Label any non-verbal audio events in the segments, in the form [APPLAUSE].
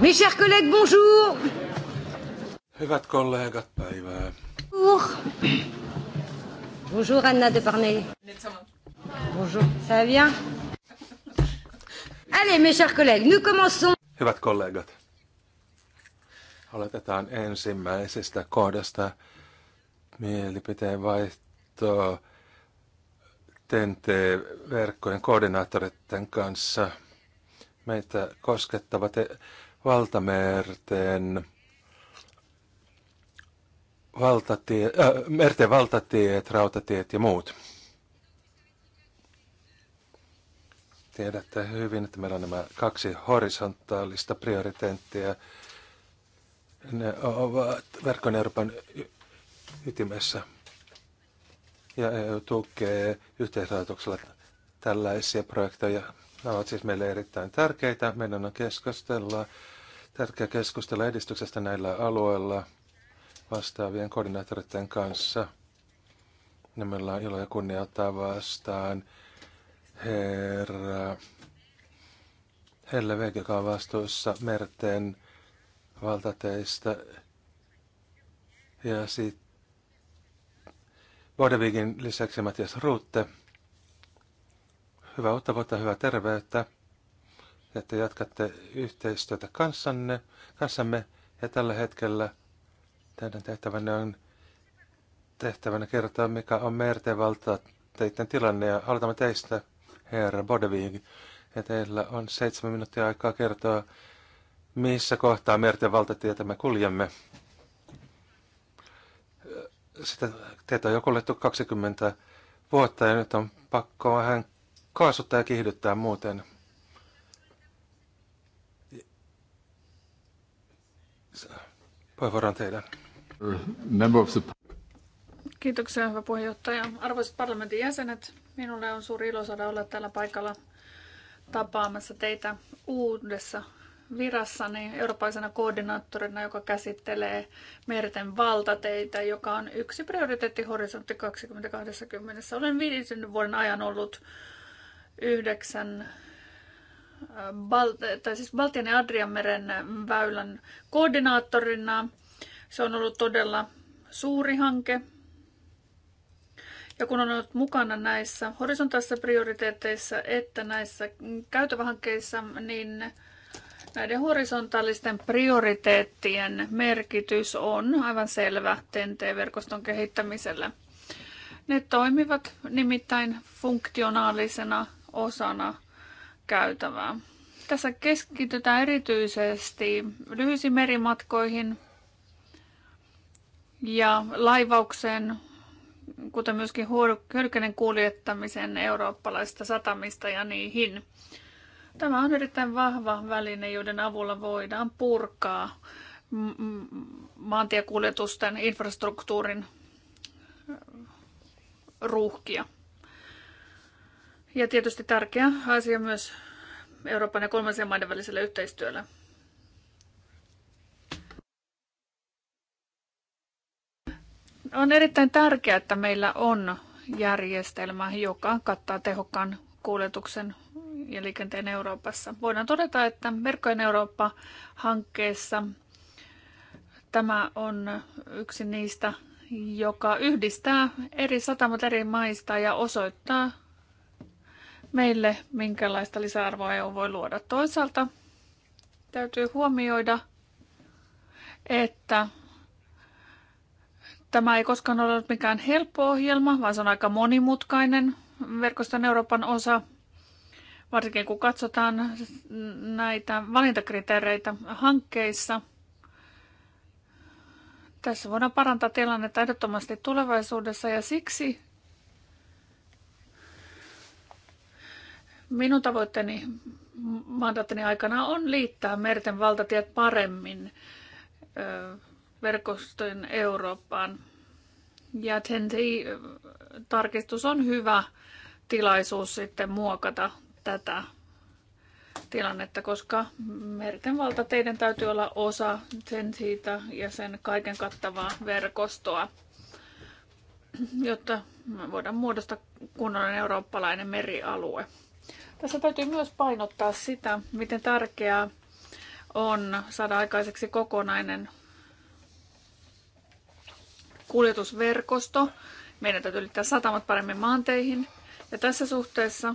Mes chers collègues, bonjour. Hyvät kollegat, päivää. Bonjour. Bonjour Anna de Parnay. Bonjour, ça va bien? Allez, mes chers collègues, nous commençons. Hyvät kollegat, aloitetaan ensimmäisestä kohdasta mielipiteen vaihto TNT-verkkojen koordinaattoreiden kanssa – meitä koskettavat e- valtamerten valtatie, äh, merten valtatiet, rautatiet ja muut. Tiedätte hyvin, että meillä on nämä kaksi horisontaalista prioriteettia. Ne ovat verkon Euroopan ytimessä. Ja EU tukee yhteisrahoituksella tällaisia projekteja. Nämä ovat siis meille erittäin tärkeitä. Meidän on keskustella, tärkeä keskustella edistyksestä näillä alueilla vastaavien koordinaattoreiden kanssa. Ja meillä on ilo ja kunnia ottaa vastaan herra Hellevek, joka on vastuussa merten valtateista. Ja sitten Bodevigin lisäksi Matias Ruutte – Hyvää uutta vuotta, hyvää terveyttä, että jatkatte yhteistyötä kanssanne, kanssamme. Ja tällä hetkellä teidän tehtävänne on tehtävänä kertoa, mikä on merten valta teidän tilanne. Ja aloitamme teistä, herra Bodeviin. Ja teillä on seitsemän minuuttia aikaa kertoa, missä kohtaa merten valtatietä me kuljemme. Sitä teitä on kuljettu 20 vuotta ja nyt on pakko vähän kaasuttaa ja kiihdyttää muuten. Puheenvuoron teidän. Kiitoksia, hyvä puheenjohtaja. Arvoisat parlamentin jäsenet, minulle on suuri ilo saada olla täällä paikalla tapaamassa teitä uudessa virassani eurooppaisena koordinaattorina, joka käsittelee merten valtateitä, joka on yksi prioriteetti Horisontti 2020. Olen viiden vuoden ajan ollut yhdeksän tai siis Baltian ja Adrianmeren väylän koordinaattorina. Se on ollut todella suuri hanke. Ja kun on ollut mukana näissä horisontaalisissa prioriteetteissa että näissä käytävähankkeissa, niin näiden horisontaalisten prioriteettien merkitys on aivan selvä TNT-verkoston kehittämiselle. Ne toimivat nimittäin funktionaalisena osana käytävää. Tässä keskitytään erityisesti lyhyisiin merimatkoihin ja laivaukseen, kuten myöskin hylkeiden kuljettamisen eurooppalaisista satamista ja niihin. Tämä on erittäin vahva väline, joiden avulla voidaan purkaa maantiekuljetusten infrastruktuurin ruuhkia. Ja tietysti tärkeä asia myös Euroopan ja kolmansien maiden väliselle yhteistyölle. On erittäin tärkeää, että meillä on järjestelmä, joka kattaa tehokkaan kuljetuksen ja liikenteen Euroopassa. Voidaan todeta, että Verkkojen Eurooppa-hankkeessa tämä on yksi niistä, joka yhdistää eri satamat eri maista ja osoittaa meille, minkälaista lisäarvoa EU voi luoda. Toisaalta täytyy huomioida, että tämä ei koskaan ole ollut mikään helppo ohjelma, vaan se on aika monimutkainen verkoston Euroopan osa, varsinkin kun katsotaan näitä valintakriteereitä hankkeissa. Tässä voidaan parantaa tilannetta ehdottomasti tulevaisuudessa ja siksi Minun tavoitteeni mandaattini aikana on liittää merten valtatiet paremmin verkostojen Eurooppaan. Ja TEN-T-tarkistus on hyvä tilaisuus sitten muokata tätä tilannetta, koska merten valtateiden täytyy olla osa sen siitä ja sen kaiken kattavaa verkostoa, jotta me voidaan muodostaa kunnollinen eurooppalainen merialue. Tässä täytyy myös painottaa sitä, miten tärkeää on saada aikaiseksi kokonainen kuljetusverkosto. Meidän täytyy liittää satamat paremmin maanteihin. Ja tässä suhteessa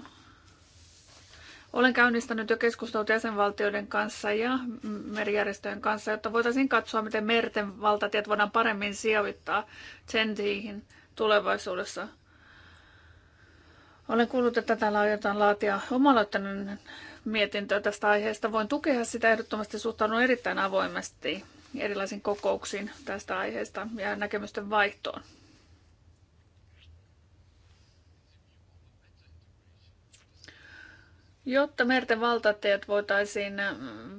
olen käynnistänyt jo keskustelut jäsenvaltioiden kanssa ja merijärjestöjen kanssa, jotta voitaisiin katsoa, miten merten valtatiet voidaan paremmin sijoittaa Tsentiihin tulevaisuudessa. Olen kuullut, että täällä aiotaan laatia omaloittainen mietintöä tästä aiheesta. Voin tukea sitä ehdottomasti suhtaudun erittäin avoimesti erilaisiin kokouksiin tästä aiheesta ja näkemysten vaihtoon. Jotta merten valtateet voitaisiin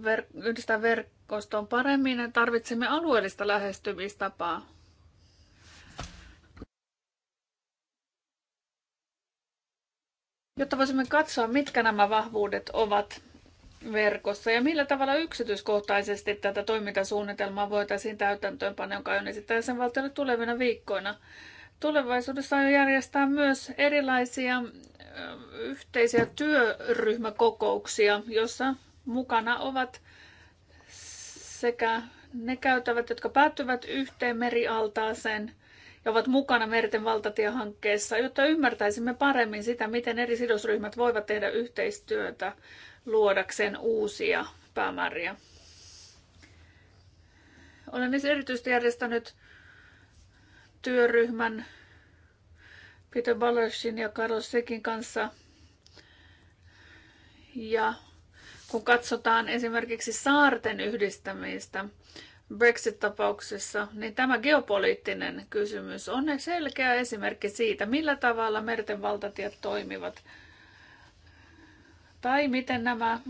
ver- yhdistää verkostoon paremmin, tarvitsemme alueellista lähestymistapaa jotta voisimme katsoa, mitkä nämä vahvuudet ovat verkossa ja millä tavalla yksityiskohtaisesti tätä toimintasuunnitelmaa voitaisiin täytäntöönpanna, jonka on esittää sen valtiolle tulevina viikkoina. Tulevaisuudessa on järjestää myös erilaisia yhteisiä työryhmäkokouksia, jossa mukana ovat sekä ne käytävät, jotka päättyvät yhteen merialtaaseen, ja ovat mukana Merten valtatiehankkeessa, jotta ymmärtäisimme paremmin sitä, miten eri sidosryhmät voivat tehdä yhteistyötä luodakseen uusia päämääriä. Olen siis erityisesti järjestänyt työryhmän Peter Ballersin ja Carlos Sekin kanssa. Ja kun katsotaan esimerkiksi saarten yhdistämistä, Brexit-tapauksessa, niin tämä geopoliittinen kysymys on selkeä esimerkki siitä, millä tavalla merten valtatiet toimivat. Tai miten nämä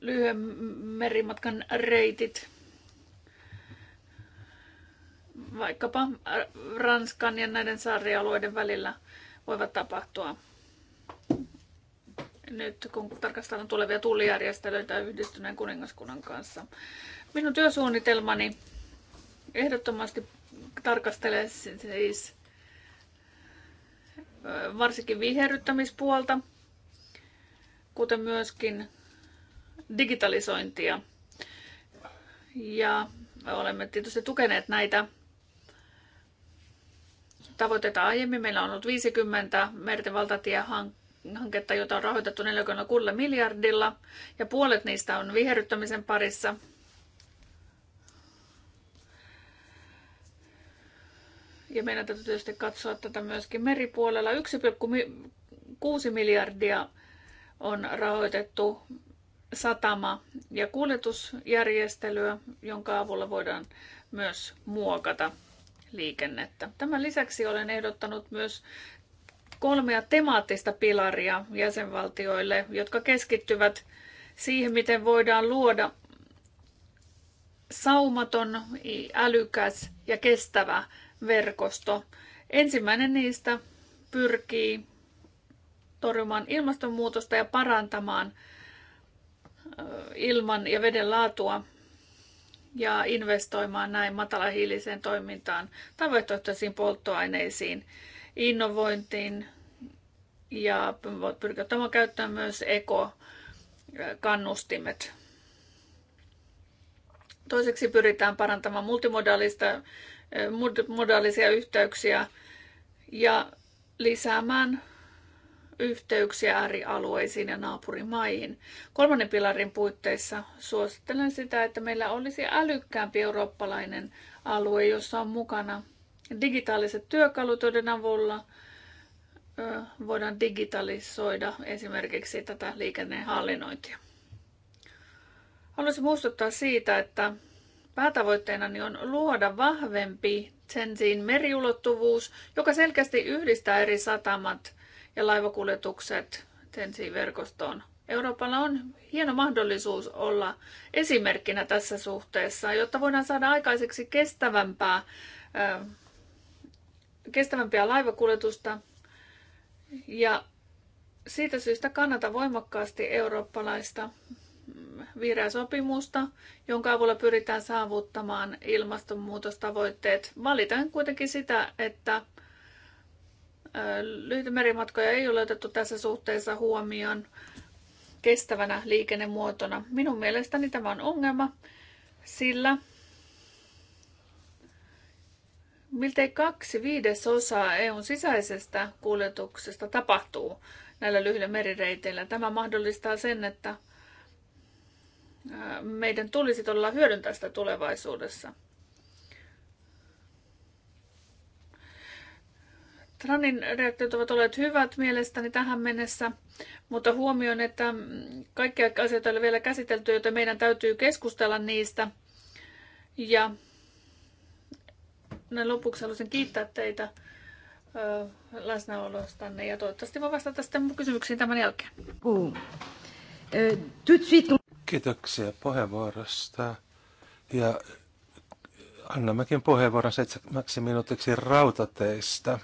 lyhyen merimatkan reitit, vaikkapa Ranskan ja näiden saarialueiden välillä, voivat tapahtua. Nyt kun tarkastellaan tulevia tullijärjestelyitä yhdistyneen kuningaskunnan kanssa. Minun työsuunnitelmani ehdottomasti tarkastelee siis varsinkin viherryttämispuolta, kuten myöskin digitalisointia. Ja olemme tietysti tukeneet näitä tavoitteita aiemmin. Meillä on ollut 50 merten valtatiehanketta, jota on rahoitettu 46 miljardilla ja puolet niistä on viherryttämisen parissa – ja meidän täytyy tietysti katsoa tätä myöskin meripuolella. 1,6 miljardia on rahoitettu satama- ja kuljetusjärjestelyä, jonka avulla voidaan myös muokata liikennettä. Tämän lisäksi olen ehdottanut myös kolmea temaattista pilaria jäsenvaltioille, jotka keskittyvät siihen, miten voidaan luoda saumaton, älykäs ja kestävä verkosto. Ensimmäinen niistä pyrkii torjumaan ilmastonmuutosta ja parantamaan ilman ja veden laatua ja investoimaan näin matalahiiliseen toimintaan tai vaihtoehtoisiin polttoaineisiin, innovointiin ja pyrkii ottamaan käyttöön myös ekokannustimet. Toiseksi pyritään parantamaan multimodaalista modaalisia yhteyksiä ja lisäämään yhteyksiä äärialueisiin ja naapurimaihin. Kolmannen pilarin puitteissa suosittelen sitä, että meillä olisi älykkäämpi eurooppalainen alue, jossa on mukana digitaaliset työkalut, joiden avulla voidaan digitalisoida esimerkiksi tätä liikennehallinnointia. Haluaisin muistuttaa siitä, että Päätavoitteena niin on luoda vahvempi Tsensin meriulottuvuus, joka selkeästi yhdistää eri satamat ja laivakuljetukset Tsensin verkostoon. Euroopalla on hieno mahdollisuus olla esimerkkinä tässä suhteessa, jotta voidaan saada aikaiseksi kestävämpää, kestävämpiä laivakuljetusta. Ja siitä syystä kannata voimakkaasti eurooppalaista vihreää sopimusta, jonka avulla pyritään saavuttamaan ilmastonmuutostavoitteet. Valitan kuitenkin sitä, että lyhyitä merimatkoja ei ole otettu tässä suhteessa huomioon kestävänä liikennemuotona. Minun mielestäni tämä on ongelma, sillä miltei kaksi viidesosaa EUn sisäisestä kuljetuksesta tapahtuu näillä lyhyillä merireiteillä. Tämä mahdollistaa sen, että meidän tulisi todella hyödyntää sitä tulevaisuudessa. Tranin reaktiot ovat olleet hyvät mielestäni tähän mennessä, mutta huomioin, että kaikkia asioita ei ole vielä käsitelty, joten meidän täytyy keskustella niistä. Ja näin lopuksi haluaisin kiittää teitä läsnäolostanne ja toivottavasti voin vastata sitten mun kysymyksiin tämän jälkeen. Tout de Kiitoksia puheenvuorosta. Ja annammekin puheenvuoron seitsemäksi minuutiksi rautateista.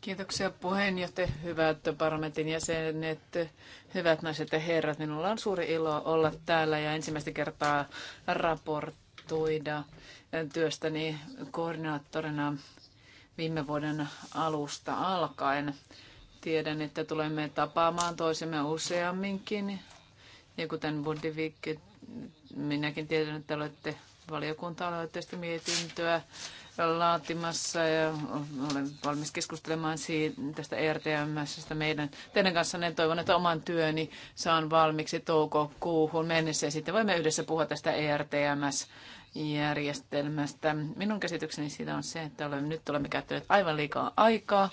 Kiitoksia puheenjohtaja, hyvät parlamentin jäsenet, hyvät naiset ja herrat. Minulla on suuri ilo olla täällä ja ensimmäistä kertaa raportoida työstäni koordinaattorina viime vuoden alusta alkaen. Tiedän, että tulemme tapaamaan toisemme useamminkin. Ja kuten Bundivik, minäkin tiedän, että olette valiokunta sitä mietintöä laatimassa ja olen valmis keskustelemaan siitä, tästä ERTMSstä meidän teidän kanssa Toivon, että oman työni saan valmiiksi toukokuuhun mennessä ja sitten voimme yhdessä puhua tästä ERTMS järjestelmästä. Minun käsitykseni siitä on se, että olemme, nyt olemme käyttäneet aivan liikaa aikaa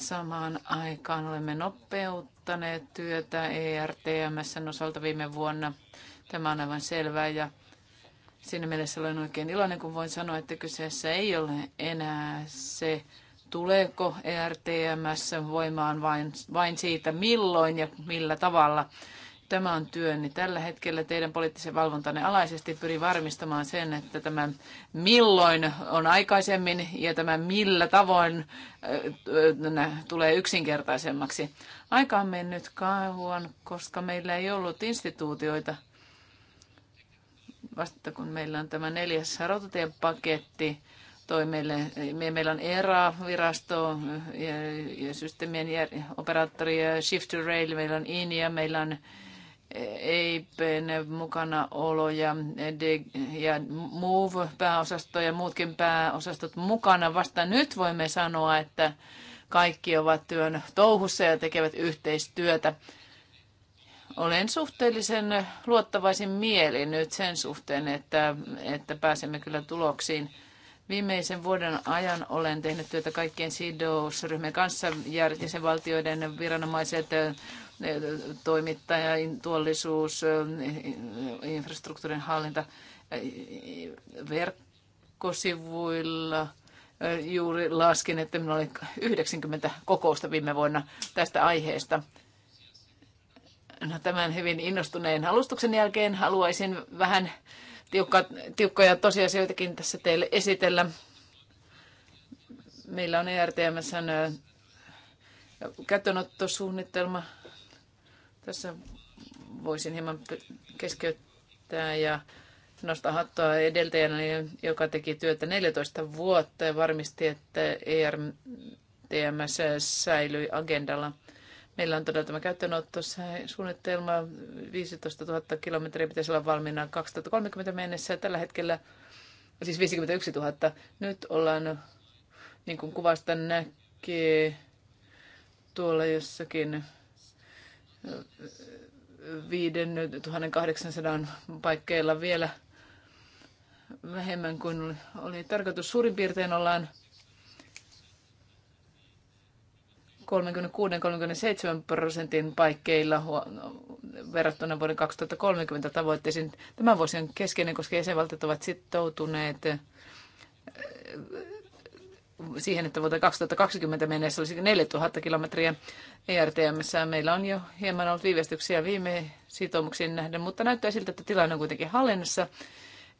Samaan aikaan olemme nopeuttaneet työtä ERTMSn osalta viime vuonna. Tämä on aivan selvää ja siinä mielessä olen oikein iloinen, kun voin sanoa, että kyseessä ei ole enää se, tuleeko ERTMS voimaan vain, vain siitä milloin ja millä tavalla, Tämä on niin tällä hetkellä teidän poliittisen valvontanne alaisesti. pyri varmistamaan sen, että tämä milloin on aikaisemmin ja tämä millä tavoin äh, äh, tulee yksinkertaisemmaksi. Aika on mennyt kauan, koska meillä ei ollut instituutioita vasta kun meillä on tämä neljäs rautatiepaketti, toi meille, meillä on ERA-virasto ja, ja systeemien operaattori ja Shift to Rail, meillä on INIA, meillä on EIPn mukanaolo ja, ja MOVE-pääosasto ja muutkin pääosastot mukana. Vasta nyt voimme sanoa, että kaikki ovat työn touhussa ja tekevät yhteistyötä. Olen suhteellisen luottavaisin mieli nyt sen suhteen, että, että pääsemme kyllä tuloksiin. Viimeisen vuoden ajan olen tehnyt työtä kaikkien sidosryhmien kanssa ja jäsenvaltioiden viranomaiset, toimittaja, tuollisuus, infrastruktuurin hallinta verkkosivuilla. Juuri laskin, että minulla oli 90 kokousta viime vuonna tästä aiheesta. No, tämän hyvin innostuneen alustuksen jälkeen haluaisin vähän tiukka, tiukkoja tosiasioitakin tässä teille esitellä. Meillä on ERTMS käyttöönottosuunnitelma tässä voisin hieman keskeyttää ja nostaa hattua edeltäjänä, joka teki työtä 14 vuotta ja varmisti, että ERTMS säilyi agendalla. Meillä on todella tämä suunnitelma 15 000 kilometriä pitäisi olla valmiina 2030 mennessä. Tällä hetkellä, siis 51 000, nyt ollaan, niin kuin kuvasta näkee, tuolla jossakin Viiden 1800 paikkeilla vielä vähemmän kuin oli tarkoitus. Suurin piirtein ollaan 36-37 prosentin paikkeilla verrattuna vuoden 2030 tavoitteisiin. Tämä vuosi on keskeinen, koska jäsenvaltiot ovat sitoutuneet siihen, että vuoteen 2020 mennessä olisi 4000 kilometriä ERTMssä. Meillä on jo hieman ollut viivästyksiä viime sitoumuksiin nähden, mutta näyttää siltä, että tilanne on kuitenkin hallinnassa.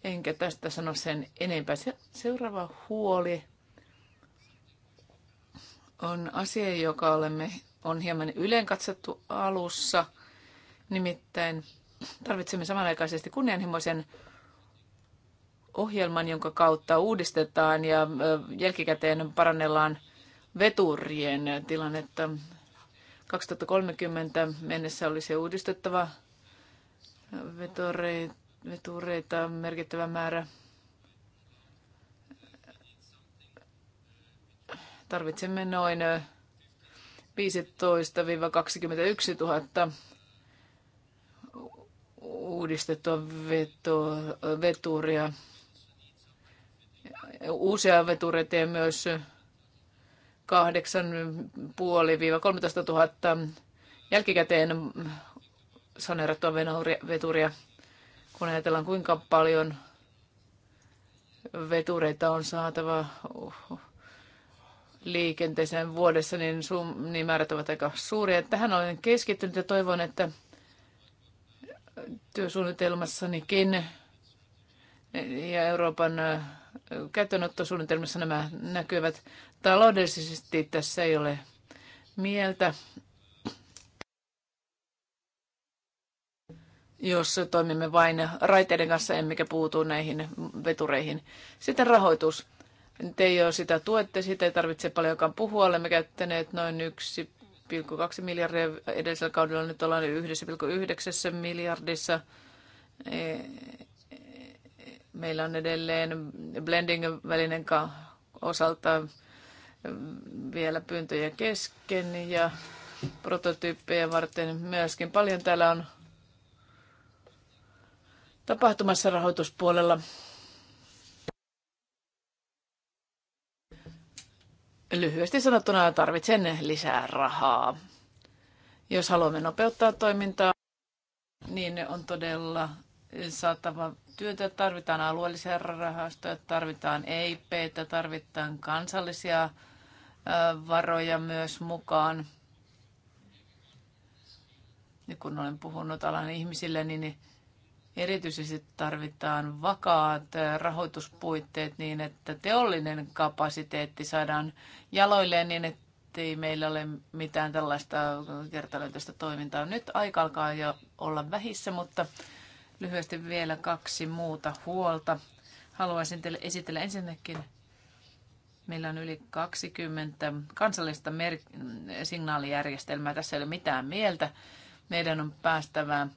Enkä tästä sano sen enempää. Seuraava huoli on asia, joka olemme, on hieman yleen katsottu alussa. Nimittäin tarvitsemme samanaikaisesti kunnianhimoisen ohjelman, jonka kautta uudistetaan ja jälkikäteen parannellaan veturien tilannetta. 2030 mennessä olisi uudistettava vetureita merkittävä määrä. Tarvitsemme noin 15-21 000 uudistettua veturia uusia vetureita ja myös 8,5-13 000 jälkikäteen saneerattua veturia, kun ajatellaan kuinka paljon vetureita on saatava liikenteeseen vuodessa, niin, sum, niin määrät ovat aika suuria. Tähän olen keskittynyt ja toivon, että työsuunnitelmassanikin ja Euroopan käyttöönottosuunnitelmissa nämä näkyvät. Taloudellisesti tässä ei ole mieltä. jos toimimme vain raiteiden kanssa, emmekä puutu näihin vetureihin. Sitten rahoitus. Te jo sitä tuette, siitä ei tarvitse paljonkaan puhua. Olemme käyttäneet noin 1,2 miljardia edellisellä kaudella, nyt ollaan 1,9 miljardissa Meillä on edelleen blending-välinen osalta mm, vielä pyyntöjä kesken ja prototyyppejä varten myöskin. Paljon täällä on tapahtumassa rahoituspuolella. Lyhyesti sanottuna tarvitsen lisää rahaa. Jos haluamme nopeuttaa toimintaa, niin on todella saatava työtä, tarvitaan alueellisia rahastoja, tarvitaan EIP, tarvitaan kansallisia varoja myös mukaan. Ja kun olen puhunut alan ihmisille, niin erityisesti tarvitaan vakaat rahoituspuitteet niin, että teollinen kapasiteetti saadaan jaloilleen niin, ei meillä ole mitään tällaista kertaluontoista toimintaa. Nyt aika alkaa jo olla vähissä, mutta Lyhyesti vielä kaksi muuta huolta. Haluaisin teille esitellä ensinnäkin Meillä on yli 20 kansallista mer- signaalijärjestelmää. Tässä ei ole mitään mieltä. Meidän on päästävä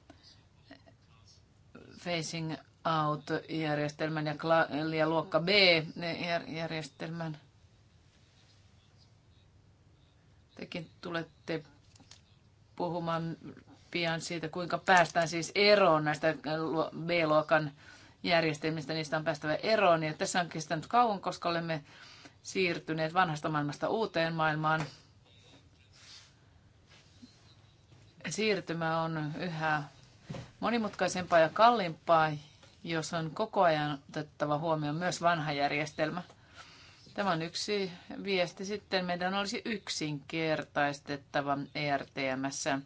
Facing Out-järjestelmän ja, kla- ja luokka B-järjestelmän. Tekin tulette puhumaan pian siitä, kuinka päästään siis eroon näistä B-luokan järjestelmistä. Niistä on päästävä eroon. Ja tässä on kestänyt kauan, koska olemme siirtyneet vanhasta maailmasta uuteen maailmaan. Siirtymä on yhä monimutkaisempaa ja kalliimpaa, jos on koko ajan otettava huomioon myös vanha järjestelmä. Tämä on yksi viesti. Sitten meidän olisi yksinkertaistettava ERTMssä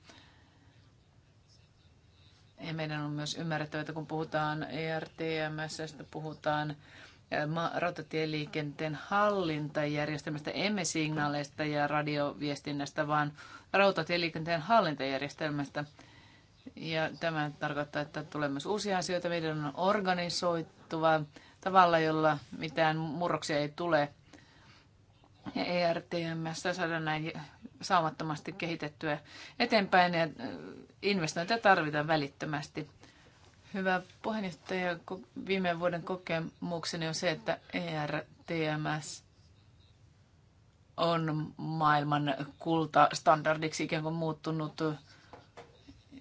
ja meidän on myös ymmärrettävä, että kun puhutaan ERTMS, puhutaan rautatieliikenteen hallintajärjestelmästä, emme signaaleista ja radioviestinnästä, vaan rautatieliikenteen hallintajärjestelmästä. Ja tämä tarkoittaa, että tulee myös uusia asioita. Meidän on organisoituva tavalla, jolla mitään murroksia ei tule. Ja ERTMS saadaan näin saumattomasti kehitettyä eteenpäin ja äh, investointeja tarvitaan välittömästi. Hyvä puheenjohtaja, viime vuoden kokemukseni on se, että ERTMS on maailman kultastandardiksi ikään kuin muuttunut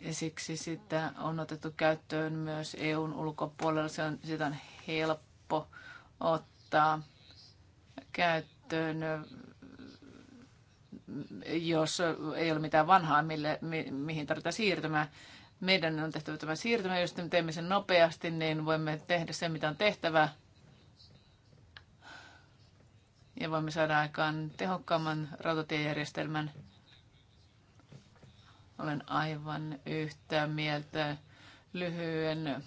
ja siksi sitä on otettu käyttöön myös EUn ulkopuolella. Se on, sitä on helppo ottaa käyttöön jos ei ole mitään vanhaa, mille, mi, mihin tarvitaan siirtymää. Meidän on tehtävä tämä siirtymä. Jos teemme sen nopeasti, niin voimme tehdä sen, mitä on tehtävä. Ja voimme saada aikaan tehokkaamman rautatiejärjestelmän. Olen aivan yhtä mieltä lyhyen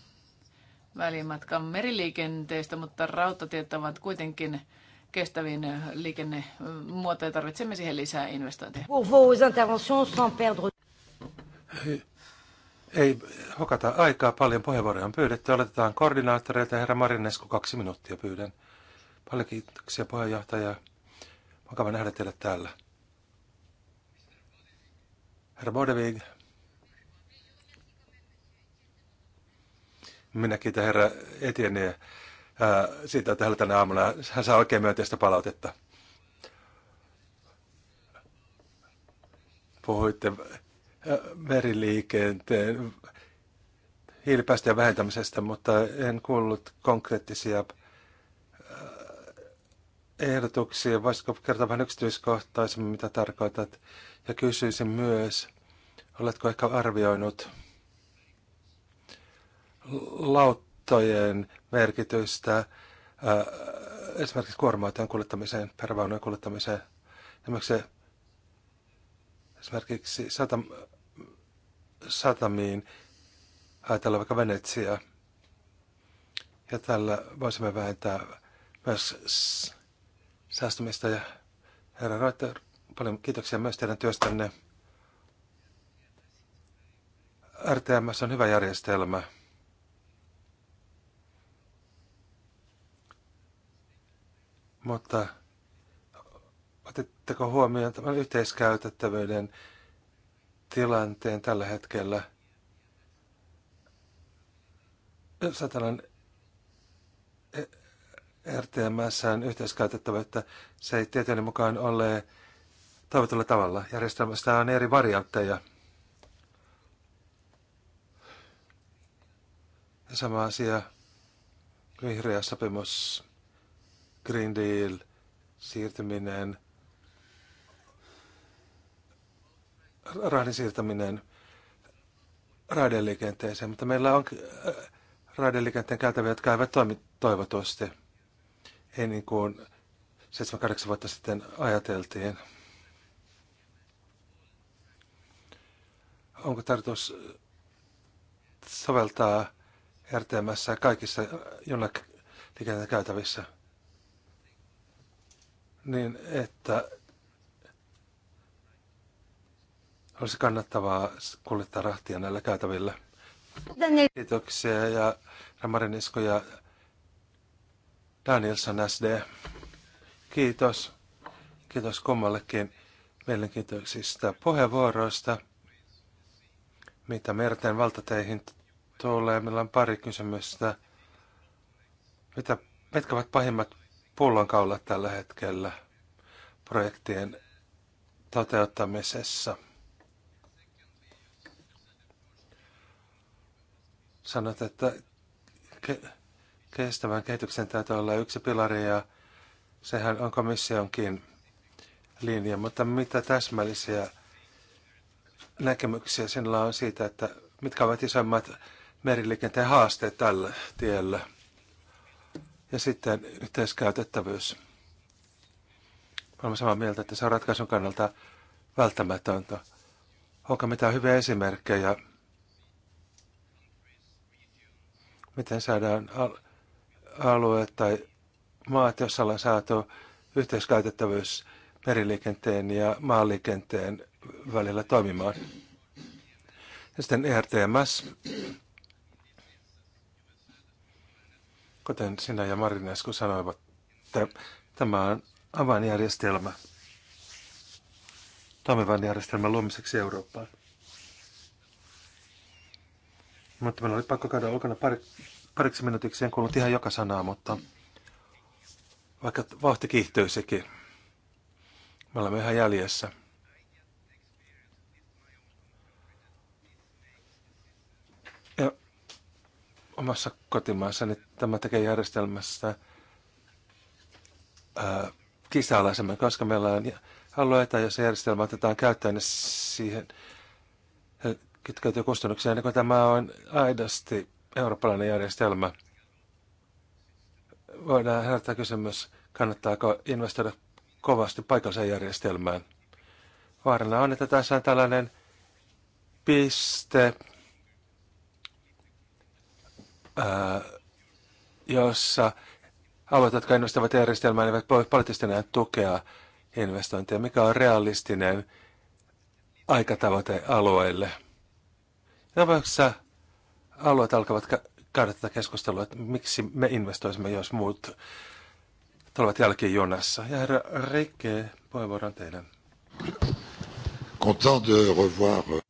välimatkan meriliikenteestä, mutta rautatiet ovat kuitenkin kestäviin äh, liikennemuotoja. Tarvitsemme siihen lisää investointeja. Ei hokata aikaa, paljon puheenvuoroja on pyydetty. Oletetaan koordinaattoreilta herra Marinesku, kaksi minuuttia pyydän. Paljon kiitoksia puheenjohtaja. Mukava nähdä teidät täällä. Herra Bodevig. Minä kiitän herra Etienne ää, äh, siitä, tällä tänä aamuna hän saa oikein myönteistä palautetta. Puhuitte äh, meriliikenteen hiilipäästöjen vähentämisestä, mutta en kuullut konkreettisia äh, ehdotuksia. Voisitko kertoa vähän yksityiskohtaisemmin, mitä tarkoitat? Ja kysyisin myös, oletko ehkä arvioinut laut autojen merkitystä esimerkiksi kuorma-autojen kuljettamiseen, perävaunujen kuljettamiseen. Esimerkiksi, esimerkiksi satam, satamiin ajatellaan vaikka Venetsia. Ja tällä voisimme vähentää myös säästämistä. Ja herra Reuter, paljon kiitoksia myös teidän työstänne. RTMS on hyvä järjestelmä. Mutta otetteko huomioon tämän yhteiskäytettävyyden tilanteen tällä hetkellä? Satanan yhteiskäytettävä, e, yhteiskäytettävyyttä se ei tietojeni mukaan ole toivotulla tavalla. Järjestelmästä on eri variantteja. Ja sama asia vihreä sopimus Green Deal, siirtyminen, rahdin siirtäminen raideliikenteeseen, mutta meillä on äh, raideliikenteen käytäviä, jotka eivät toimi toivotusti. Ei niin kuin 7-8 vuotta sitten ajateltiin. Onko tarkoitus soveltaa RTMS kaikissa junaliikenteen käytävissä? niin että olisi kannattavaa kuljettaa rahtia näillä käytävillä. Kiitoksia ja Ramarin Isko ja Danielson SD. Kiitos. Kiitos kummallekin mielenkiintoisista puheenvuoroista. Mitä merten valtateihin tulee, meillä on pari kysymystä. Mitä, mitkä ovat pahimmat pullonkaula tällä hetkellä projektien toteuttamisessa. Sanot, että ke- kestävän kehityksen täytyy olla yksi pilari ja sehän on komissionkin linja, mutta mitä täsmällisiä näkemyksiä sinulla on siitä, että mitkä ovat isommat meriliikenteen haasteet tällä tiellä? Ja sitten yhteiskäytettävyys. Olemme samaa mieltä, että se on ratkaisun kannalta välttämätöntä. Onko mitään hyviä esimerkkejä, miten saadaan alueet tai maat, joissa ollaan saatu yhteiskäytettävyys meriliikenteen ja maaliikenteen välillä toimimaan. Ja sitten ERTMS Kuten sinä ja äsken sanoivat, että tämä on avainjärjestelmä toimivan järjestelmän luomiseksi Eurooppaan. Mutta meillä oli pakko käydä ulkona pari, pariksi minuutiksi, en kuullut ihan joka sanaa, mutta vaikka vauhti kiihtyisikin, me olemme ihan jäljessä. omassa kotimaassa, niin tämä tekee järjestelmässä kiistanalaisemman, koska meillä on alueita, jossa järjestelmä otetaan käyttöön, niin siihen kytkeytyy kustannuksia, niin kuin tämä on aidosti eurooppalainen järjestelmä. Voidaan herättää kysymys, kannattaako investoida kovasti paikalliseen järjestelmään. Vaarana on, että tässä on tällainen piste, jossa alueet, jotka innostavat järjestelmää, eivät voi poliittisesti enää tukea investointeja. Mikä on realistinen aikatavoite alueille? Tapauksessa alueet alkavat käydä tätä keskustelua, että miksi me investoisimme, jos muut tulevat junassa. Ja herra Rikke, puheenvuoron teidän. Content de revoir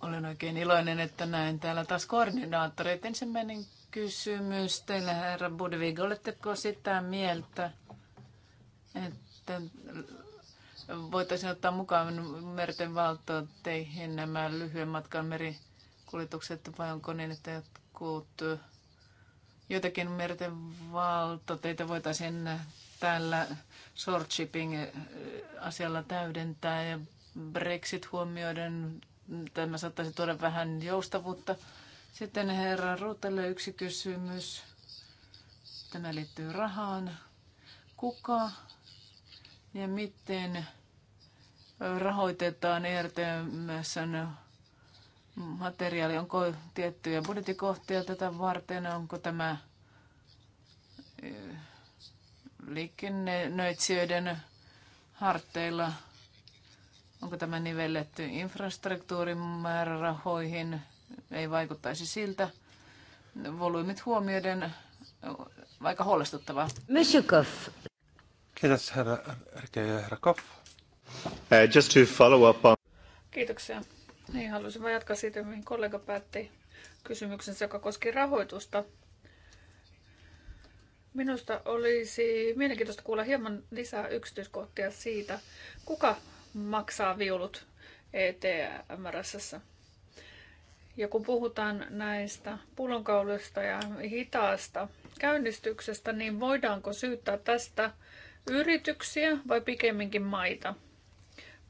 olen oikein iloinen, että näen täällä taas koordinaattoreita. Ensimmäinen kysymys teille, herra Budvig. Oletteko sitä mieltä, että voitaisiin ottaa mukaan merten valtoteihin nämä lyhyen matkan merikuljetukset, vai onko niin, että jotkut, jotakin merten valtoteita voitaisiin täällä short shipping asialla täydentää ja Brexit huomioiden tämä saattaisin tuoda vähän joustavuutta. Sitten herra Ruutelle yksi kysymys. Tämä liittyy rahaan. Kuka ja miten rahoitetaan ERTMSn materiaali? Onko tiettyjä budjettikohtia tätä varten? Onko tämä eh, liikennöitsijöiden harteilla? Onko tämä nivelletty infrastruktuurin määrärahoihin? Ei vaikuttaisi siltä. Volyymit huomioiden vaikka huolestuttavaa. Monsieur Kiitos herra Erke ja herra Koff. Uh, just to follow up on... Kiitoksia. Niin, halusin vain jatkaa siitä, mihin kollega päätti kysymyksensä, joka koski rahoitusta. Minusta olisi mielenkiintoista kuulla hieman lisää yksityiskohtia siitä, kuka maksaa viulut ETMRSssä. Ja kun puhutaan näistä pullonkauluista ja hitaasta käynnistyksestä, niin voidaanko syyttää tästä yrityksiä vai pikemminkin maita?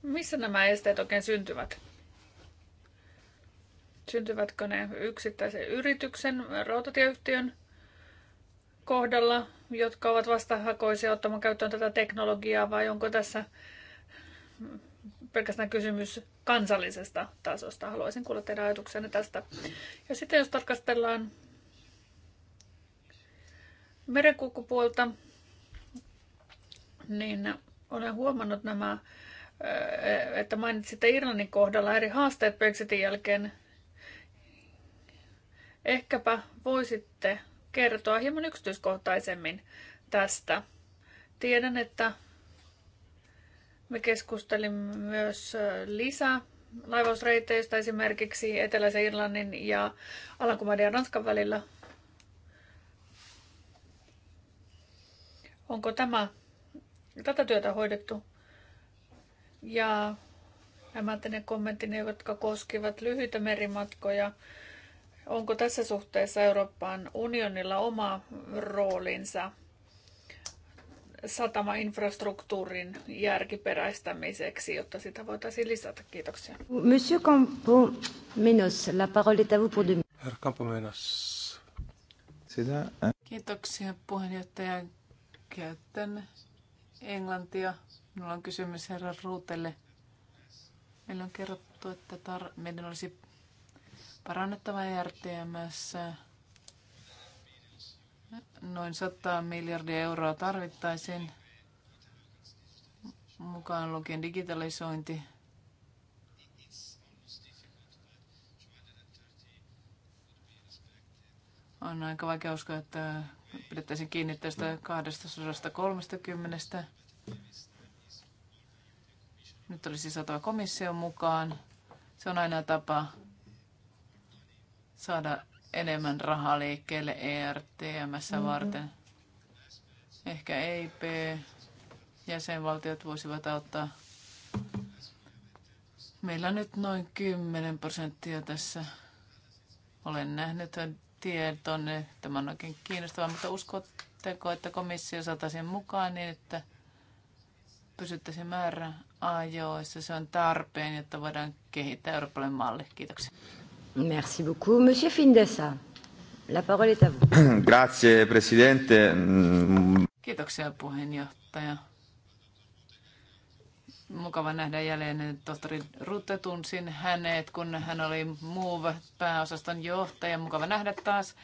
Missä nämä esteet oikein syntyvät? Syntyvätkö ne yksittäisen yrityksen, rautatieyhtiön kohdalla, jotka ovat vastahakoisia ottamaan käyttöön tätä teknologiaa, vai onko tässä pelkästään kysymys kansallisesta tasosta. Haluaisin kuulla teidän ajatuksenne tästä. Ja sitten jos tarkastellaan merenkulkupuolta, niin olen huomannut nämä, eh, että mainitsitte Irlannin kohdalla eri haasteet Brexitin jälkeen. Ehkäpä voisitte kertoa hieman yksityiskohtaisemmin tästä. Tiedän, että me keskustelimme myös lisää laivausreiteistä esimerkiksi Eteläisen Irlannin ja Alankomaiden ja Ranskan välillä. Onko tämä, tätä työtä hoidettu? Ja nämä ne kommenttini, jotka koskivat lyhyitä merimatkoja. Onko tässä suhteessa Euroopan unionilla oma roolinsa satamainfrastruktuurin järkiperäistämiseksi, jotta sitä voitaisiin lisätä. Kiitoksia. Monsieur Campo Menos, la parole est à vous pour deux Herra Campo Menos. Sitä... Kiitoksia puheenjohtaja. Käytän englantia. Minulla on kysymys herran Ruutelle. Meillä on kerrottu, että tar- meidän olisi parannettava RTMS Noin 100 miljardia euroa tarvittaisiin, mukaan lukien digitalisointi. On aika vaikea uskoa, että pidettäisiin kiinni tästä 230. Nyt olisi saatava komission mukaan. Se on aina tapa saada enemmän rahaa liikkeelle ERTMS mm-hmm. varten. Ehkä EIP, jäsenvaltiot voisivat auttaa. Meillä on nyt noin 10 prosenttia tässä. Olen nähnyt tietonne. Tämä on oikein kiinnostavaa, mutta uskotteko, että komissio saataisiin mukaan niin, että pysyttäisiin määrä ajoissa. Se on tarpeen, jotta voidaan kehittää eurooppalainen malli. Kiitoksia. Merci beaucoup. Monsieur Findessa, la parole est à vous. [COUGHS] Grazie, presidente. Kiitoksia puheenjohtaja. Mukava nähdä jälleen tohtori Rutte. Tunsin hänet, kun hän oli MOVE-pääosaston johtaja. Mukava nähdä taas.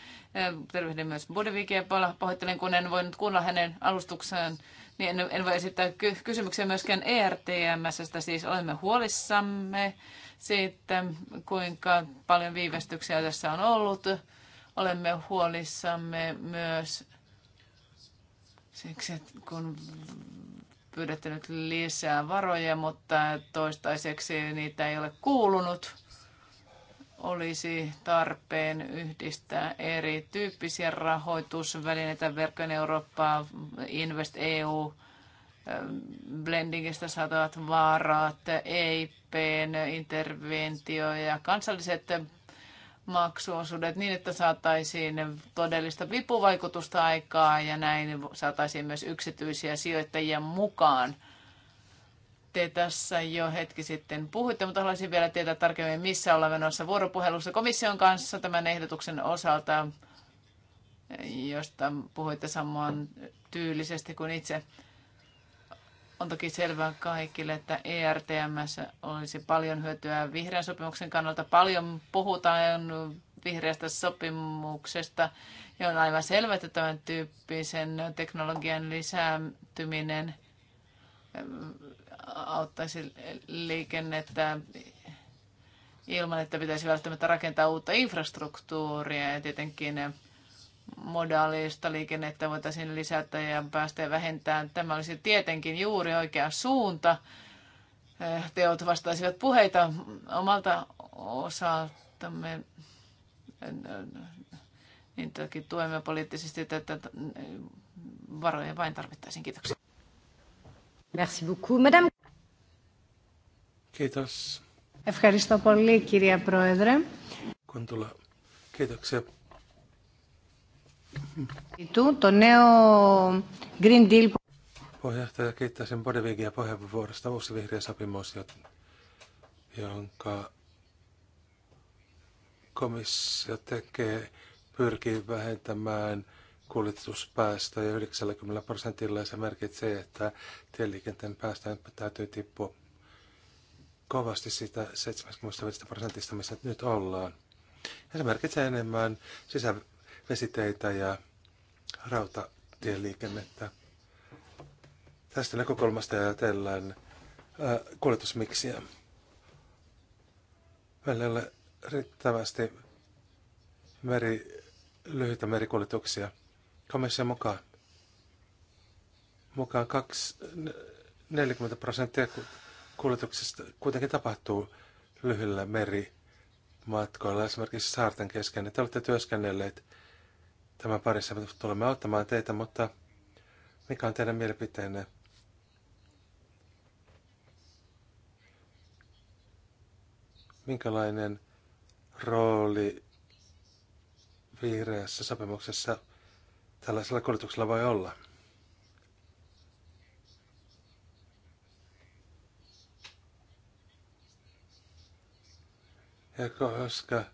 Tervehdin myös Budevikia. Pahoittelen, kun en voinut kuulla hänen alustukseen, niin en, en voi esittää ky- kysymyksiä myöskään ERTMS. Siis olemme huolissamme siitä, kuinka paljon viivästyksiä tässä on ollut. Olemme huolissamme myös siksi, että kun pyydätte nyt lisää varoja, mutta toistaiseksi niitä ei ole kuulunut. Olisi tarpeen yhdistää erityyppisiä rahoitusvälineitä, verkon Eurooppaa, Invest EU, blendingistä saatavat vaarat, EIPn interventio ja kansalliset maksuosuudet niin, että saataisiin todellista vipuvaikutusta aikaa ja näin saataisiin myös yksityisiä sijoittajia mukaan. Te tässä jo hetki sitten puhuitte, mutta haluaisin vielä tietää tarkemmin, missä ollaan menossa vuoropuhelussa komission kanssa tämän ehdotuksen osalta, josta puhuitte samoin tyylisesti kuin itse on toki selvää kaikille, että ERTMS olisi paljon hyötyä vihreän sopimuksen kannalta. Paljon puhutaan vihreästä sopimuksesta ja on aivan selvä, että tämän tyyppisen teknologian lisääntyminen auttaisi liikennettä ilman, että pitäisi välttämättä rakentaa uutta infrastruktuuria ja tietenkin modaalista liikennettä voitaisiin lisätä ja päästöjä vähentää. Tämä olisi tietenkin juuri oikea suunta. Eh, teot vastaisivat puheita omalta osaltamme. Niin toki tuemme poliittisesti tätä varoja vain tarvittaisiin. Kiitoksia. Merci beaucoup, madame. Kiitos. Ευχαριστώ πολύ, κυρία Πρόεδρε. Κοντούλα. Kiitoksia Το νέο Green Deal. Puheenjohtaja, kiittäisin Bodevigia puheenvuorosta uusi vihreä sopimus, jonka komissio tekee, pyrkii vähentämään kuljetuspäästöjä 90 prosentilla ja se merkitsee, että tieliikenteen päästöjen täytyy tippua kovasti sitä 75 prosentista, missä nyt ollaan. Ja se merkitsee enemmän sisä- vesiteitä ja rautatieliikennettä. Tästä näkökulmasta ajatellaan ää, äh, kuljetusmiksiä. Meillä ei ole riittävästi meri, lyhyitä merikuljetuksia. Komission mukaan, mukaan kaksi, 40 prosenttia kuljetuksista kuitenkin tapahtuu lyhyillä merimatkoilla, esimerkiksi saarten kesken. Te olette työskennelleet tämän parissa tulemme auttamaan teitä, mutta mikä on teidän mielipiteenne? Minkälainen rooli vihreässä sopimuksessa tällaisella kuljetuksella voi olla? Ja koska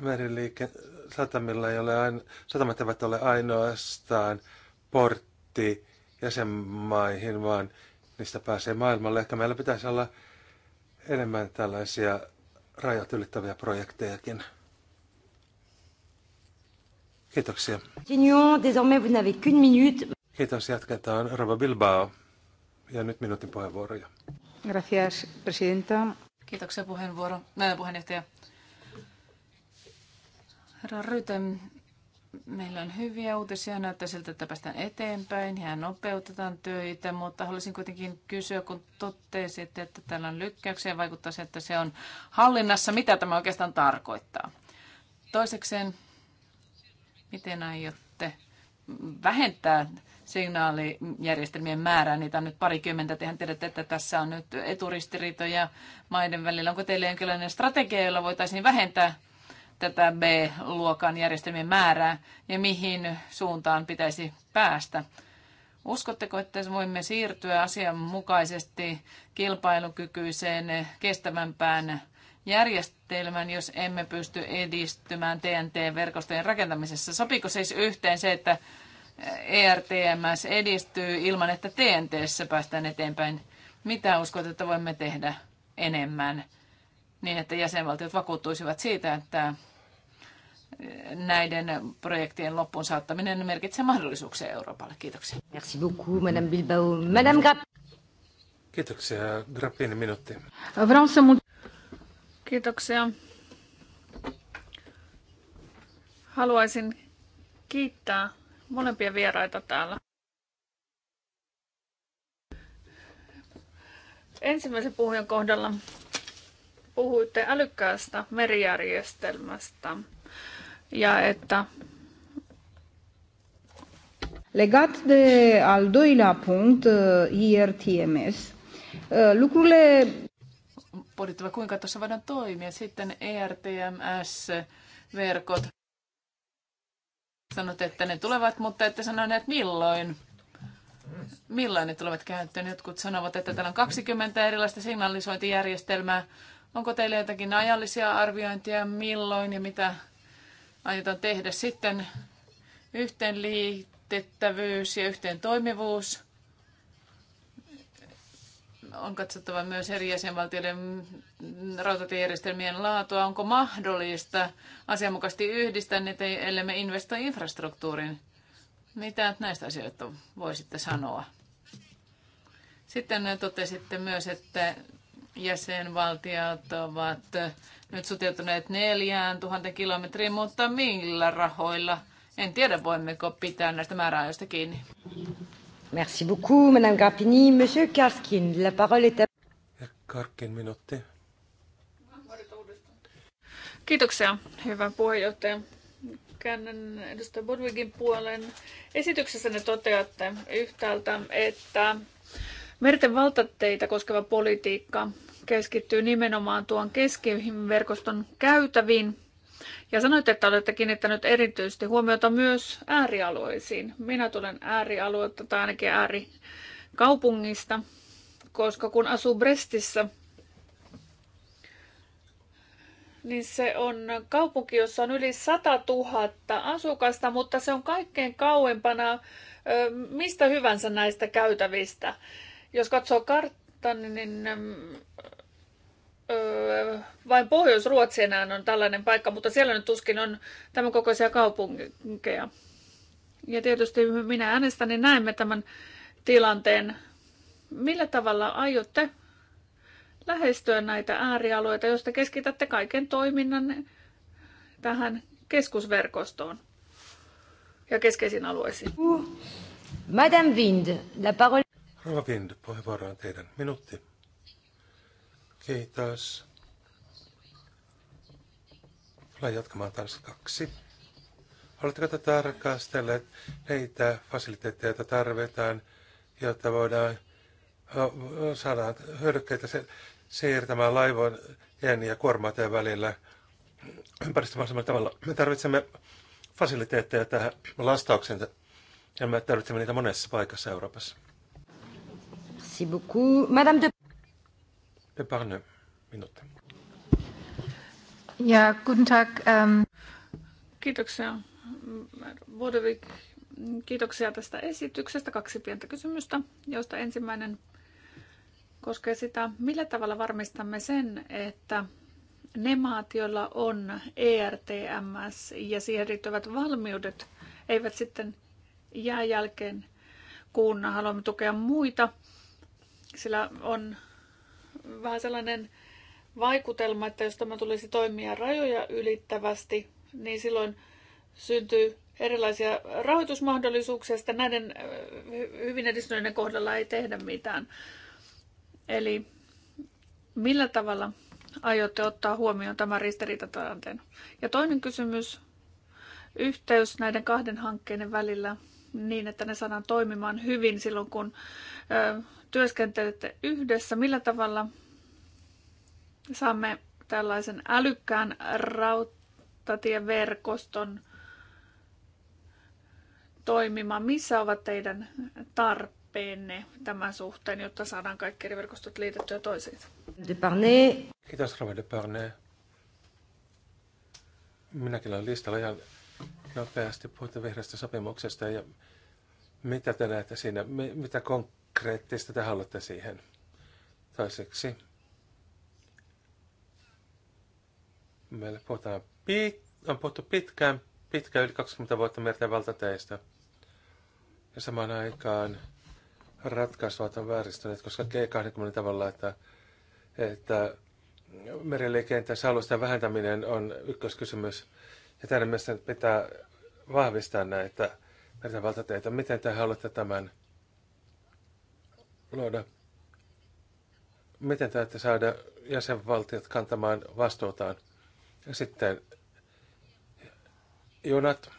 meriliikenne satamilla ei ole aino, satamat eivät ole ainoastaan portti jäsenmaihin, vaan niistä pääsee maailmalle. Ehkä meillä pitäisi olla enemmän tällaisia rajat ylittäviä projektejakin. Kiitoksia. Kiitos, jatketaan. Rova Bilbao. Ja nyt minuutin puheenvuoroja. Gracias, presidenta. Kiitoksia puheenvuoro, äh, puheenjohtaja. Herra meillä on hyviä uutisia. Näyttää siltä, että päästään eteenpäin ja nopeutetaan töitä, mutta haluaisin kuitenkin kysyä, kun totesit, että täällä on lykkäyksiä vaikuttaa että se on hallinnassa. Mitä tämä oikeastaan tarkoittaa? Toisekseen, miten aiotte vähentää signaalijärjestelmien määrää? Niitä on nyt parikymmentä. Tehän tiedätte, että tässä on nyt eturistiriitoja maiden välillä. Onko teillä jonkinlainen strategia, jolla voitaisiin vähentää tätä B-luokan järjestelmien määrää ja mihin suuntaan pitäisi päästä. Uskotteko, että voimme siirtyä asianmukaisesti kilpailukykyiseen, kestävämpään järjestelmän, jos emme pysty edistymään TNT-verkostojen rakentamisessa? Sopiiko siis yhteen se, että ERTMS edistyy ilman, että TNTssä päästään eteenpäin? Mitä uskot, että voimme tehdä enemmän niin, että jäsenvaltiot vakuuttuisivat siitä, että näiden projektien loppuun saattaminen merkitsee mahdollisuuksia Euroopalle. Kiitoksia. Merci beaucoup, Madame Bilbao. Madame Grapp. Kiitoksia. Grappini minuutti. Kiitoksia. Haluaisin kiittää molempia vieraita täällä. Ensimmäisen puhujan kohdalla puhuitte älykkäästä merijärjestelmästä – ja että Legat de al doilea punct, uh, IRTMS, uh, lucrurile... Pohdittava, kuinka tuossa voidaan toimia. Sitten ERTMS-verkot. Sanot, että ne tulevat, mutta että sanoin että milloin. Milloin ne tulevat käyttöön? Jotkut sanovat, että täällä on 20 erilaista signalisointijärjestelmää. Onko teillä jotakin ajallisia arviointia, milloin ja mitä aiotaan tehdä sitten yhteenliitettävyys ja yhteen toimivuus. On katsottava myös eri jäsenvaltioiden rautatiejärjestelmien laatua. Onko mahdollista asianmukaisesti yhdistää niitä, ellei me investoi infrastruktuurin. Mitä näistä asioista voisitte sanoa? Sitten totesitte myös, että jäsenvaltiot ovat nyt suteutuneet neljään tuhanteen kilometriin, mutta millä rahoilla? En tiedä, voimmeko pitää näistä määräajoista kiinni. Merci beaucoup, Madame Grappini. Monsieur Karskin, la parole est à... Karkin minuutti. Kiitoksia, hyvä puheenjohtaja. Käännän edustaja Bodwigin puolen. Esityksessä ne toteatte yhtäältä, että Merten valtateitä koskeva politiikka keskittyy nimenomaan tuon keskiverkoston käytäviin. Ja sanoitte, että olette kiinnittänyt erityisesti huomiota myös äärialueisiin. Minä tulen äärialueelta tai ainakin äärikaupungista, koska kun asuu Brestissä, niin se on kaupunki, jossa on yli 100 000 asukasta, mutta se on kaikkein kauempana mistä hyvänsä näistä käytävistä. Jos katsoo karttaa, niin, niin ähm, öö, vain Pohjois-Ruotsi enää on tällainen paikka, mutta siellä nyt tuskin on tämän kokoisia kaupunkeja. Ja tietysti minä äänestäni niin näemme tämän tilanteen. Millä tavalla aiotte lähestyä näitä äärialueita, joista keskitätte kaiken toiminnan tähän keskusverkostoon ja keskeisiin alueisiin? Madame Wind, la parole Rova puheenvuoro on teidän. Minuutti. Kiitos. Tulee jatkamaan kaksi. Oletteko te tarkastelleet niitä fasiliteetteja, joita tarvitaan, jotta voidaan saada hyödykkeitä siirtämään laivojen ja kuormaateen välillä ympäristömaisemmalla tavalla. Me tarvitsemme fasiliteetteja tähän lastaukseen ja me tarvitsemme niitä monessa paikassa Euroopassa. Merci beaucoup. Madame de... Parne, minuutti. Ja, guten Tag. Ähm... Kiitoksia. Vodovik, kiitoksia tästä esityksestä. Kaksi pientä kysymystä, joista ensimmäinen koskee sitä, millä tavalla varmistamme sen, että ne maat, joilla on ERTMS ja siihen liittyvät valmiudet, eivät sitten jää jälkeen, kun haluamme tukea muita sillä on vähän sellainen vaikutelma, että jos tämä tulisi toimia rajoja ylittävästi, niin silloin syntyy erilaisia rahoitusmahdollisuuksia, että näiden hyvin edistyneiden kohdalla ei tehdä mitään. Eli millä tavalla aiotte ottaa huomioon tämän ristiriitatilanteen? Ja toinen kysymys, yhteys näiden kahden hankkeiden välillä niin, että ne saadaan toimimaan hyvin silloin, kun työskentelette yhdessä, millä tavalla saamme tällaisen älykkään rautatieverkoston toimimaan? Missä ovat teidän tarpeenne tämän suhteen, jotta saadaan kaikki eri verkostot liitettyä toisiinsa? Kiitos, Kiitos, de Parnay. Minäkin olen listalla ihan nopeasti puhutte vihreästä sopimuksesta ja mitä te näette siinä, mitä kon- konkreettista te haluatte siihen? Toiseksi. Meillä puhutaan pit, on puhuttu pitkään, pitkään yli 20 vuotta merten valtateistä. Ja samaan aikaan ratkaisuvat on vääristyneet, koska G20 tavalla, että, että meriliikenteessä alusten vähentäminen on ykköskysymys. Ja tänne mielestä pitää vahvistaa näitä merten valtateita. Miten te haluatte tämän luoda? Miten täytyy saada jäsenvaltiot kantamaan vastuutaan? Ja sitten junat.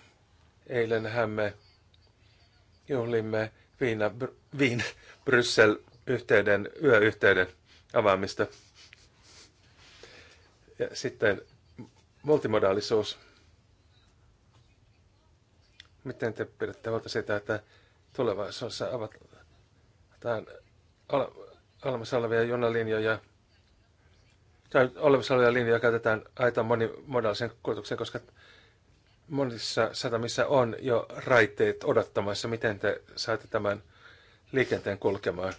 eilen me juhlimme Viina, Br- Viin Bryssel-yhteyden, yöyhteyden avaamista. Ja sitten multimodaalisuus. Miten te pidätte huolta sitä, että tulevaisuudessa avataan ole, olemassa olevia junalinjoja tai olemassa olevia linjoja käytetään aita monimodaalisen kulutuksen, koska monissa satamissa on jo raiteet odottamassa, miten te saatte tämän liikenteen kulkemaan.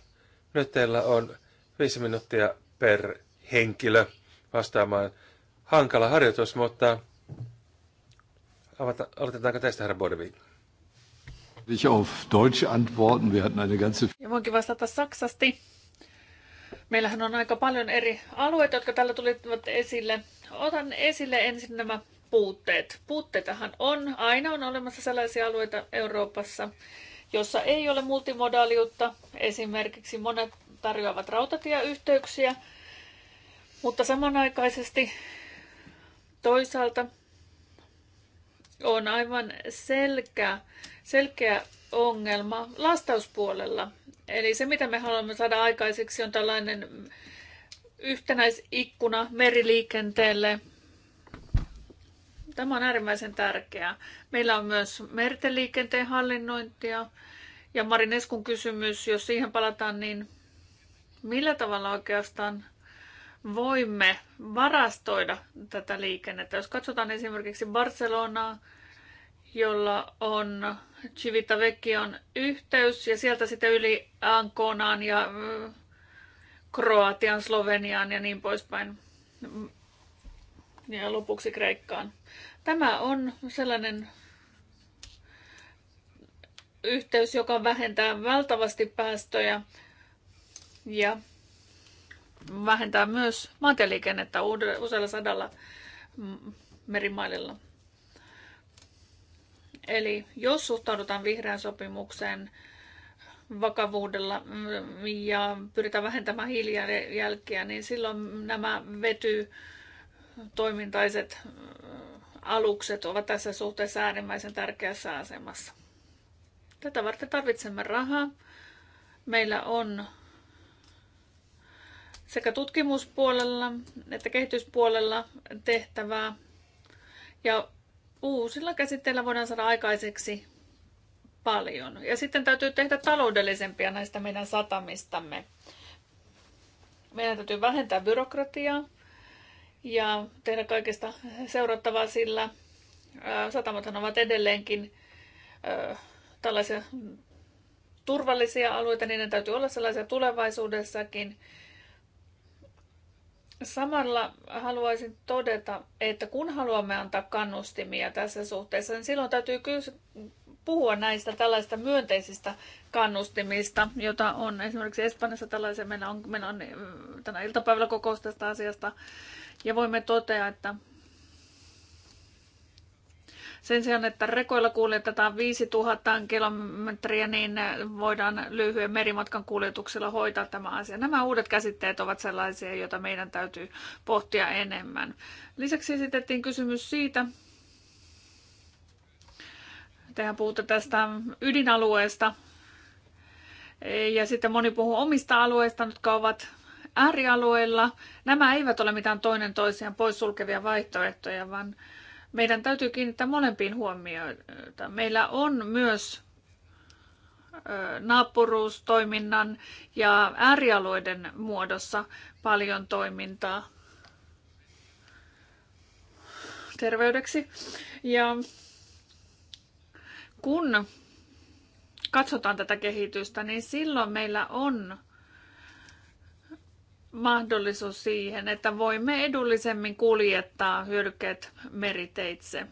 Nyt teillä on viisi minuuttia per henkilö vastaamaan. Hankala harjoitus, mutta aloitetaanko teistä, herra Bodevi? Ich auf Deutsch antworten. Wir hatten eine ganze... Ja voinkin vastata saksasti. Meillähän on aika paljon eri alueita, jotka täällä tulivat esille. Otan esille ensin nämä puutteet. Puutteitahan on. Aina on olemassa sellaisia alueita Euroopassa, jossa ei ole multimodaaliutta. Esimerkiksi monet tarjoavat rautatieyhteyksiä, mutta samanaikaisesti toisaalta on aivan selkeä, selkeä ongelma lastauspuolella. Eli se, mitä me haluamme saada aikaiseksi, on tällainen yhtenäisikkuna meriliikenteelle. Tämä on äärimmäisen tärkeää. Meillä on myös merten liikenteen hallinnointia. Ja Marineskun kysymys, jos siihen palataan, niin millä tavalla oikeastaan voimme varastoida tätä liikennettä. Jos katsotaan esimerkiksi Barcelonaa, jolla on Civitavecchion yhteys ja sieltä sitten yli Ankonaan ja äh, Kroatian, Sloveniaan ja niin poispäin. Ja lopuksi Kreikkaan. Tämä on sellainen yhteys, joka vähentää valtavasti päästöjä ja vähentää myös maantieliikennettä useilla sadalla merimaililla. Eli jos suhtaudutaan vihreän sopimukseen vakavuudella mm, ja pyritään vähentämään hiilijälkiä, niin silloin nämä vetytoimintaiset mm, alukset ovat tässä suhteessa äärimmäisen tärkeässä asemassa. Tätä varten tarvitsemme rahaa. Meillä on sekä tutkimuspuolella että kehityspuolella tehtävää. Ja uusilla käsitteillä voidaan saada aikaiseksi paljon. Ja sitten täytyy tehdä taloudellisempia näistä meidän satamistamme. Meidän täytyy vähentää byrokratiaa ja tehdä kaikesta seurattavaa, sillä satamathan ovat edelleenkin tällaisia turvallisia alueita, niin ne täytyy olla sellaisia tulevaisuudessakin. Samalla haluaisin todeta, että kun haluamme antaa kannustimia tässä suhteessa, niin silloin täytyy kyllä puhua näistä tällaista myönteisistä kannustimista, jota on esimerkiksi Espanjassa tällaisen, meillä on, meillä on äh, tänä iltapäivällä kokous tästä asiasta, ja voimme totea, että sen sijaan, että rekoilla kuljetetaan 5000 kilometriä, niin voidaan lyhyen merimatkan kuljetuksella hoitaa tämä asia. Nämä uudet käsitteet ovat sellaisia, joita meidän täytyy pohtia enemmän. Lisäksi esitettiin kysymys siitä, tehän puhutte tästä ydinalueesta, ja sitten moni puhuu omista alueista, jotka ovat äärialueilla. Nämä eivät ole mitään toinen toisiaan poissulkevia vaihtoehtoja, vaan meidän täytyy kiinnittää molempiin huomioita. Meillä on myös naapuruustoiminnan ja äärialueiden muodossa paljon toimintaa terveydeksi. Ja kun katsotaan tätä kehitystä, niin silloin meillä on mahdollisuus siihen, että voimme edullisemmin kuljettaa hyödykkeet meriteitse.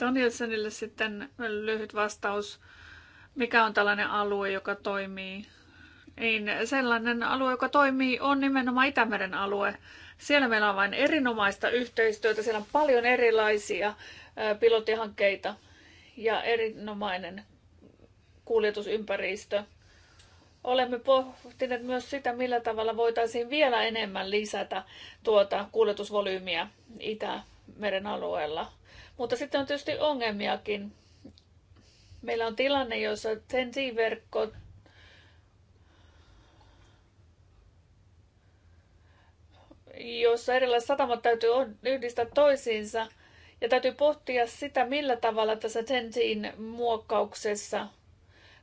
Danielsenille sitten lyhyt vastaus. Mikä on tällainen alue, joka toimii? Niin sellainen alue, joka toimii, on nimenomaan Itämeren alue. Siellä meillä on vain erinomaista yhteistyötä, siellä on paljon erilaisia pilottihankkeita ja erinomainen kuljetusympäristö olemme pohtineet myös sitä, millä tavalla voitaisiin vielä enemmän lisätä tuota kuljetusvolyymiä Itämeren alueella. Mutta sitten on tietysti ongelmiakin. Meillä on tilanne, jossa ten verkko jossa erilaiset satamat täytyy yhdistää toisiinsa. Ja täytyy pohtia sitä, millä tavalla tässä Tentiin muokkauksessa –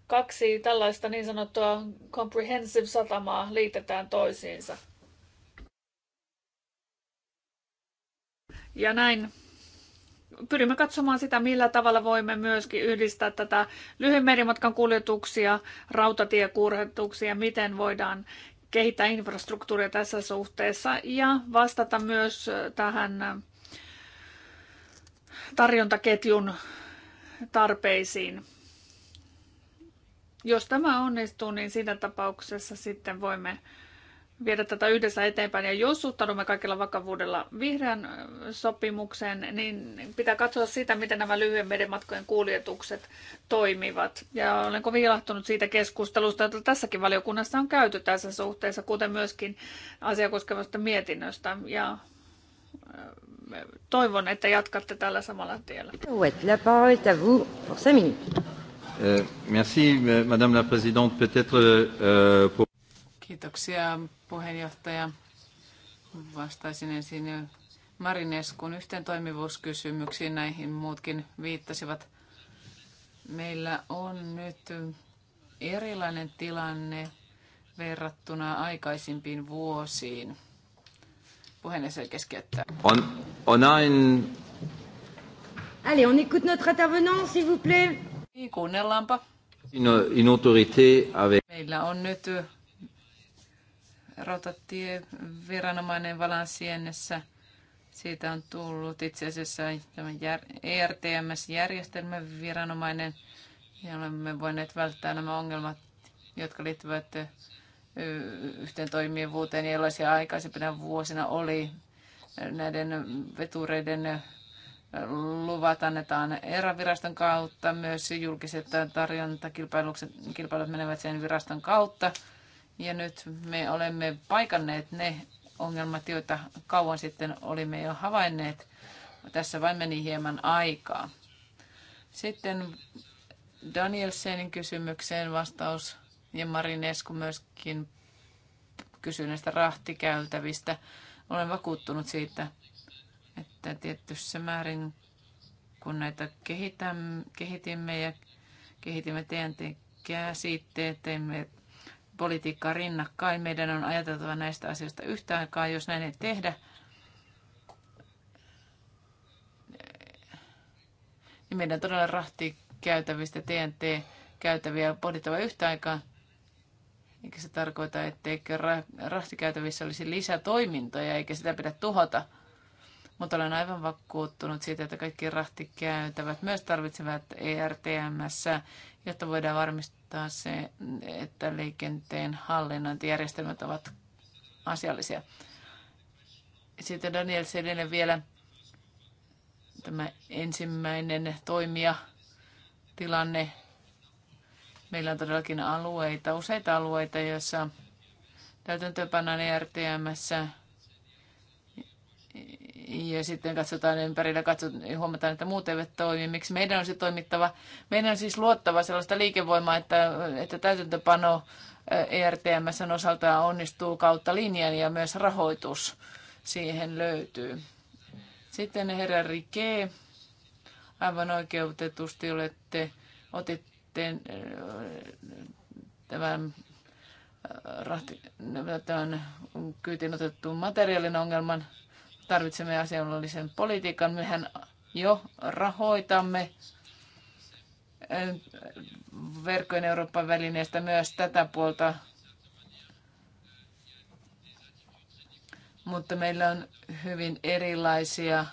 kaksi tällaista niin sanottua comprehensive satamaa liitetään toisiinsa. Ja näin pyrimme katsomaan sitä, millä tavalla voimme myöskin yhdistää tätä lyhyen merimatkan kuljetuksia, rautatiekuljetuksia, miten voidaan kehittää infrastruktuuria tässä suhteessa ja vastata myös tähän tarjontaketjun tarpeisiin. Jos tämä onnistuu, niin siinä tapauksessa sitten voimme viedä tätä yhdessä eteenpäin. Ja jos suhtaudumme kaikilla vakavuudella vihreän sopimukseen, niin pitää katsoa sitä, miten nämä lyhyen merimatkojen kuljetukset toimivat. Ja olen kovin ilahtunut siitä keskustelusta, jota tässäkin valiokunnassa on käyty tässä suhteessa, kuten myöskin asia koskevasta mietinnöstä. Ja toivon, että jatkatte tällä samalla tiellä. Euh, merci, Madame euh, Kiitoksia puheenjohtaja. Vastaisin ensin Marineskun yhteen toimivuuskysymyksiin. Näihin muutkin viittasivat. Meillä on nyt erilainen tilanne verrattuna aikaisimpiin vuosiin. Puheenjohtaja keskeyttää. On, on ain... Allez, on écoute notre intervenant, s'il vous plaît. Niin Kuunnellaanpa. Meillä on nyt rautatieviranomainen Valansienessä. Siitä on tullut itse asiassa tämä ERTMS-järjestelmän viranomainen, ja olemme voineet välttää nämä ongelmat, jotka liittyvät yhteen toimivuuteen, jollaisia aikaisempina vuosina oli näiden vetureiden luvat annetaan eräviraston kautta, myös julkiset tarjontakilpailut menevät sen viraston kautta. Ja nyt me olemme paikanneet ne ongelmat, joita kauan sitten olimme jo havainneet. Tässä vain meni hieman aikaa. Sitten Danielsenin kysymykseen vastaus ja Marinesku myöskin kysyi näistä rahtikäytävistä. Olen vakuuttunut siitä, että tietyssä määrin kun näitä kehitämme, kehitimme ja kehitimme TNT-käsitteet, teimme politiikkaa rinnakkain. Meidän on ajateltava näistä asioista yhtä aikaa, jos näin ei tehdä. Niin meidän todella rahti käytävistä TNT-käytäviä on pohdittava yhtä aikaa. Eikä se tarkoita, etteikö rahtikäytävissä olisi lisätoimintoja, eikä sitä pidä tuhota – mutta olen aivan vakuuttunut siitä, että kaikki rahtikäytävät myös tarvitsevat ERTMS, jotta voidaan varmistaa se, että liikenteen hallinnointijärjestelmät ovat asiallisia. Sitten Daniel Selinen vielä tämä ensimmäinen toimija tilanne. Meillä on todellakin alueita, useita alueita, joissa täytäntöönpannaan ERTMssä ja sitten katsotaan ympärillä, katsotaan, ja huomataan, että muut eivät toimi. Miksi meidän on se toimittava? Meidän on siis luottava sellaista liikevoimaa, että, että täytäntöpano ERTMSn eh, e osalta onnistuu kautta linjan ja myös rahoitus siihen löytyy. Sitten herra Rike, aivan oikeutetusti olette, otitte eh, tämän eh, rahti, tämän kyytiin otettuun materiaalin ongelman tarvitsemme asiallisen politiikan. Mehän jo rahoitamme eh, verkkojen Euroopan välineestä myös tätä puolta. Mutta meillä on hyvin erilaisia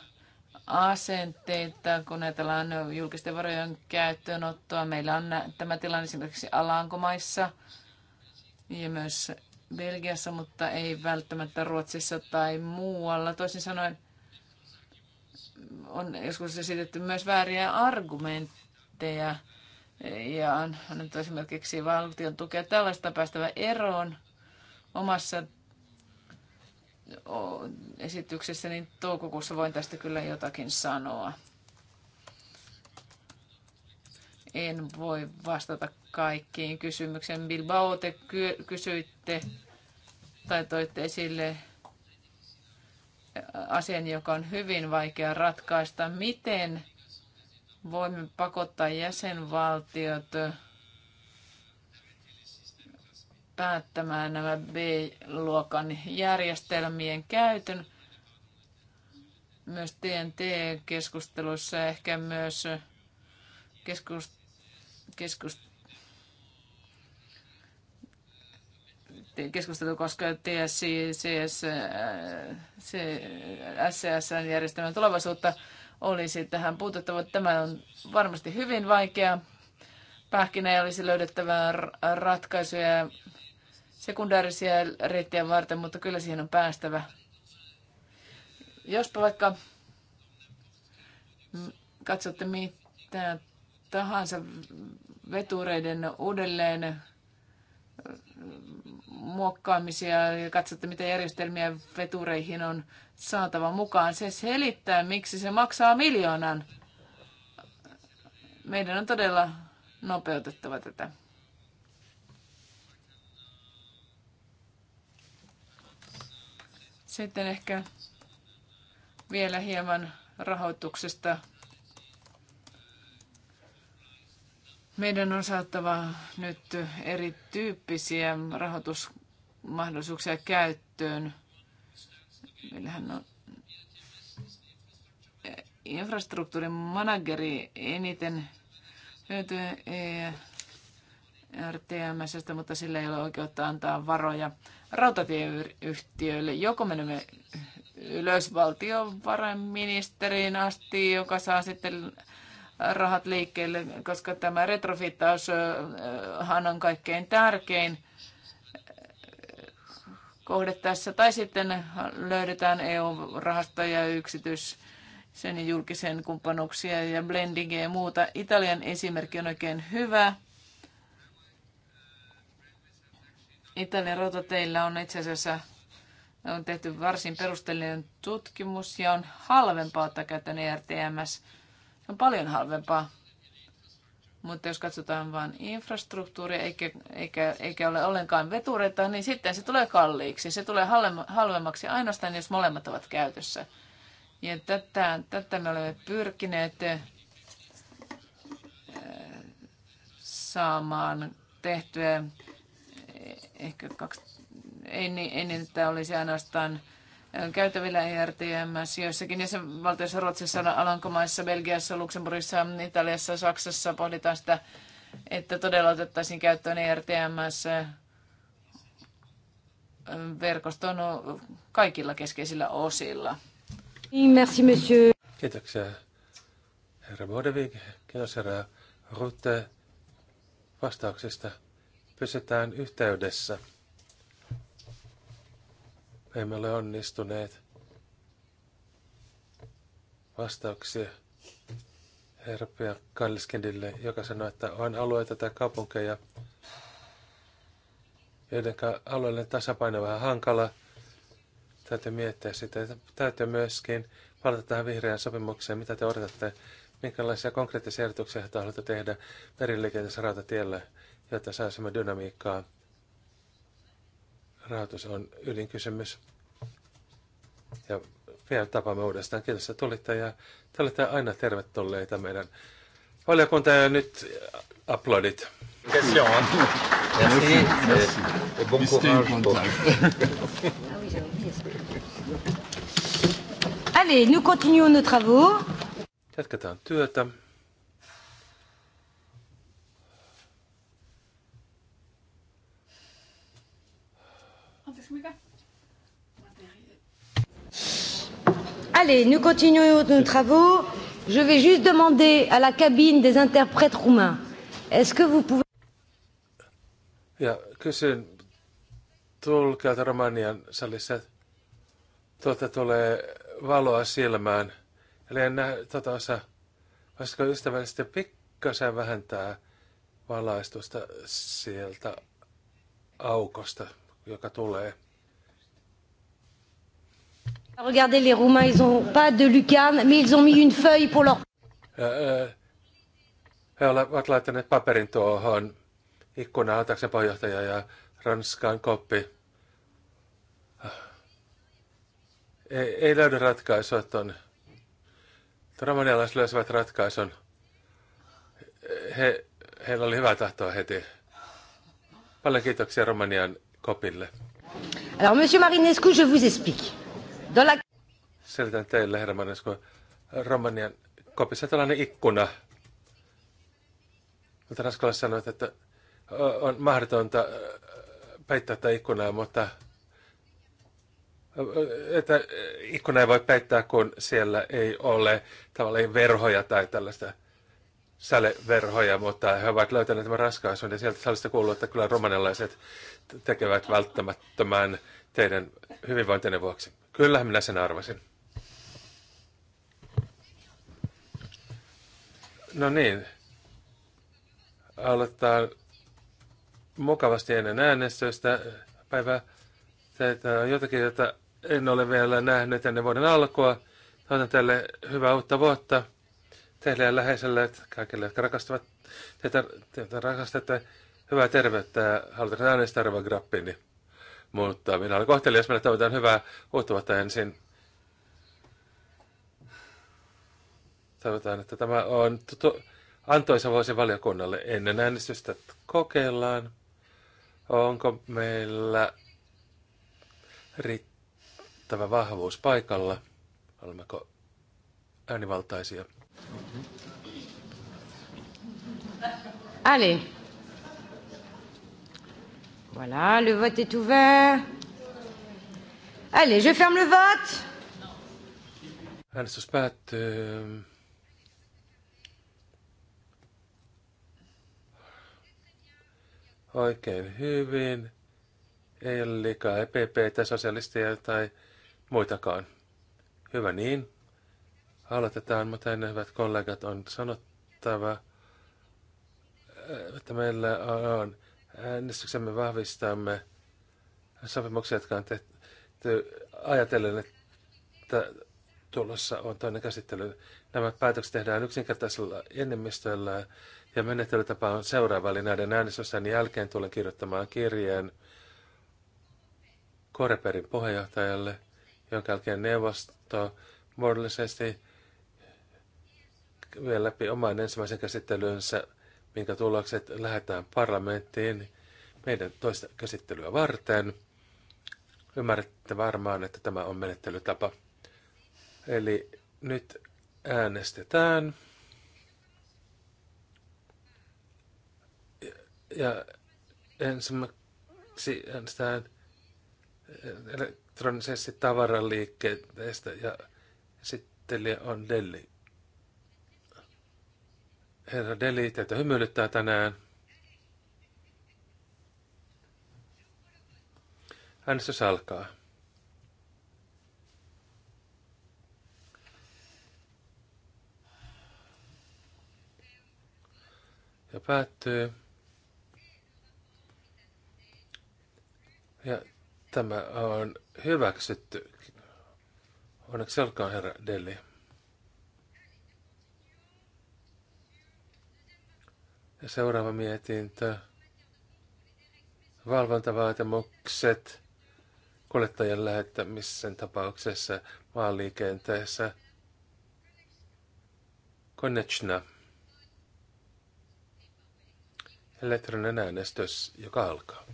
asenteita, kun ajatellaan julkisten varojen käyttöönottoa. Meillä on tämä tilanne esimerkiksi Alankomaissa ja myös Belgiassa, mutta ei välttämättä Ruotsissa tai muualla. Toisin sanoen on joskus esitetty myös vääriä argumentteja ja on annettu esimerkiksi valtion tukea tällaista päästävä eroon omassa esityksessäni niin toukokuussa voin tästä kyllä jotakin sanoa en voi vastata kaikkiin kysymyksiin. Bilbao, te kysyitte tai toitte esille asian, joka on hyvin vaikea ratkaista. Miten voimme pakottaa jäsenvaltiot päättämään nämä B-luokan järjestelmien käytön? Myös TNT-keskusteluissa ehkä myös keskustelussa keskustelu keskustelu koskee TSCS, SCS-järjestelmän tulevaisuutta, olisi tähän puututtava. Tämä on varmasti hyvin vaikea pähkinä ja olisi löydettävää ratkaisuja sekundaarisia reittejä varten, mutta kyllä siihen on päästävä. Jospa vaikka katsotte, mitä tahansa vetureiden uudelleen muokkaamisia ja katsotte, mitä järjestelmiä vetureihin on saatava mukaan. Se selittää, miksi se maksaa miljoonan. Meidän on todella nopeutettava tätä. Sitten ehkä vielä hieman rahoituksesta Meidän on saattava nyt erityyppisiä rahoitusmahdollisuuksia käyttöön. Meillähän on infrastruktuurin manageri eniten hyötyä e RTMSstä, mutta sillä ei ole oikeutta antaa varoja rautatieyhtiöille. Joko menemme ylös valtiovarainministeriin asti, joka saa sitten rahat liikkeelle, koska tämä retrofittaushan on kaikkein tärkein kohde tässä. Tai sitten löydetään EU-rahastoja ja yksityis sen julkisen kumppanuuksia ja blendingia ja muuta. Italian esimerkki on oikein hyvä. Italian rotateillä on itse asiassa on tehty varsin perusteellinen tutkimus ja on halvempaa ottaa käyttöön ERTMS on paljon halvempaa. Mutta jos katsotaan vain infrastruktuuria eikä, eikä, eikä ole ollenkaan vetureita, niin sitten se tulee kalliiksi. Se tulee halvemmaksi ainoastaan, jos molemmat ovat käytössä. Ja tätä, tätä me olemme pyrkineet eh, saamaan tehtyä eh, ehkä kaksi, ei niin, ei niin että olisi ainoastaan käytävillä ERTMS joissakin jäsenvaltioissa, Ruotsissa, Alankomaissa, Belgiassa, Luxemburgissa, Italiassa, Saksassa pohditaan sitä, että todella otettaisiin käyttöön ERTMS verkoston kaikilla keskeisillä osilla. Niin, merci, monsieur. Kiitoksia, herra Bodevik. Kiitos, herra Rutte, Vastauksesta Pysytään yhteydessä emme ole onnistuneet. Vastauksia herpeä Kalliskendille, joka sanoi, että on alueita tai kaupunkeja, joiden alueellinen tasapaino on vähän hankala. Täytyy miettiä sitä. Täytyy myöskin palata tähän vihreään sopimukseen, mitä te odotatte, minkälaisia konkreettisia ehdotuksia te haluatte tehdä meriliikenteessä rautatielle, jotta saisimme dynamiikkaa rahoitus on ydinkysymys. Ja vielä tapaamme uudestaan. Kiitos, että tulitte ja te olette aina tervetulleita meidän valiokunta ja nyt aplodit. Merci. Merci. bon courage. Allez, nous continuons nos travaux. Jatketaan työtä. Allez, nous continuons nos travaux. Je vais juste demander à la cabine des interprètes roumains. Est-ce que vous pouvez... Ja kysyn tulkijalta Romanian salissa, tuota tulee valoa silmään. Eli en näe tuota osaa. Voisitko ystävällisesti pikkasen vähentää valaistusta sieltä aukosta, joka tulee? Regardez les Roumains, ils n'ont pas de lucarne, mais ils ont mis une feuille pour leur... He ovat laittaneet paperin tuohon ikkunaan antaakseen pohjohtaja ja Ranskan koppi. Ei, ei löydy ratkaisua tuon. Romanialaiset löysivät ratkaisun. He, heillä oli hyvää tahtoa heti. Paljon kiitoksia Romanian kopille. Alors, monsieur Marinescu, je vous explique. Selitän teille, herra Manesko. Romanian kopissa tällainen ikkuna. Mutta Raskalais sanoi, että on mahdotonta peittää tätä ikkunaa, mutta että ikkuna ei voi peittää, kun siellä ei ole tavallaan verhoja tai tällaista säleverhoja, mutta he ovat löytäneet tämän raskaisuuden ja sieltä salista kuuluu, että kyllä romanilaiset tekevät välttämättömän teidän hyvinvointinen vuoksi. Kyllähän minä sen arvasin. No niin. Aloittaa mukavasti ennen äänestystä päivää. Teitä on jotakin, jota en ole vielä nähnyt ennen vuoden alkua. Toivotan teille hyvää uutta vuotta. Teille ja läheiselle, kaikille, jotka rakastavat teitä, teitä rakastatte. Hyvää terveyttä ja haluatte äänestää Rova Grappini. Mutta minä olen kohtelias, minä toivotan hyvää uutta vuotta ensin. Toivotaan, että tämä on antoisa vuosi valiokunnalle ennen äänestystä. Kokeillaan, onko meillä riittävä vahvuus paikalla. Olemmeko äänivaltaisia? Ali. Voilà, le vote est ouvert. Allez, je ferme le vote. Äänestys päättyy. Oikein hyvin. Ei ole liikaa EPPtä, sosialisteja tai muitakaan. Hyvä niin. Aloitetaan, mutta ennen hyvät kollegat on sanottava, että meillä on äänestyksemme vahvistamme sopimuksia, jotka on tehty ajatellen, että tulossa on toinen käsittely. Nämä päätökset tehdään yksinkertaisella enemmistöllä ja menettelytapa on seuraava, eli näiden äänestysten jälkeen tulen kirjoittamaan kirjeen Koreperin puheenjohtajalle, jonka jälkeen neuvosto muodollisesti vie läpi oman ensimmäisen käsittelynsä minkä tulokset lähetään parlamenttiin meidän toista käsittelyä varten. Ymmärrätte varmaan, että tämä on menettelytapa. Eli nyt äänestetään. Ja ensimmäksi äänestetään elektronisesti tavaraliikkeestä ja sitten on Delli. Herra Deli, teitä hymyilyttää tänään. Äänestys salkaa. Ja päättyy. Ja tämä on hyväksytty. Onneksi olkaa, herra Deli. Ja seuraava mietintö. Valvontavaatimukset kuljettajan lähettämisen tapauksessa maanliikenteessä. Konechna. Elektroninen äänestys, joka alkaa.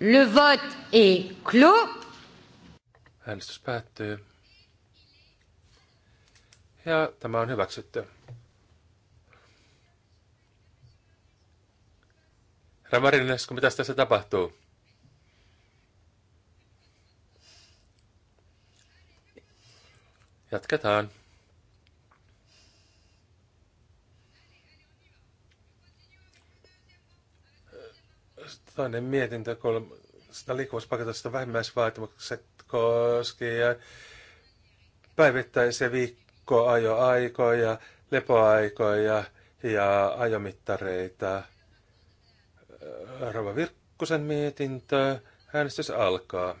Le vote est clos. Äänestys päättyy. Ja tämä on hyväksytty. Ramarinesko, mitä tässä tapahtuu? Jatketaan. Toinen mietintö kolmesta liikkuvuuspaketista vähimmäisvaatimukset koskien päivittäisiä viikkoja ajoaikoja, lepoaikoja ja ajomittareita. Rova Virkkusen mietintö. Äänestys alkaa.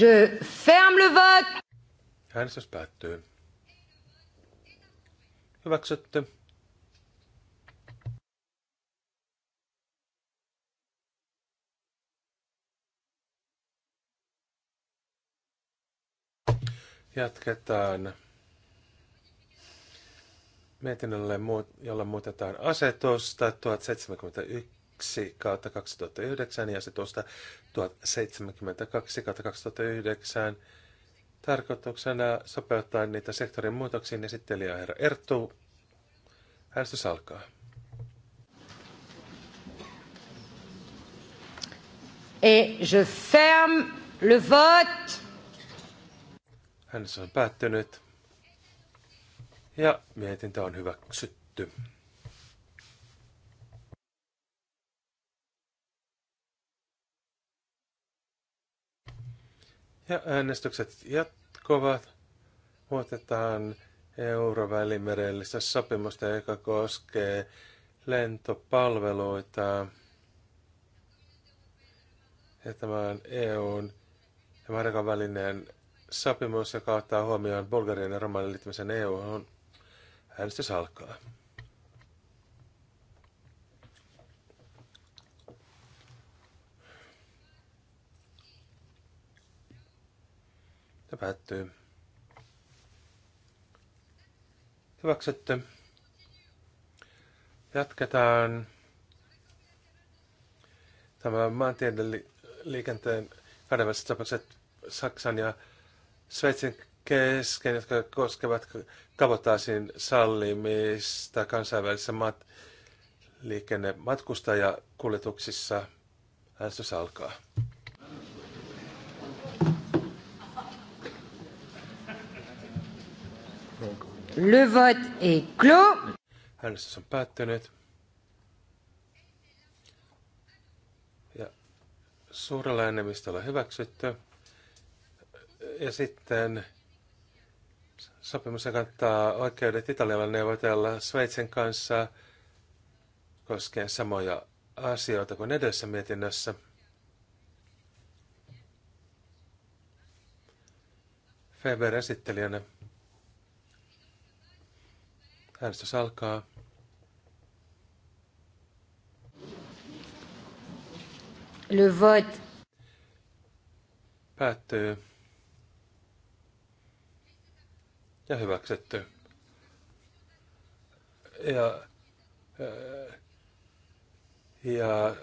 Je ferme le vote. Äänestys päättyy. Hyväksytty. Jatketaan mietinnölle, jolla muutetaan asetusta 1071 kautta 2009 ja asetusta 1072 kautta 2009 tarkoituksena sopeuttaa niitä sektorin muutoksiin esittelijä herra Erttu. Äänestys alkaa. Et je ferme le vote. Äänestys on päättynyt. Ja mietintö on hyväksytty. Ja äänestykset jatkuvat. Muutetaan eurovälimerellistä sopimusta, joka koskee lentopalveluita. Ja tämä on EUn ja Markan välinen sopimus, joka ottaa huomioon Bulgarian ja Romanian liittymisen EU-hun. Äänestys alkaa. Ja päättyy. Hyväksytty. Jatketaan. Tämä maantieteen liikenteen kahdenväliset sopimukset Saksan ja Sveitsin kesken, jotka koskevat kabotaasin sallimista kansainvälisessä mat- liikennematkustajakuljetuksissa. Äänestys alkaa. Le vote est clos. Äänestys on päättynyt. Ja suurella enemmistöllä hyväksytty. Ja sitten sopimuksen kantaa oikeudet Italialle neuvotella Sveitsin kanssa koskien samoja asioita kuin edessä mietinnössä. Feber esittelijänä. Äänestys alkaa. Le vote. Päättyy. ja hyväksytty. Ja, äh, ja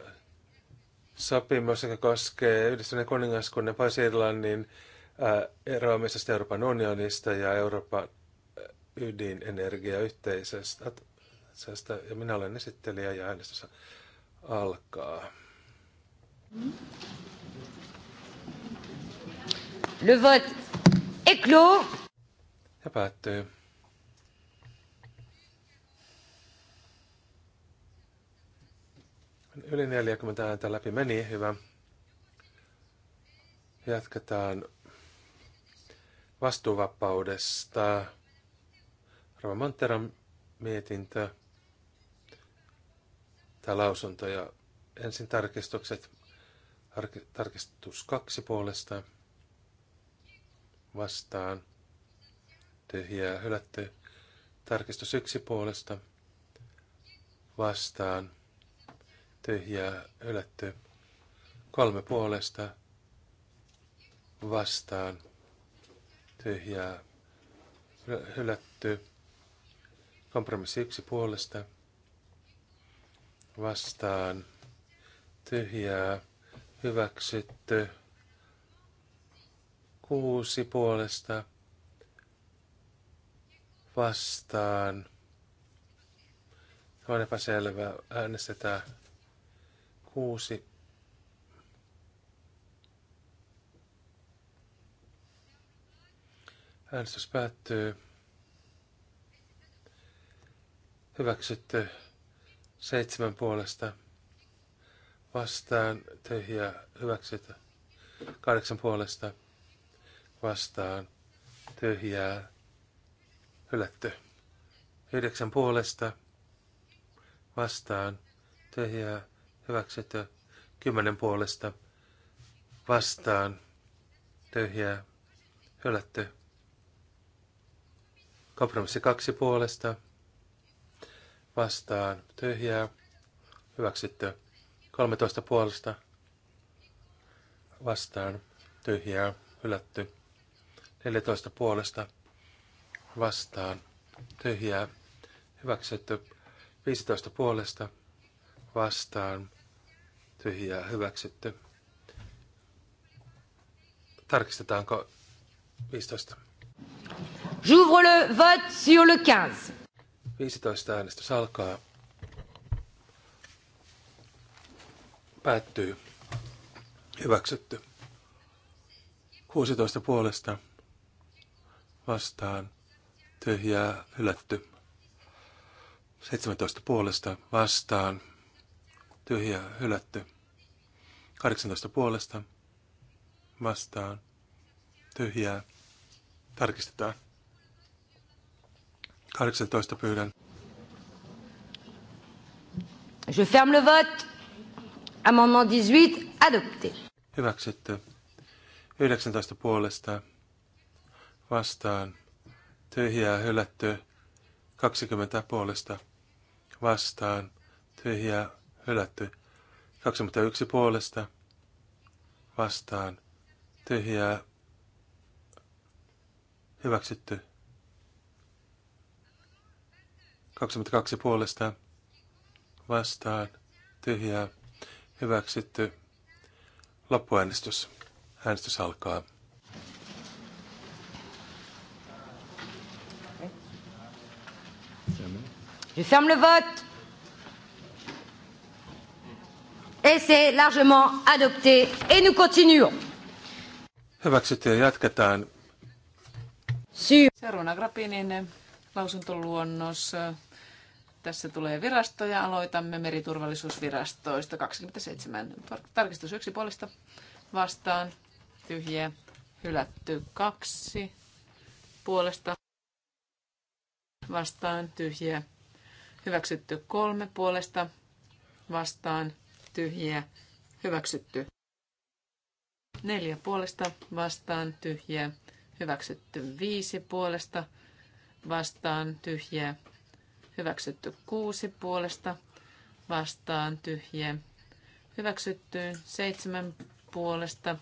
sopimus, joka koskee yhdistyneen kuningaskunnan pois irlannin äh, eroamisesta Euroopan unionista ja Euroopan äh, ydinenergiayhteisöstä. Ja minä olen esittelijä ja äänestys alkaa. Le vote est clos ja päättyy. Yli 40 ääntä läpi meni, hyvä. Jatketaan vastuuvapaudesta. Rova Monteran mietintö tai lausunto ja ensin tarkistukset. Tarkistus kaksi puolesta vastaan tyhjää hylätty. Tarkistus yksi puolesta vastaan tyhjää hylätty. Kolme puolesta vastaan tyhjää hylätty. Kompromissi yksi puolesta vastaan tyhjää hyväksytty. Kuusi puolesta vastaan. Tämä on epäselvä. Äänestetään kuusi. Äänestys päättyy. Hyväksytty seitsemän puolesta. Vastaan tyhjä hyväksytty. Kahdeksan puolesta. Vastaan tyhjää hylätty. Yhdeksän puolesta vastaan tyhjää hyväksytty. Kymmenen puolesta vastaan tyhjää hylätty. Kompromissi kaksi puolesta vastaan tyhjää hyväksytty. Kolmetoista puolesta vastaan tyhjää hylätty. 14 puolesta vastaan tyhjää hyväksytty. 15 puolesta vastaan tyhjää hyväksytty. Tarkistetaanko 15? J'ouvre le vote sur le 15. 15 äänestys alkaa. Päättyy. Hyväksytty. 16 puolesta vastaan tyhjää hylätty. 17 puolesta vastaan tyhjää hylätty. 18 puolesta vastaan tyhjää tarkistetaan. 18 pyydän. Je ferme le vote. Amendement 18 adopté. Hyväksytty. 19 puolesta vastaan tyhjää hylätty 20 puolesta vastaan, tyhjää hylätty 21 puolesta vastaan, tyhjää hyväksytty 22 puolesta vastaan, tyhjää hyväksytty loppuäänestys. Äänestys alkaa. Je ferme le vote. Et c'est largement adopté. Et nous continuons. Hyväksytty ja jatketaan. Seuraavana Grappinin lausuntoluonnos. Tässä tulee virastoja. Aloitamme meriturvallisuusvirastoista 27. Tarkistus yksi puolesta vastaan. Tyhjä. Hylätty kaksi puolesta vastaan. Tyhjä. Hyväksytty kolme puolesta vastaan tyhjiä. Hyväksytty neljä puolesta vastaan tyhjiä. Hyväksytty viisi puolesta vastaan tyhjiä. Hyväksytty kuusi puolesta vastaan tyhjiä. Hyväksytty seitsemän puolesta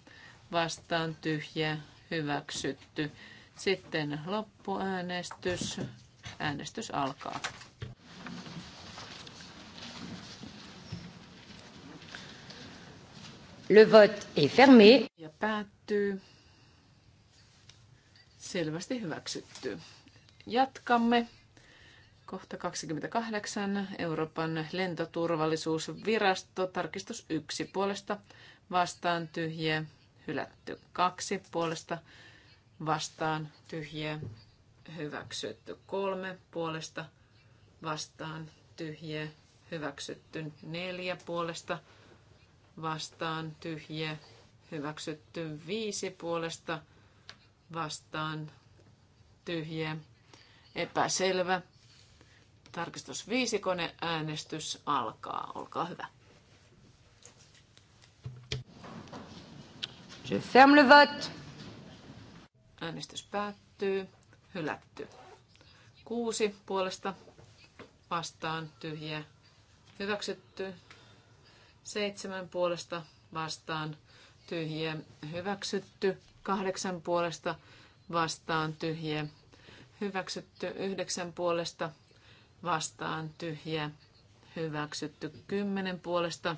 vastaan tyhjiä. Hyväksytty. Sitten loppuäänestys. Äänestys alkaa. Le vote est fermé. Ja päättyy. Selvästi hyväksytty. Jatkamme. Kohta 28. Euroopan lentoturvallisuusvirasto. Tarkistus 1 puolesta. Vastaan tyhjä. Hylätty 2 puolesta. Vastaan tyhjä. Hyväksytty 3 puolesta. Vastaan tyhjä. Hyväksytty 4 puolesta vastaan tyhjä, hyväksytty viisi puolesta vastaan tyhjä, epäselvä. Tarkistus viisi, äänestys alkaa. Olkaa hyvä. Je ferme le vote. Äänestys päättyy. Hylätty. Kuusi puolesta vastaan tyhjä. Hyväksytty. Seitsemän puolesta vastaan tyhjiä hyväksytty. Kahdeksan puolesta vastaan tyhjiä hyväksytty. Yhdeksän puolesta vastaan tyhjiä hyväksytty. Kymmenen puolesta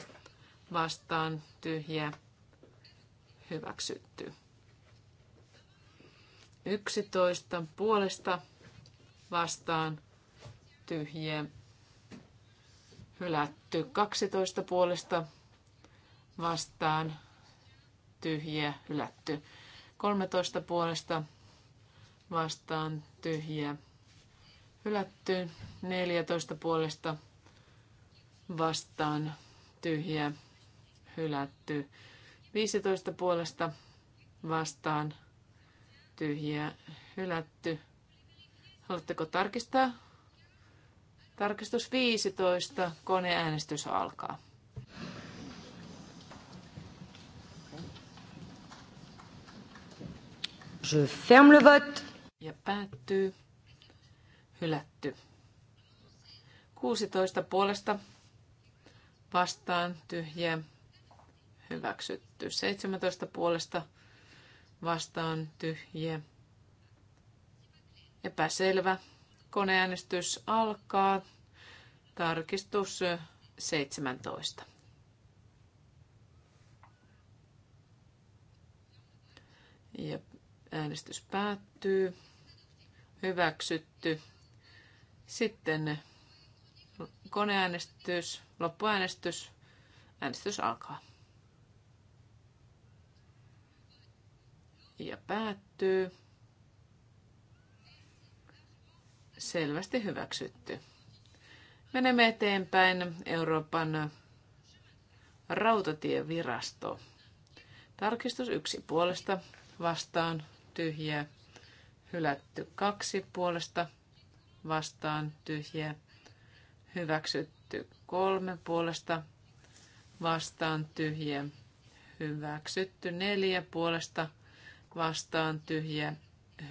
vastaan tyhjiä hyväksytty. Yksitoista puolesta vastaan tyhjiä hylätty 12 puolesta vastaan, tyhjiä, hylätty 13 puolesta vastaan, tyhjiä, hylätty 14 puolesta vastaan, tyhjiä, hylätty 15 puolesta vastaan, tyhjiä, hylätty. Haluatteko tarkistaa? Tarkistus 15. Koneäänestys alkaa. Je ferme le vote. Ja päättyy. Hylätty. 16 puolesta vastaan tyhjä. Hyväksytty. 17 puolesta vastaan tyhjä. Epäselvä. Koneäänestys alkaa. Tarkistus 17. Ja äänestys päättyy. Hyväksytty. Sitten koneäänestys, loppuäänestys. Äänestys alkaa. Ja päättyy. selvästi hyväksytty. Menemme eteenpäin Euroopan rautatievirasto. Tarkistus yksi puolesta vastaan tyhjä, Hylätty kaksi puolesta vastaan tyhjä, Hyväksytty kolme puolesta vastaan tyhjä, Hyväksytty neljä puolesta vastaan tyhjä,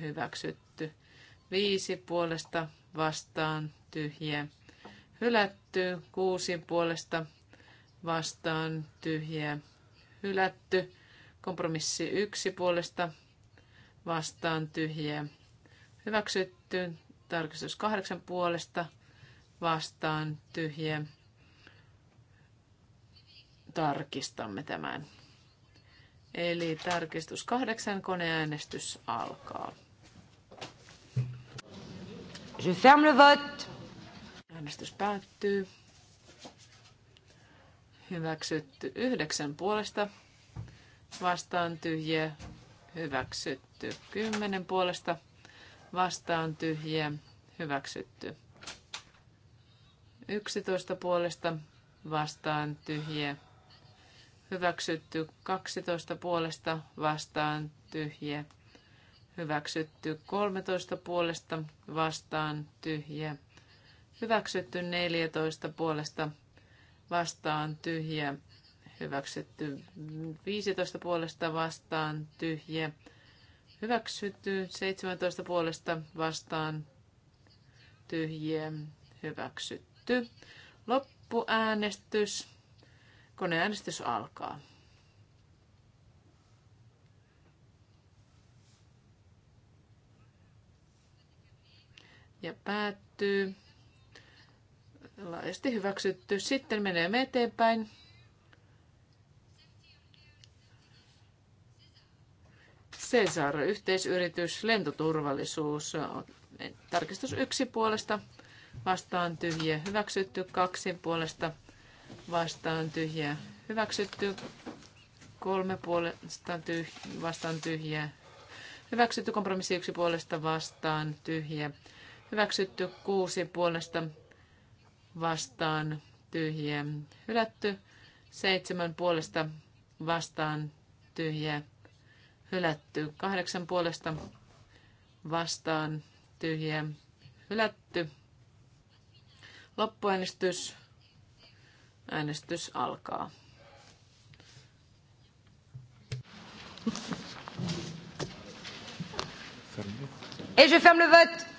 Hyväksytty 5 puolesta vastaan tyhjiä. Hylätty 6 puolesta vastaan tyhjiä. Hylätty kompromissi 1 puolesta vastaan tyhjiä. Hyväksytty tarkistus 8 puolesta vastaan tyhjiä. Tarkistamme tämän. Eli tarkistus kahdeksan koneäänestys alkaa. Je ferme le vote. Äänestys päättyy. Hyväksytty yhdeksän puolesta. Vastaan tyhjä. Hyväksytty kymmenen puolesta. Vastaan tyhjä. Hyväksytty. 11 puolesta vastaan tyhjä. Hyväksytty 12 puolesta vastaan tyhjä hyväksytty 13 puolesta vastaan tyhjä, hyväksytty 14 puolesta vastaan tyhjä, hyväksytty 15 puolesta vastaan tyhjä, hyväksytty 17 puolesta vastaan tyhjä, hyväksytty. Loppuäänestys. Koneäänestys alkaa. ja päättyy. Laajasti hyväksytty. Sitten menemme eteenpäin. Cesar, yhteisyritys, lentoturvallisuus, tarkistus yksi puolesta, vastaan tyhjä, hyväksytty, kaksi puolesta, vastaan tyhjä, hyväksytty, kolme puolesta, tyhjä, vastaan tyhjä, hyväksytty, kompromissi yksi puolesta, vastaan tyhjä, Hyväksytty kuusi puolesta vastaan tyhjiä. Hylätty seitsemän puolesta vastaan tyhjiä. Hylätty kahdeksan puolesta vastaan tyhjiä. Hylätty. Loppuäänestys. Äänestys alkaa. Et je ferme le vote.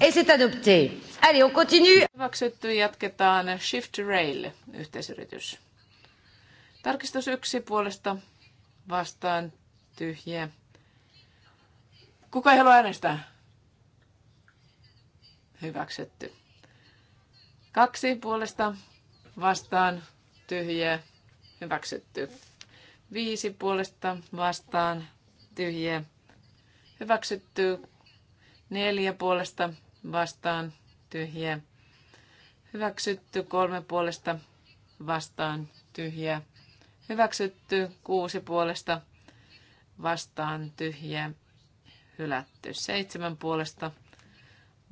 Ei se adopté. Allez, on continue. Hyväksytty, jatketaan Shift Rail, yhteisyritys. Tarkistus yksi puolesta vastaan tyhjä. Kuka ei halua äänestää? Hyväksytty. Kaksi puolesta vastaan tyhjä. Hyväksytty. Viisi puolesta vastaan tyhjä. Hyväksytty. Neljä puolesta vastaan tyhjä. Hyväksytty kolme puolesta vastaan tyhjä. Hyväksytty kuusi puolesta vastaan tyhjä. Hylätty seitsemän puolesta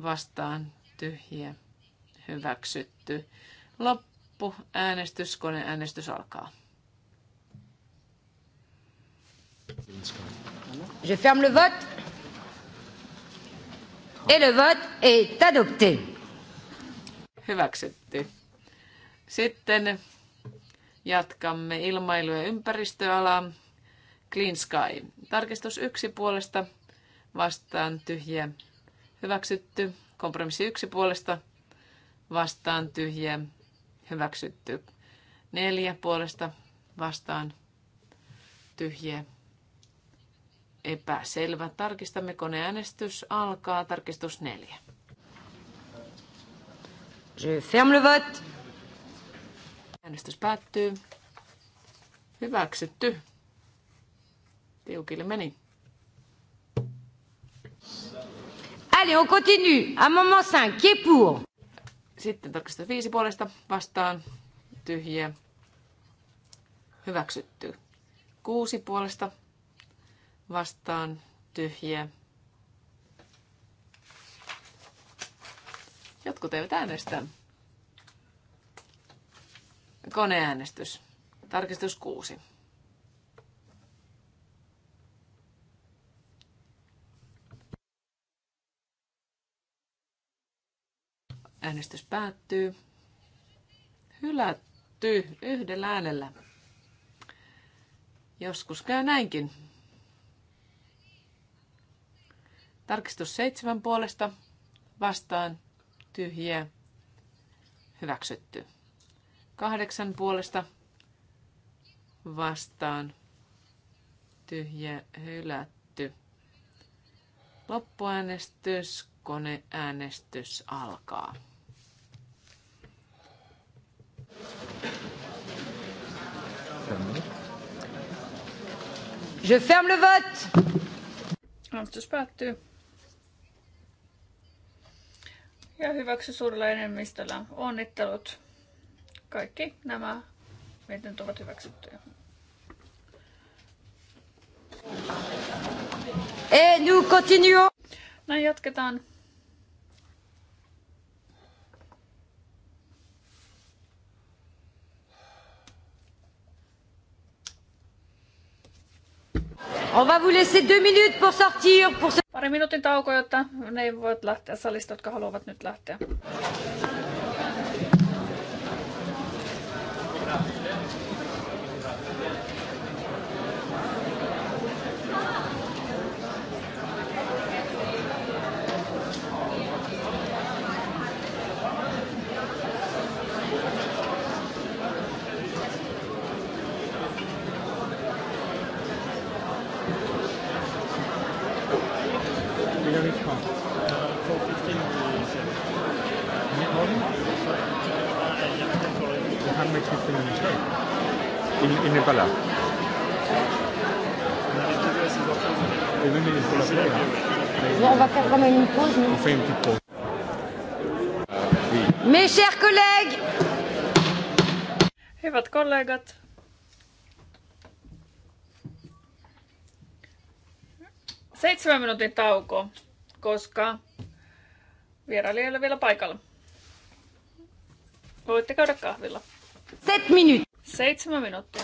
vastaan tyhjä. Hyväksytty. Loppu äänestys, äänestys alkaa. Je ferme le vote. Et le vote est adopté. Hyväksytty. Sitten jatkamme ilmailu- ja ympäristöalaa. Clean Sky. Tarkistus yksi puolesta vastaan tyhjä. Hyväksytty. Kompromissi yksi puolesta vastaan tyhjä. Hyväksytty. Neljä puolesta vastaan tyhjä epäselvä. Tarkistamme koneäänestys alkaa. Tarkistus neljä. Je ferme le vote. Äänestys päättyy. Hyväksytty. Tiukille meni. Allez, on continue. Amendement 5, qui est pour? Sitten tarkistus viisi puolesta vastaan. Tyhjiä. Hyväksytty. Kuusi puolesta vastaan tyhjiä. Jotkut eivät äänestä. Koneäänestys. Tarkistus 6. Äänestys päättyy. Hylätty yhdellä äänellä. Joskus käy näinkin. Tarkistus seitsemän puolesta vastaan tyhjiä hyväksytty. Kahdeksan puolesta vastaan tyhjiä hylätty. Loppuäänestys, koneäänestys alkaa. Je ferme le vote. Äänestys päättyy. ja hyväksy suurella enemmistöllä. Onnittelut. Kaikki nämä mietintöt ovat hyväksyttyjä. Et nous continuons. Näin jatketaan. On va vous laisser deux minutes pour sortir. Pour... Pari minuutin tauko, jotta ne voivat lähteä salista, jotka haluavat nyt lähteä. va une pause. On fait une petite pause. Euh, oui. Mes chers collègues! Hyvät kollegat, seitsemän minuutin tauko, koska vieraili ei ole vielä paikalla. Voitte käydä kahvilla. Seitsemän minuuttia. Seitsemän minuuttia.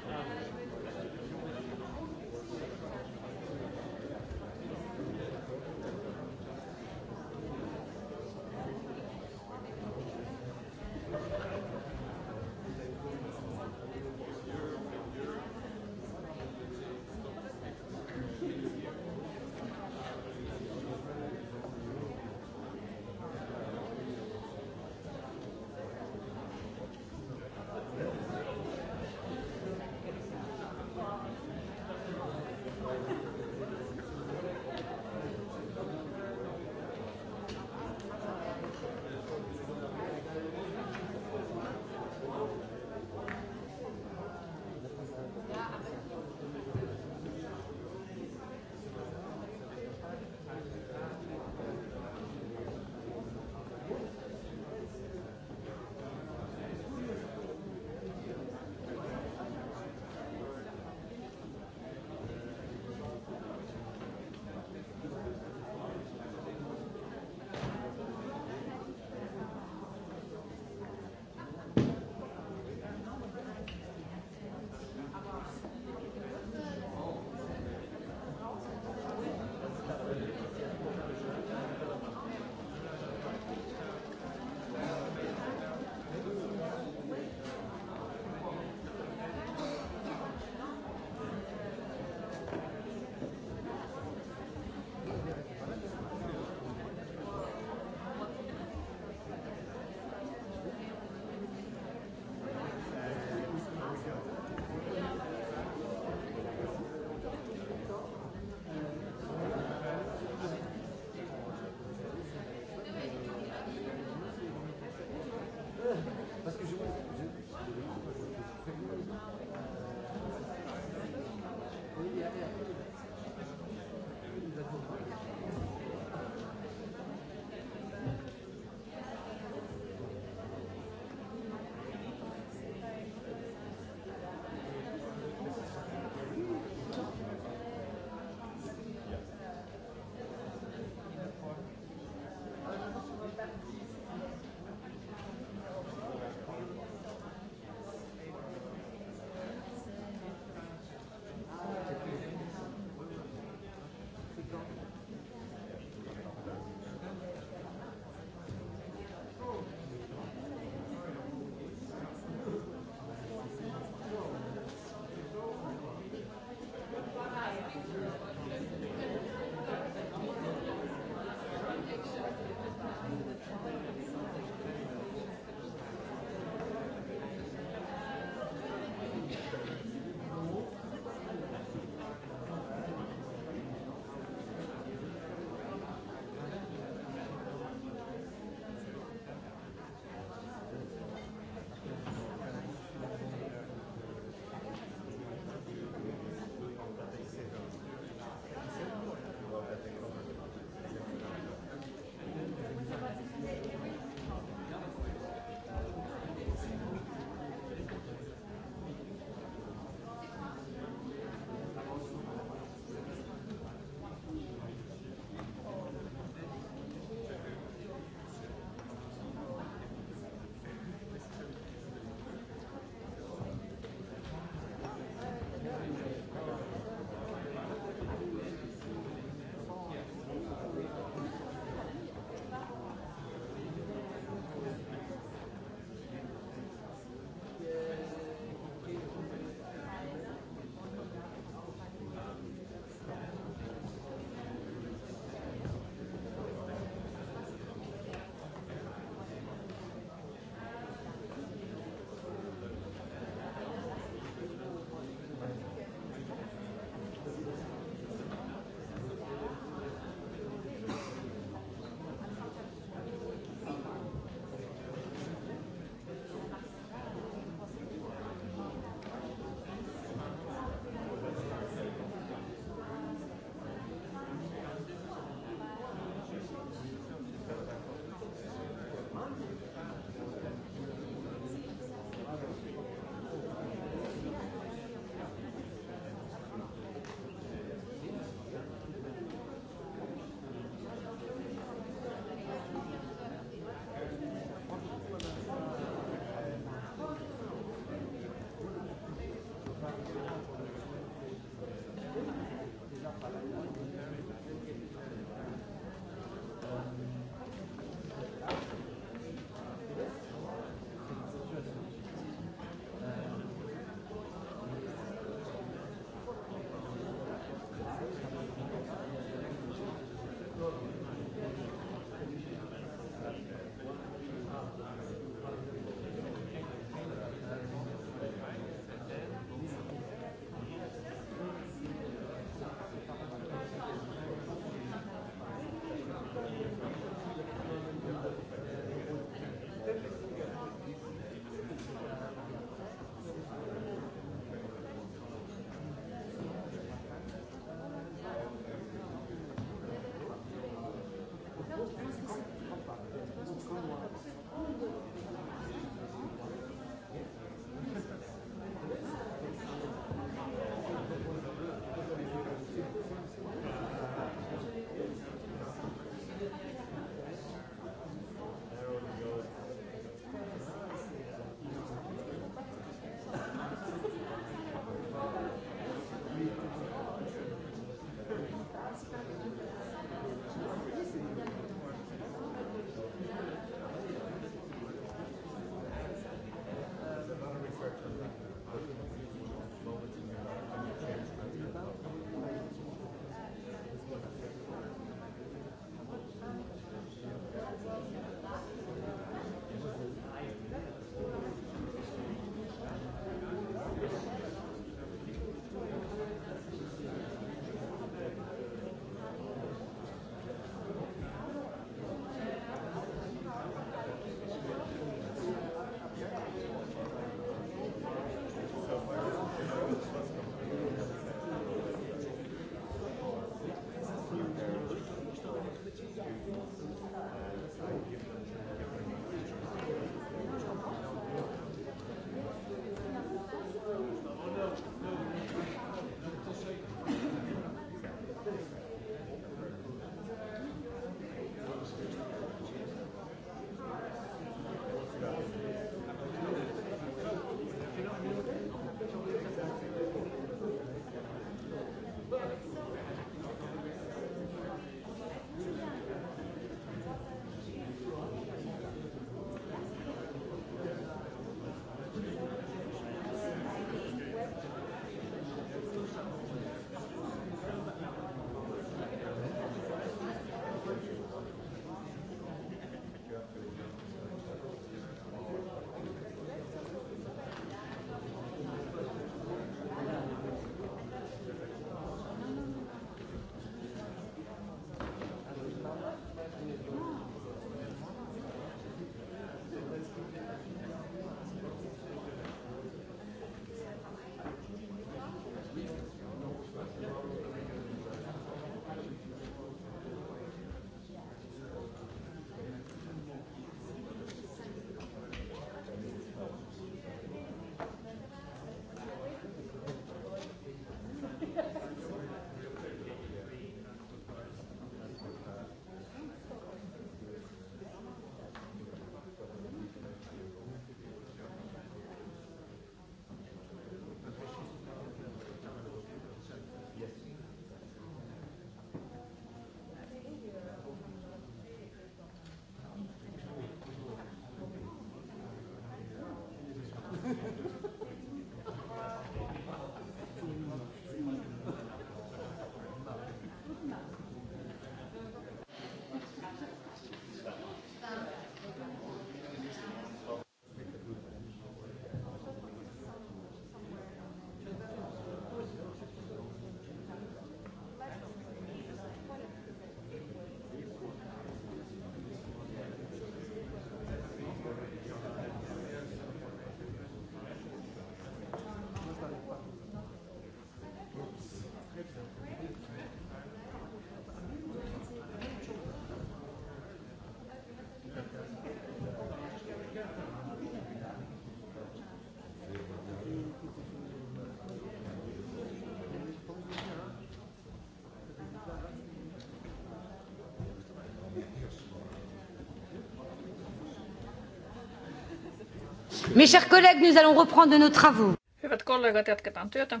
Mes chers collègues, nous allons reprendre nos travaux. Hyvät kollegat, jatketaan työtä.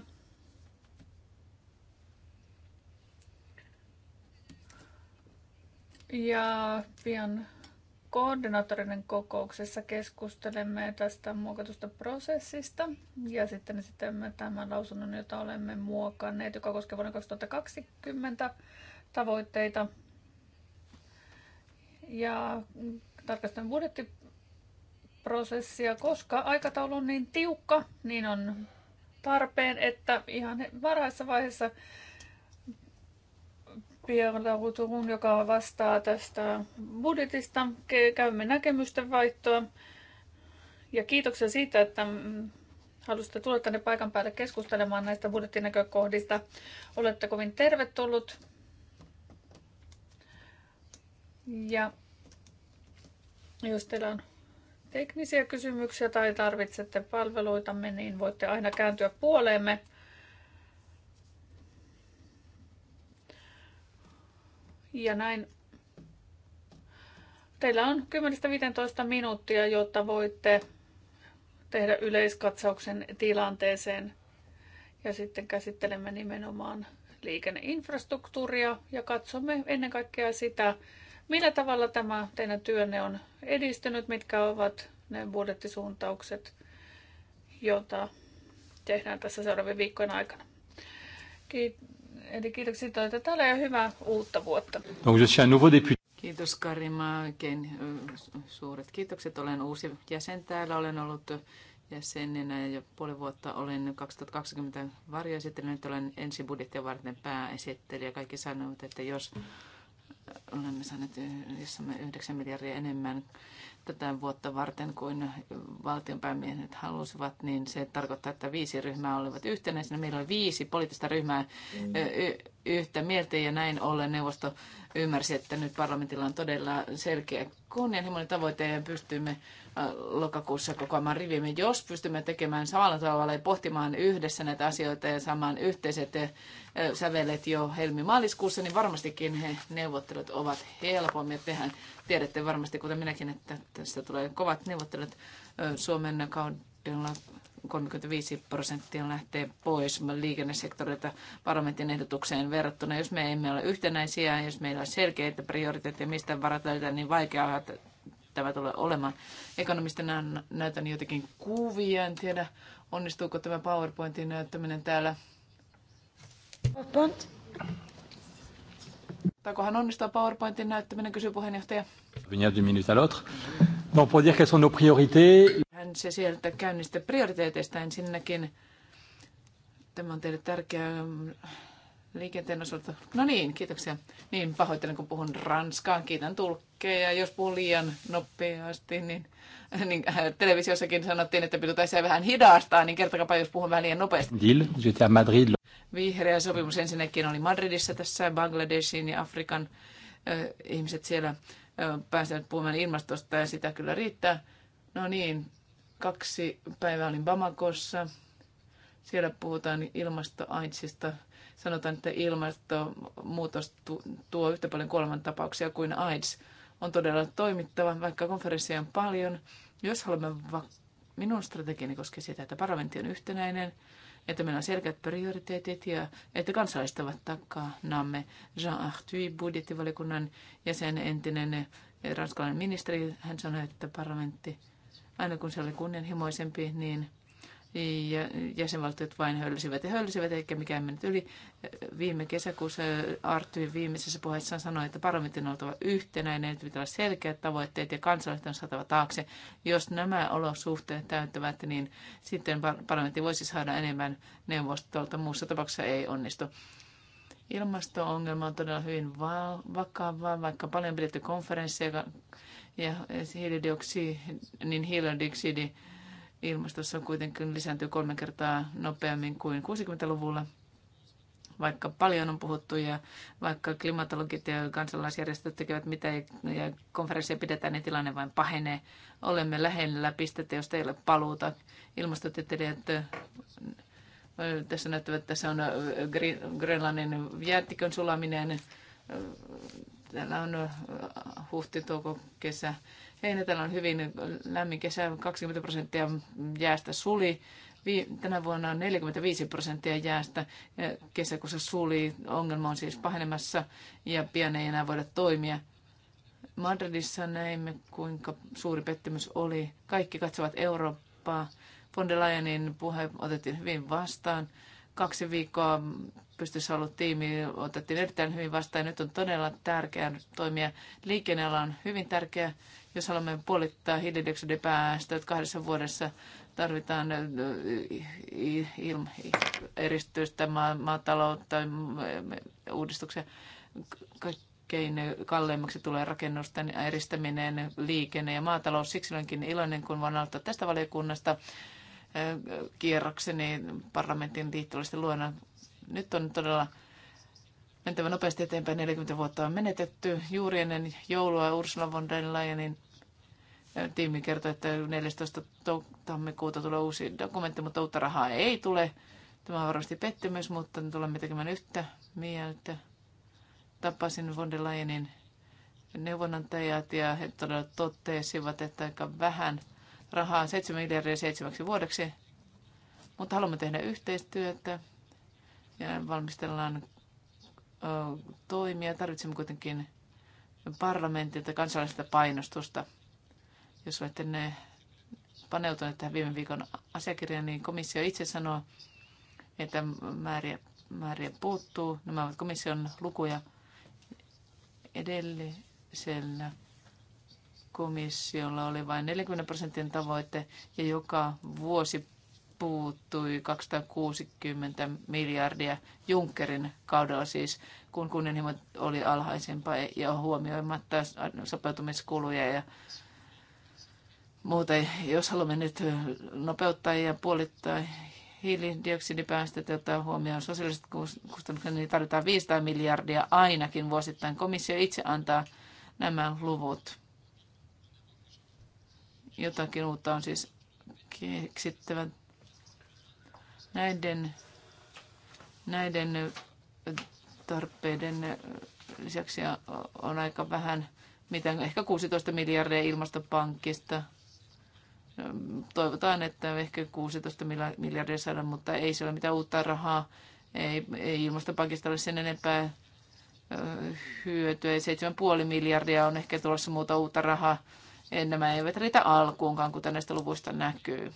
Ja pian koordinaattorinen kokouksessa keskustelemme tästä muokatusta prosessista ja sitten esitämme tämän lausunnon, jota olemme muokanneet, joka koskee vuoden 2020 tavoitteita. Ja tarkastan budjetti prosessia, koska aikataulu on niin tiukka, niin on tarpeen, että ihan varhaisessa vaiheessa Pierre Larouturun, joka vastaa tästä budjetista, käymme näkemysten vaihtoa. Ja kiitoksia siitä, että halusitte tulla tänne paikan päälle keskustelemaan näistä budjettinäkökohdista. Olette kovin tervetullut. Ja jos teillä on teknisiä kysymyksiä tai tarvitsette palveluitamme, niin voitte aina kääntyä puoleemme. Ja näin. Teillä on 10-15 minuuttia, jotta voitte tehdä yleiskatsauksen tilanteeseen. Ja sitten käsittelemme nimenomaan liikenneinfrastruktuuria ja katsomme ennen kaikkea sitä, Millä tavalla tämä teidän työnne on edistynyt? Mitkä ovat ne budjettisuuntaukset, joita tehdään tässä seuraavien viikkojen aikana? Kiit- Eli kiitoksia teille täällä ja hyvää uutta vuotta. Kiitos Karima, oikein suuret kiitokset. Olen uusi jäsen täällä, olen ollut jäsenenä ja puoli vuotta olen 2020 varjoesittelijä. Nyt olen ensi budjettia varten pääesittelijä. Kaikki sanovat, että jos olemme saaneet jossamme 9 miljardia enemmän tätä vuotta varten kuin valtionpäämiehet halusivat, niin se tarkoittaa, että viisi ryhmää olivat yhtenäisenä. Meillä oli viisi poliittista ryhmää mm. yhtä mieltä ja näin ollen neuvosto ymmärsi, että nyt parlamentilla on todella selkeä kunnianhimoinen tavoite ja pystymme lokakuussa kokoamaan rivimme. Jos pystymme tekemään samalla tavalla ja pohtimaan yhdessä näitä asioita ja saamaan yhteiset sävelet jo helmi-maaliskuussa, niin varmastikin he neuvottelut ovat helpommin. Tehän tiedätte varmasti, kuten minäkin, että tässä tulee kovat neuvottelut Suomen kaudella 35 prosenttia lähtee pois liikennesektorilta parlamentin ehdotukseen verrattuna. Jos me emme ole yhtenäisiä, jos meillä on selkeitä prioriteetteja, mistä varat niin vaikeaa tämä tulee olemaan. Ekonomistina näytän jotenkin kuvia, en tiedä onnistuuko tämä PowerPointin näyttäminen täällä. PowerPoint. Taikohan onnistua PowerPointin näyttäminen, kysyy puheenjohtaja. Venir d'une minute à l'autre. pour dire quelles sont nos priorités se sieltä käynnistä prioriteeteista ensinnäkin. Tämä on teille tärkeä mm, liikenteen osalta. No niin, kiitoksia. Niin, pahoittelen kun puhun ranskaa. Kiitän tulkkeja. Jos puhun liian nopeasti, niin, niin äh, televisiossakin sanottiin, että pitäisi vähän hidastaa, niin kertokapa, jos puhun vähän liian nopeasti. Dil, Madrid. Vihreä sopimus ensinnäkin oli Madridissa tässä Bangladeshin ja Afrikan äh, ihmiset siellä äh, pääsevät puhumaan ilmastosta ja sitä kyllä riittää. No niin, Kaksi päivää olin Bamakossa. Siellä puhutaan ilmastoaitsista. Sanotaan, että ilmastonmuutos tuo yhtä paljon tapauksia kuin AIDS. On todella toimittava, vaikka konferenssia on paljon. Jos haluamme va- minun strategiani koskee sitä, että parlamentti on yhtenäinen, että meillä on selkeät prioriteetit ja että kansalaiset ovat takanamme. Jean Arthuy, budjettivalikunnan jäsen, entinen ranskalainen ministeri, hän sanoi, että parlamentti Aina kun se oli kunnianhimoisempi, niin ja jäsenvaltiot vain höllisivät. ja höllisivät, eikä mikään mennyt yli. Viime kesäkuussa Artyin viimeisessä puheessaan sanoi, että parlamentin on oltava yhtenäinen, että pitää olla selkeät tavoitteet ja kansalaiset on saatava taakse. Jos nämä olosuhteet täyttävät, niin sitten parlamentti voisi saada enemmän neuvostolta, muussa tapauksessa ei onnistu. Ilmasto-ongelma on todella hyvin vakava, vaikka paljon pidetty konferensseja ja hiilidioksidi, niin hiilidioksidi ilmastossa kuitenkin lisääntyy kolme kertaa nopeammin kuin 60-luvulla. Vaikka paljon on puhuttu ja vaikka klimatologit ja kansalaisjärjestöt tekevät mitä ja konferensseja pidetään, niin tilanne vain pahenee. Olemme lähellä pistettä, jos teille paluuta. Ilmastotieteilijät tässä näyttävät, että tässä on Grönlannin jäätikön sulaminen Täällä on huhti, touko, kesä, heinä. Täällä on hyvin lämmin kesä, 20 prosenttia jäästä suli. Tänä vuonna on 45 prosenttia jäästä kesäkuussa suli. Ongelma on siis pahenemassa ja pian ei enää voida toimia. Madridissa näimme, kuinka suuri pettymys oli. Kaikki katsovat Eurooppaa. Von der Leyenin puhe otettiin hyvin vastaan kaksi viikkoa pystyssä ollut tiimi otettiin erittäin hyvin vastaan. Nyt on todella tärkeää toimia. Liikenneala on hyvin tärkeä. Jos haluamme puolittaa hiilidioksidipäästöt kahdessa vuodessa, tarvitaan eristystä, maataloutta, uudistuksia. Kaikkein kalleimmaksi tulee rakennusten eristäminen, liikenne ja maatalous. Siksi olenkin iloinen, kun voin aloittaa tästä valiokunnasta kierrokseni parlamentin liittolaisten luona. Nyt on todella mentävä nopeasti eteenpäin. 40 vuotta on menetetty. Juuri ennen joulua Ursula von der Leyenin tiimi kertoi, että 14. tammikuuta tulee uusi dokumentti, mutta uutta rahaa ei tule. Tämä on varmasti pettymys, mutta tulemme tekemään yhtä mieltä. Tapasin von der Leyenin neuvonantajat ja he todella totesivat, että aika vähän – rahaa 7 miljardia seitsemäksi vuodeksi, mutta haluamme tehdä yhteistyötä ja valmistellaan toimia. Tarvitsemme kuitenkin parlamentilta kansallista painostusta. Jos olette ne paneutuneet tähän viime viikon asiakirjaan, niin komissio itse sanoo, että määriä, määriä puuttuu. Nämä ovat komission lukuja edellisellä komissiolla oli vain 40 prosentin tavoite ja joka vuosi puuttui 260 miljardia Junckerin kaudella siis, kun kunnianhimo oli alhaisempaa ja huomioimatta sopeutumiskuluja ja muuta. Jos haluamme nyt nopeuttaa ja puolittaa hiilidioksidipäästöt, jotta huomioon sosiaaliset kustannukset, niin tarvitaan 500 miljardia ainakin vuosittain. Komissio itse antaa nämä luvut. Jotakin uutta on siis keksittävä. Näiden, näiden tarpeiden lisäksi on aika vähän, mitä ehkä 16 miljardia ilmastopankista. Toivotaan, että ehkä 16 miljardia saadaan, mutta ei se ole mitään uutta rahaa. Ei, ei ilmastopankista ole sen enempää hyötyä. 7,5 miljardia on ehkä tulossa muuta uutta rahaa Nämä eivät riitä alkuunkaan, kuten näistä luvuista näkyy.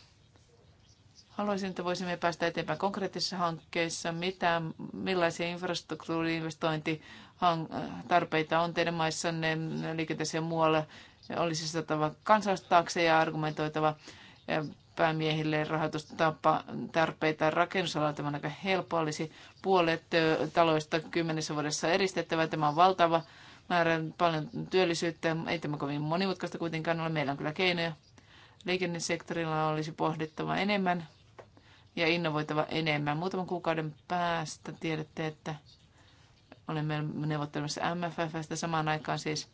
Haluaisin, että voisimme päästä eteenpäin konkreettisissa hankkeissa. Mitä, millaisia infrastruktuuriinvestointitarpeita on teidän maissanne ja muualla. Olisi saatava kansalaistaakse ja argumentoitava päämiehille rahoitustarpeita rakennusalalla tämä on aika helppo. Olisi puolet taloista kymmenessä vuodessa eristettävä. Tämä on valtava määrän paljon työllisyyttä. Ei tämä kovin monimutkaista kuitenkaan ole. Meillä on kyllä keinoja. Liikennesektorilla olisi pohdittava enemmän ja innovoitava enemmän. Muutaman kuukauden päästä tiedätte, että olemme neuvottelemassa MFFstä samaan aikaan siis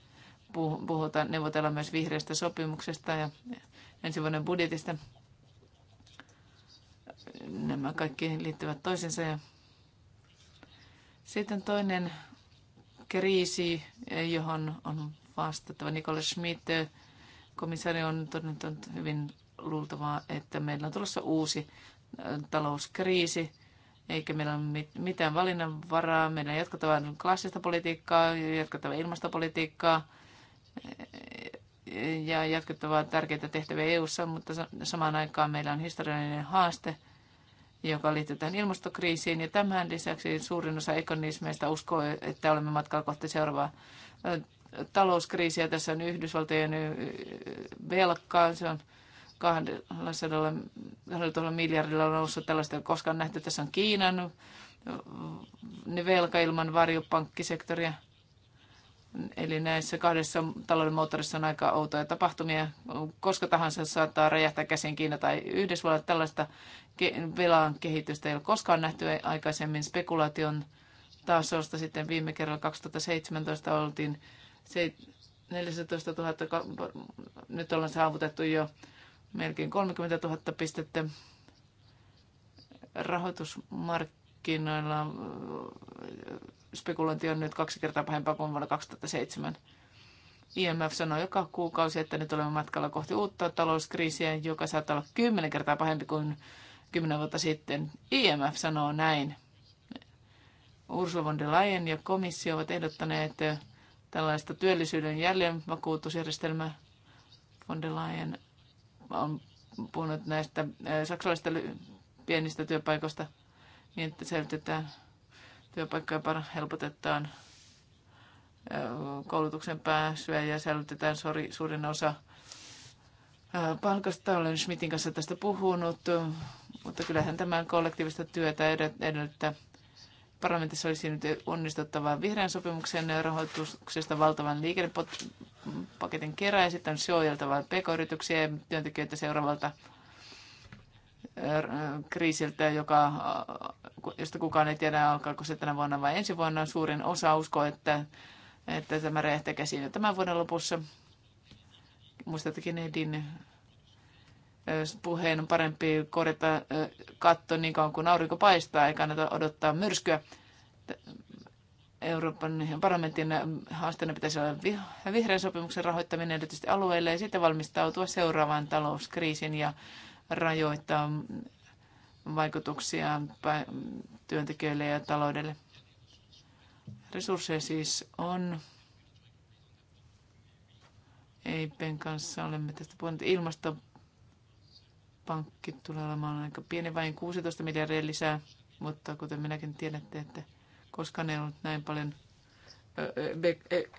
puhutaan, neuvotellaan myös vihreästä sopimuksesta ja ensi vuoden budjetista. Nämä kaikki liittyvät toisensa. Ja sitten toinen kriisi, johon on vastattava. Nikola Schmidt, komissaari, on todennut hyvin luultavaa, että meillä on tulossa uusi talouskriisi, eikä meillä ole mitään valinnanvaraa. Meillä on jatkettava klassista politiikkaa, jatkettava ilmastopolitiikkaa ja jatkettava tärkeitä tehtäviä EU:ssa, mutta samaan aikaan meillä on historiallinen haaste joka liittyy tähän ilmastokriisiin. Ja tämän lisäksi suurin osa ekonomismeista uskoo, että olemme matkalla kohti seuraavaa talouskriisiä. Tässä on Yhdysvaltojen velkaa, se on 200 miljardilla on noussut tällaista, koska koskaan nähty, tässä on Kiinan velka ilman varjopankkisektoria. Eli näissä kahdessa talouden moottorissa on aika outoja tapahtumia. Koska tahansa saattaa räjähtää käsin Kiina tai Yhdysvallat. Tällaista velan kehitystä ei ole koskaan nähty aikaisemmin. Spekulaation tasosta sitten viime kerralla 2017 oltiin 14 000, nyt ollaan saavutettu jo melkein 30 000 pistettä rahoitusmarkkinoilla spekulointi on nyt kaksi kertaa pahempaa kuin vuonna 2007. IMF sanoi joka kuukausi, että nyt olemme matkalla kohti uutta talouskriisiä, joka saattaa olla kymmenen kertaa pahempi kuin kymmenen vuotta sitten. IMF sanoo näin. Ursula von der Leyen ja komissio ovat ehdottaneet tällaista työllisyyden jäljenvakuutusjärjestelmää. Von der Leyen on puhunut näistä äh, saksalaisista pienistä työpaikoista niin, että selvitetään työpaikkoja helpotetaan koulutuksen pääsyä ja säilytetään suurin osa palkasta. Olen Schmidtin kanssa tästä puhunut, mutta kyllähän tämä kollektiivista työtä edellyttää. Parlamentissa olisi nyt onnistuttava vihreän sopimuksen rahoituksesta valtavan liikennepaketin kerran ja sitten on suojeltava pk-yrityksiä ja työntekijöitä seuraavalta kriisiltä, joka, josta kukaan ei tiedä, alkaako se tänä vuonna vai ensi vuonna. Suurin osa uskoo, että, että tämä räjähtää käsiin jo tämän vuoden lopussa. Muistatte Kennedyn puheen on parempi korjata katto niin kauan kuin aurinko paistaa, ei kannata odottaa myrskyä. Euroopan parlamentin haasteena pitäisi olla vihreän sopimuksen rahoittaminen erityisesti alueille ja sitten valmistautua seuraavaan talouskriisin ja rajoittaa vaikutuksia työntekijöille ja taloudelle. Resursseja siis on. EIPen kanssa olemme tästä puhuneet. Ilmastopankki tulee olemaan aika pieni, vain 16 miljardia lisää, mutta kuten minäkin tiedätte, että koskaan ei ollut näin paljon,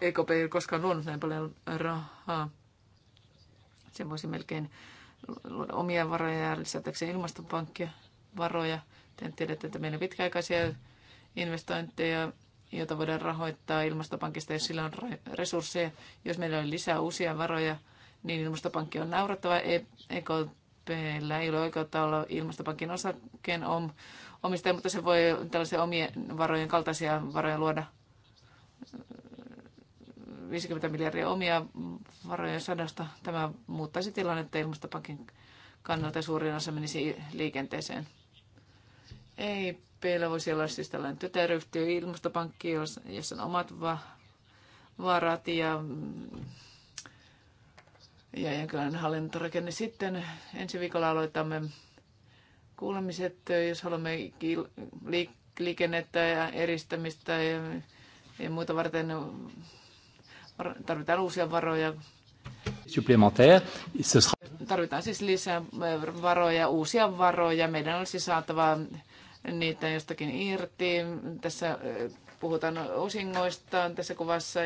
EKP e ei koskaan luonut näin paljon rahaa. Sen voisi melkein omia varoja lisätäkseen ilmastopankkia varoja. Te tiedätte, että meillä on pitkäaikaisia investointeja, joita voidaan rahoittaa ilmastopankista, jos sillä on resursseja. Jos meillä on lisää uusia varoja, niin ilmastopankki on naurattava. EKPllä e ei ole oikeutta olla ilmastopankin osakkeen omistaja, mutta se voi tällaisia omien varojen kaltaisia varoja luoda 50 miljardia omia varoja sadasta. Tämä muuttaisi tilannetta ilmastopankin kannalta ja suurin osa menisi liikenteeseen. Ei Peillä voisi olla siis tällainen tytäryhtiö, ilmastopankki, jossa on omat va- varat ja, ja jonkinlainen hallintorakenne. Sitten ensi viikolla aloitamme kuulemiset, jos haluamme liikennettä ja eristämistä ja, ja muuta varten tarvitaan uusia varoja. Tarvitaan siis lisää eh, varoja, uusia varoja. Meidän olisi saatava niitä jostakin irti. Tässä eh, puhutaan osingoista tässä kuvassa.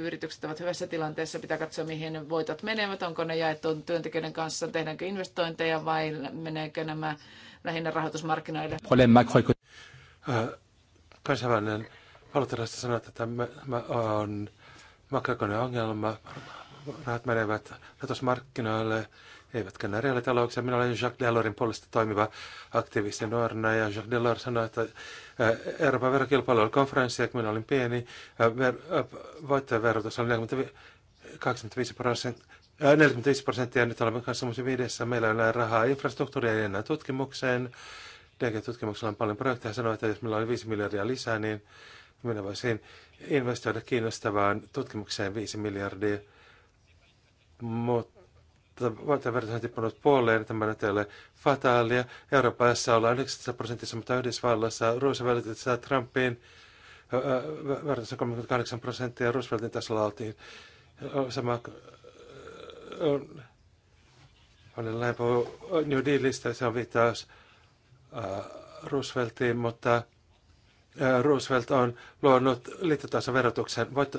Yritykset ovat hyvässä tilanteessa. Pitää katsoa, mihin voitot menevät. Onko ne jaettu työntekijöiden kanssa? Tehdäänkö investointeja vai meneekö nämä lähinnä rahoitusmarkkinoille? Äh, kansainvälinen valuuttarahasto sanoo, että tämä on makroekonominen ongelma. Rahat menevät rahoitusmarkkinoille, eivätkä ne reaalitalouksia. Minä olen Jacques Delorsin puolesta toimiva aktivisti nuorena ja Jacques Delors sanoi, että Euroopan verokilpailu oli konferenssi, kun minä olin pieni. Ver- verotus oli 25 prosenttia. 45 prosenttia, nyt olemme kanssa semmoisen viidessä. Meillä ei ole rahaa infrastruktuuria ja enää tutkimukseen. DG-tutkimuksella on paljon projekteja. Sanoi, että jos meillä oli 5 miljardia lisää, niin minä voisin investoida kiinnostavaan tutkimukseen 5 miljardia, mutta vuoteen verran tippunut puoleen, tämä on teille fataalia. Euroopassa ollaan 19 prosentissa, mutta Yhdysvalloissa Rooseveltit saa Trumpiin on 38 prosenttia, Rooseveltin tasolla oltiin sama on, on lähempää New Dealista, se on viittaus Rooseveltiin, mutta Äh, Roosevelt on luonut liittotason verotuksen, voitto,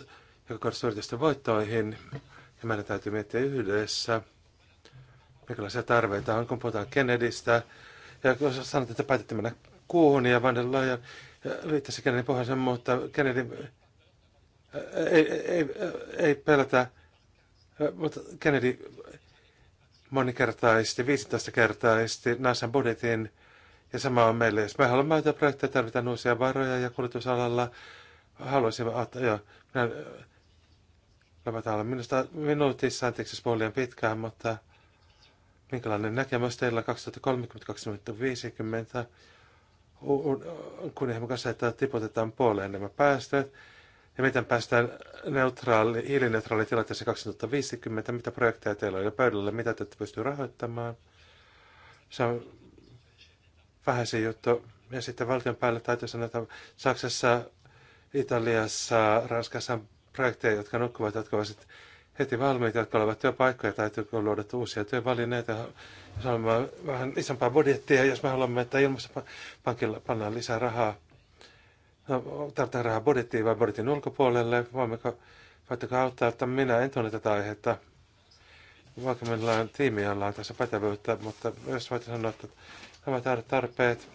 joka kohdistuu yritysten voittoihin, ja meidän täytyy miettiä yhdessä, minkälaisia tarveita on, kun puhutaan Kennedystä, ja kun sanot, että päätitte mennä kuuhun ja Van der Leyen viittasi äh, Kennedyn pohjansa, mutta Kennedy äh, ei, ei, ei pelätä, mutta Kennedy monikertaisesti, 15 kertaisesti NASAn budjetin ja sama on meille. Jos me haluamme näitä projekteja, tarvitaan uusia varoja ja kulutusalalla haluaisimme ottaa, joo, minä lopetan olla minusta minuutissa, anteeksi jos puhuin pitkään, mutta minkälainen näkemys teillä 2030-2050 ihan kanssa, että tiputetaan puoleen nämä päästöt, ja miten päästään neutraali, hiilineutraali tilanteeseen 2050, mitä projekteja teillä on jo pöydällä, mitä te pystyy rahoittamaan. Se on se juttu. Ja sitten valtion päälle täytyy sanoa, että Saksassa, Italiassa, Ranskassa projekteja, jotka nukkuvat, jotka ovat heti valmiita, jotka olivat työpaikkoja, täytyy luoda uusia työvälineitä. Jos haluamme vähän isompaa budjettia, jos me haluamme, että ilmastopankilla pannaan lisää rahaa, no, tarvitaan rahaa budjettiin vai budjetin ulkopuolelle, voimmeko, voitteko auttaa, että minä en tunne tätä aihetta. Vaikka meillä on tiimi, jolla on tässä pätevyyttä, mutta jos voitte sanoa, että nämä tarpeet.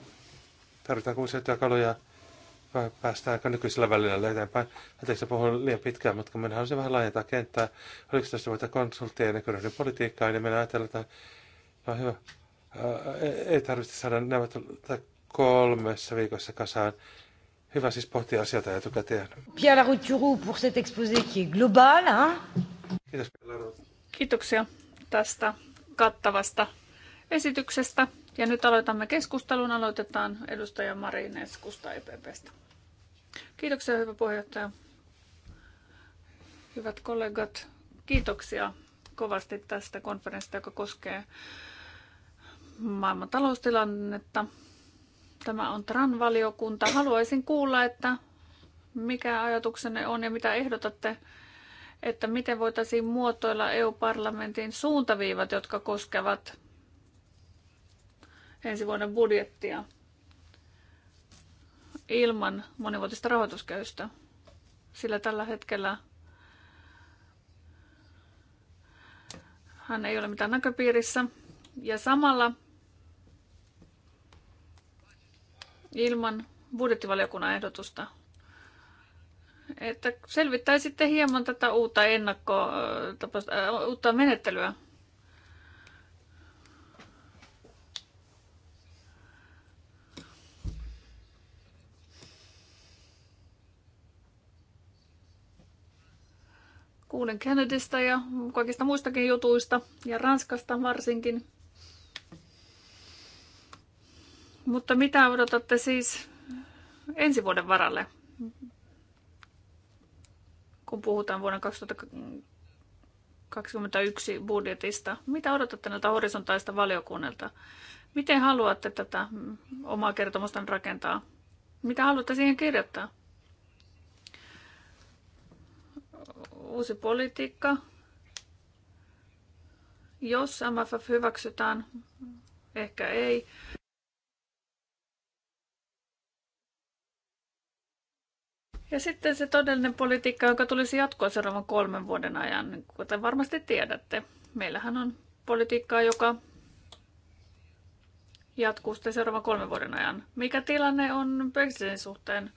Tarvitaan uusia työkaluja vai päästäänkö nykyisellä välillä eteenpäin. Anteeksi, puhun liian pitkään, mutta minä haluaisin vähän laajentaa kenttää. Oliko tästä voita konsulttia ja kuin politiikkaa niin minä ajattelin, että no hyvä, e- ei tarvitse saada neuvotteluita kolmessa viikossa kasaan. Hyvä siis pohtia asioita etukäteen. Pierre Larouturou pour cet exposé qui est global. Hein? Kiitos Kiitoksia tästä kattavasta esityksestä. Ja nyt aloitamme keskustelun. Aloitetaan edustaja Marineskusta EPPstä. Kiitoksia, hyvä puheenjohtaja. Hyvät kollegat, kiitoksia kovasti tästä konferenssista, joka koskee maailman taloustilannetta. Tämä on TRAN-valiokunta. Haluaisin kuulla, että mikä ajatuksenne on ja mitä ehdotatte, että miten voitaisiin muotoilla EU-parlamentin suuntaviivat, jotka koskevat ensi vuoden budjettia ilman monivuotista rahoituskäystä, sillä tällä hetkellä hän ei ole mitään näköpiirissä. Ja samalla ilman budjettivaliokunnan ehdotusta, että selvittäisitte hieman tätä uutta ennakko, äh, äh, uutta menettelyä Kuulen Kennedystä ja kaikista muistakin jutuista ja Ranskasta varsinkin. Mutta mitä odotatte siis ensi vuoden varalle, kun puhutaan vuonna 2021 budjetista? Mitä odotatte näiltä horisontaista valiokunnilta? Miten haluatte tätä omaa kertomusta rakentaa? Mitä haluatte siihen kirjoittaa? uusi politiikka. Jos MFF hyväksytään, ehkä ei. Ja sitten se todellinen politiikka, joka tulisi jatkoa seuraavan kolmen vuoden ajan, niin kuten varmasti tiedätte. Meillähän on politiikkaa, joka jatkuu sitten seuraavan kolmen vuoden ajan. Mikä tilanne on Brexitin suhteen?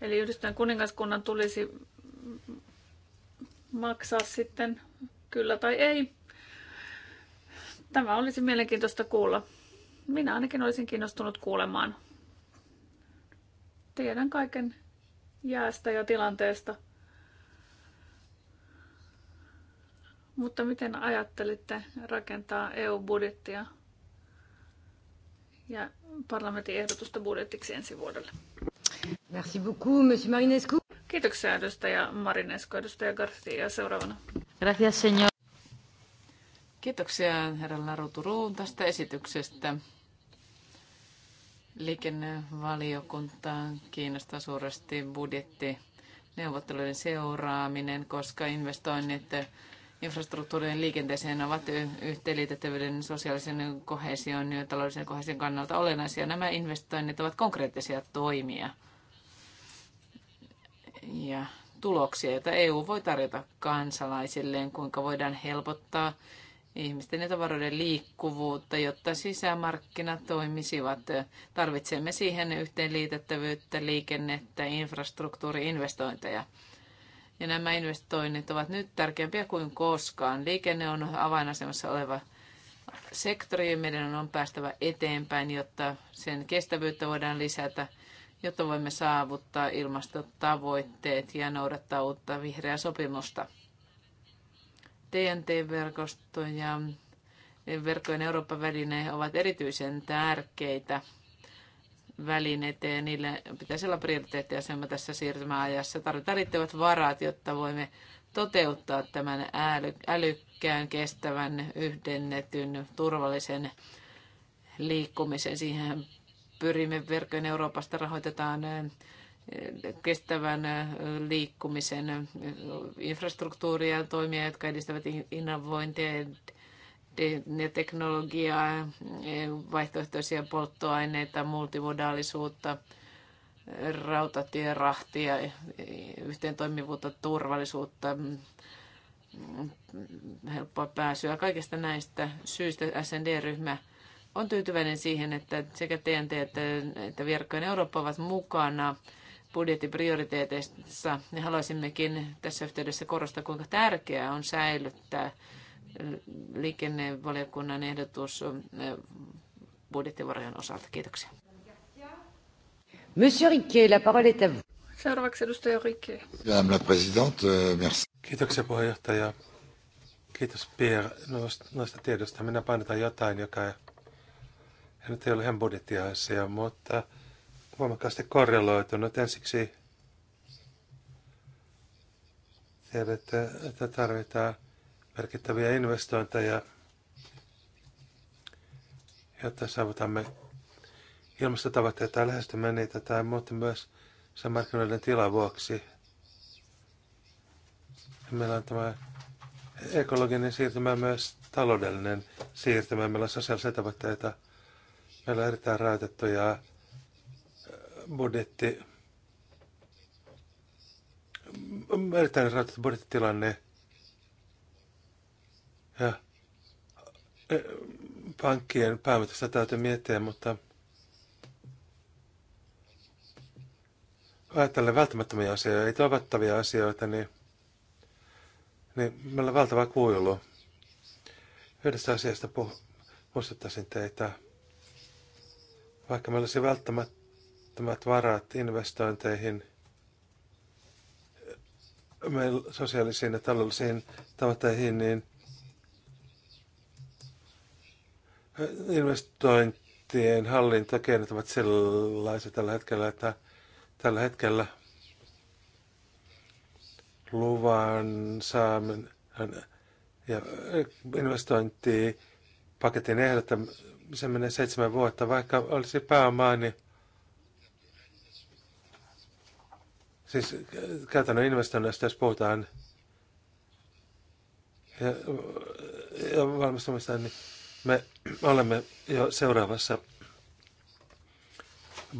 Eli yhdistyneen kuningaskunnan tulisi maksaa sitten kyllä tai ei. Tämä olisi mielenkiintoista kuulla. Minä ainakin olisin kiinnostunut kuulemaan. Tiedän kaiken jäästä ja tilanteesta. Mutta miten ajattelitte rakentaa EU-budjettia ja parlamentin ehdotusta budjettiksi ensi vuodelle? Merci beaucoup, Monsieur Marinescu. Kiitoksia edustaja Marinesko, edustaja Garcia seuraavana. Gracias, señor. Kiitoksia herra Laruturuun tästä esityksestä. liikennevaliokuntaan kiinnostaa suuresti budjetti neuvottelujen seuraaminen, koska investoinnit infrastruktuurien liikenteeseen ovat yhteenliitettävyyden sosiaalisen kohesion ja taloudellisen kohesion kannalta olennaisia. Nämä investoinnit ovat konkreettisia toimia ja tuloksia, joita EU voi tarjota kansalaisilleen, kuinka voidaan helpottaa ihmisten ja tavaroiden liikkuvuutta, jotta sisämarkkinat toimisivat. Tarvitsemme siihen yhteenliitettävyyttä, liikennettä, infrastruktuuriinvestointeja. Ja nämä investoinnit ovat nyt tärkeämpiä kuin koskaan. Liikenne on avainasemassa oleva sektori ja meidän on päästävä eteenpäin, jotta sen kestävyyttä voidaan lisätä – jotta voimme saavuttaa ilmastotavoitteet ja noudattaa uutta vihreää sopimusta. TNT-verkosto ja verkkojen Euroopan väline ovat erityisen tärkeitä välineitä ja niille pitäisi olla prioriteettiasema tässä siirtymäajassa. Tarvitaan riittävät varat, jotta voimme toteuttaa tämän älykkään, kestävän, yhdennetyn, turvallisen liikkumisen. Siihen pyrimme verkkojen Euroopasta rahoitetaan kestävän liikkumisen infrastruktuuria, toimia, jotka edistävät innovointia ja teknologiaa, vaihtoehtoisia polttoaineita, multimodaalisuutta, rautatierahtia, yhteen toimivuutta, turvallisuutta, helppoa pääsyä. Kaikista näistä syistä SND-ryhmä on tyytyväinen siihen, että sekä TNT että, että Verkkojen Eurooppa ovat mukana budjettiprioriteeteissa. Ja haluaisimmekin tässä yhteydessä korostaa, kuinka tärkeää on säilyttää liikennevaliokunnan ehdotus budjettivarojen osalta. Kiitoksia. Monsieur Riquet, la parole est à vous. Seuraavaksi edustaja Riquet. Madame la présidente, euh, merci. Kiitoksia puheenjohtaja. Kiitos Pierre noista, tiedosta. Minä painetaan jotain, joka ja nyt ei ole ihan budjettiasia, mutta voimakkaasti korreloitunut. Ensiksi tiedätte, että tarvitaan merkittäviä investointeja, jotta saavutamme ilmastotavoitteita tai lähestymme niitä tai muuten myös sen markkinoiden tilan vuoksi. Meillä on tämä ekologinen siirtymä myös taloudellinen siirtymä. Meillä on sosiaalisia tavoitteita Meillä on erittäin rajoitettu äh, budjetti, mm, erittäin rajoitettu budjettitilanne. Ja e, pankkien päämätöstä täytyy miettiä, mutta ajattelen välttämättömiä asioita, ei toivottavia asioita, niin, niin meillä on valtava kuilu. Yhdestä asiasta puh- muistuttaisin teitä. Vaikka meillä olisi välttämättömät varat investointeihin, meillä sosiaalisiin ja taloudellisiin tavoitteihin, niin investointien hallintakeinot ovat sellaisia tällä hetkellä, että tällä hetkellä luvan saaminen ja investointipaketin ehdottaminen se menee seitsemän vuotta. Vaikka olisi pääomaa, niin siis käytännön investoinnista, jos puhutaan ja, ja valmistumista, niin me olemme jo seuraavassa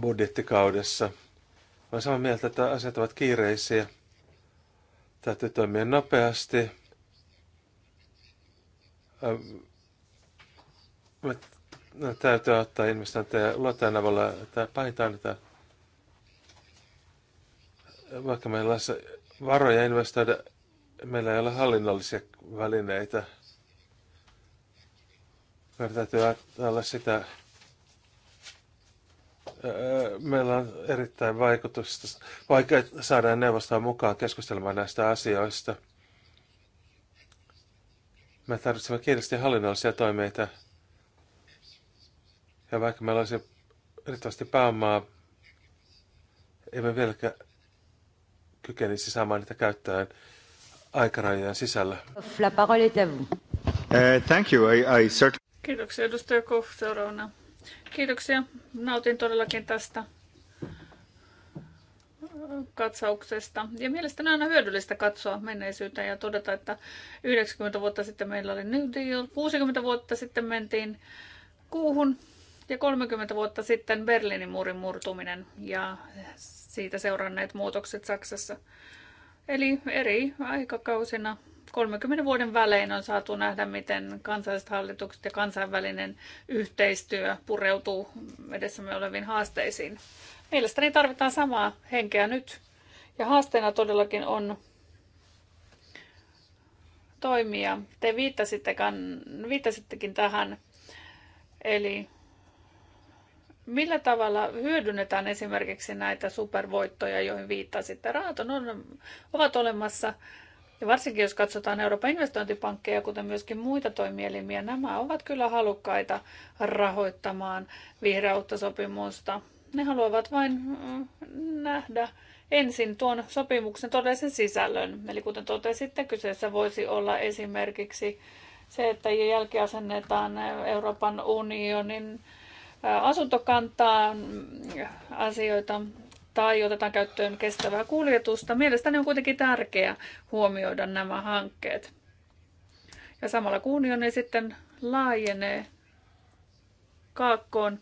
budjettikaudessa. Olen samaa mieltä, että asiat ovat kiireisiä. Täytyy toimia nopeasti. Me No, täytyy ottaa investointeja luottajan avulla, tämä pahitaan, että vaikka meillä on varoja investoida, meillä ei ole hallinnollisia välineitä. Meidän täytyy ajatella sitä, meillä on erittäin vaikutusta, vaikka saadaan neuvostoa mukaan keskustelemaan näistä asioista. Me tarvitsemme kiireesti hallinnollisia toimeita. Ja vaikka meillä olisi erittäin pääomaa, emme vieläkään kykenisi saamaan niitä käyttöön aikarajojen sisällä. La parole est à vous. Uh, thank you. I, I cert- Kiitoksia edustaja Koh seuraavana. Kiitoksia. Nautin todellakin tästä katsauksesta. Ja mielestäni aina hyödyllistä katsoa menneisyyteen ja todeta, että 90 vuotta sitten meillä oli New Deal, 60 vuotta sitten mentiin kuuhun ja 30 vuotta sitten Berliinin muurin murtuminen ja siitä seuranneet muutokset Saksassa. Eli eri aikakausina 30 vuoden välein on saatu nähdä, miten kansalliset hallitukset ja kansainvälinen yhteistyö pureutuu edessämme oleviin haasteisiin. Mielestäni tarvitaan samaa henkeä nyt. Ja haasteena todellakin on toimia. Te viittasittekin tähän, eli millä tavalla hyödynnetään esimerkiksi näitä supervoittoja, joihin viittasitte? Rahat on, ovat olemassa, ja varsinkin jos katsotaan Euroopan investointipankkeja, kuten myöskin muita toimielimiä, nämä ovat kyllä halukkaita rahoittamaan sopimusta. Ne haluavat vain mm, nähdä ensin tuon sopimuksen todellisen sisällön. Eli kuten totesitte, kyseessä voisi olla esimerkiksi se, että jälkiasennetaan Euroopan unionin asuntokantaan mm, asioita tai otetaan käyttöön kestävää kuljetusta. Mielestäni on kuitenkin tärkeää huomioida nämä hankkeet. Ja samalla kun unioni sitten laajenee kaakkoon,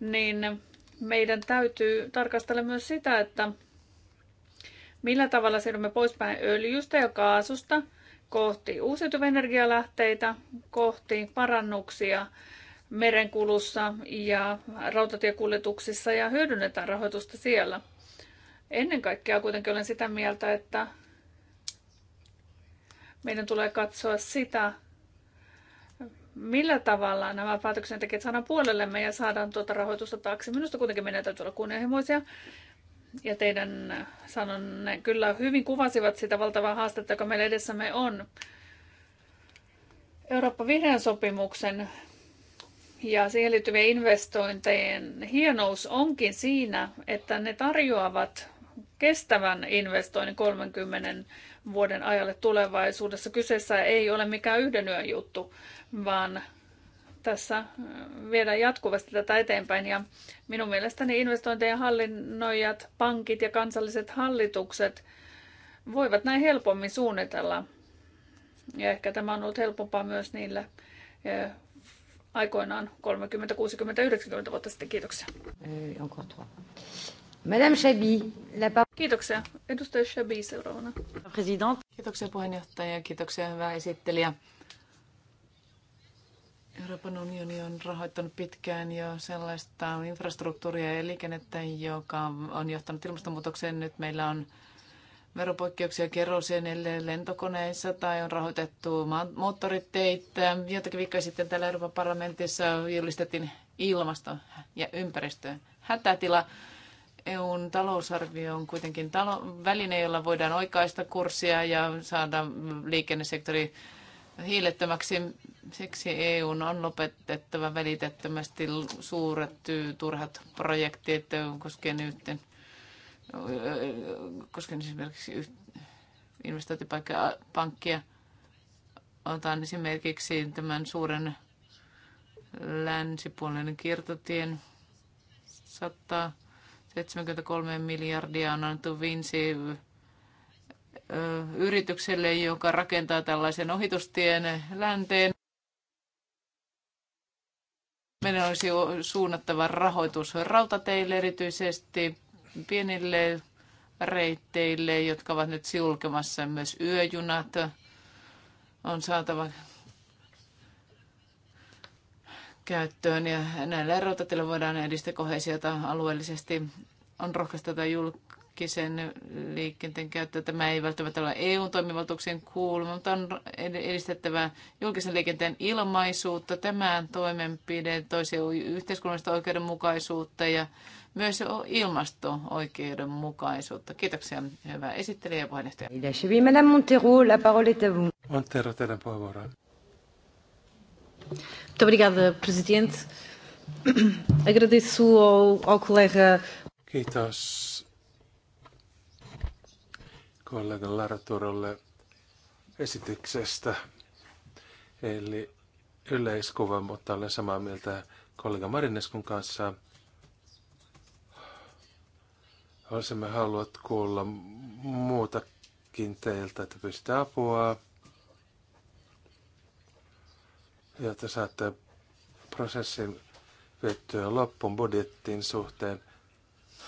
niin meidän täytyy tarkastella myös sitä, että millä tavalla siirrymme poispäin öljystä ja kaasusta kohti uusiutuvia energialähteitä, kohti parannuksia merenkulussa ja rautatiekuljetuksissa ja hyödynnetään rahoitusta siellä. Ennen kaikkea kuitenkin olen sitä mieltä, että meidän tulee katsoa sitä, millä tavalla nämä päätöksentekijät saadaan puolellemme ja saadaan tuota rahoitusta taakse. Minusta kuitenkin meidän täytyy olla kunnianhimoisia. Ja teidän sanon kyllä hyvin kuvasivat sitä valtavaa haastetta, joka meillä edessämme on. Eurooppa-vihreän sopimuksen ja siihen liittyvien investointien hienous onkin siinä, että ne tarjoavat kestävän investoinnin 30 vuoden ajalle tulevaisuudessa. Kyseessä ei ole mikään yhden yön juttu, vaan tässä viedään jatkuvasti tätä eteenpäin. Ja minun mielestäni investointien hallinnoijat, pankit ja kansalliset hallitukset voivat näin helpommin suunnitella. Ja ehkä tämä on ollut helpompaa myös niille aikoinaan 30, 60, 90 vuotta sitten. Kiitoksia. Eh, Madame Chabi, la Kiitoksia. Edustaja Chabi seuraavana. President. Kiitoksia puheenjohtaja ja kiitoksia hyvää esittelijä. Euroopan unioni on rahoittanut pitkään jo sellaista infrastruktuuria ja liikennettä, joka on johtanut ilmastonmuutokseen. Nyt meillä on veropoikkeuksia kerosien lentokoneissa tai on rahoitettu moottoriteitä. Jotakin viikkoja sitten täällä Euroopan parlamentissa julistettiin ilmasto- ja ympäristöön hätätila. EUn talousarvio on kuitenkin talo- väline, jolla voidaan oikaista kurssia ja saada liikennesektori hiilettömäksi. Siksi EUn on lopetettava välitettömästi suuret turhat projektit koskien yhteen No, koskien esimerkiksi investointipankkia. Otan esimerkiksi tämän suuren länsipuolinen kiertotien 173 miljardia on annettu Vinci yritykselle, joka rakentaa tällaisen ohitustien länteen. Meidän olisi suunnattava rahoitus rautateille erityisesti pienille reitteille, jotka ovat nyt sulkemassa myös yöjunat. On saatava käyttöön ja näillä rautateillä voidaan edistää kohesiota alueellisesti. On tätä julkisen liikenteen käyttöä. Tämä ei välttämättä ole EU-toimivaltuuksien kuuluma, mutta on edistettävä julkisen liikenteen ilmaisuutta. Tämän toimenpide toisi yhteiskunnallista oikeudenmukaisuutta ja myös ilmasto-oikeudenmukaisuutta. Kiitoksia, hyvä esittelijä ja puheenjohtaja. Madame Montero, la parole Montero, teidän puheenvuoro. Muito obrigada, Presidente. [CLEARS THROAT] Agradeço ao, ao colega... Kiitos kollega Laratorolle, Turolle esityksestä. Eli yleiskuva, mutta olen samaa mieltä kollega Marineskun kanssa Olisimme haluat kuulla muutakin teiltä, että pystytte apua. Ja että saatte prosessin viettyä loppuun budjettiin suhteen,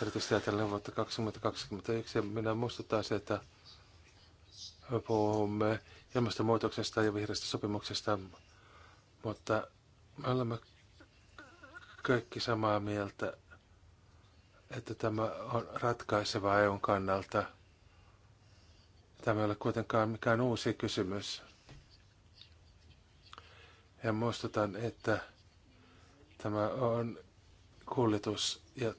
erityisesti ajatellen vuotta 2021. Ja minä muistutan se, että puhumme ilmastonmuutoksesta ja vihreästä sopimuksesta, mutta me olemme kaikki samaa mieltä että tämä on ratkaiseva EUn kannalta. Tämä ei ole kuitenkaan mikään uusi kysymys. Ja muistutan, että tämä on kuljetus- ja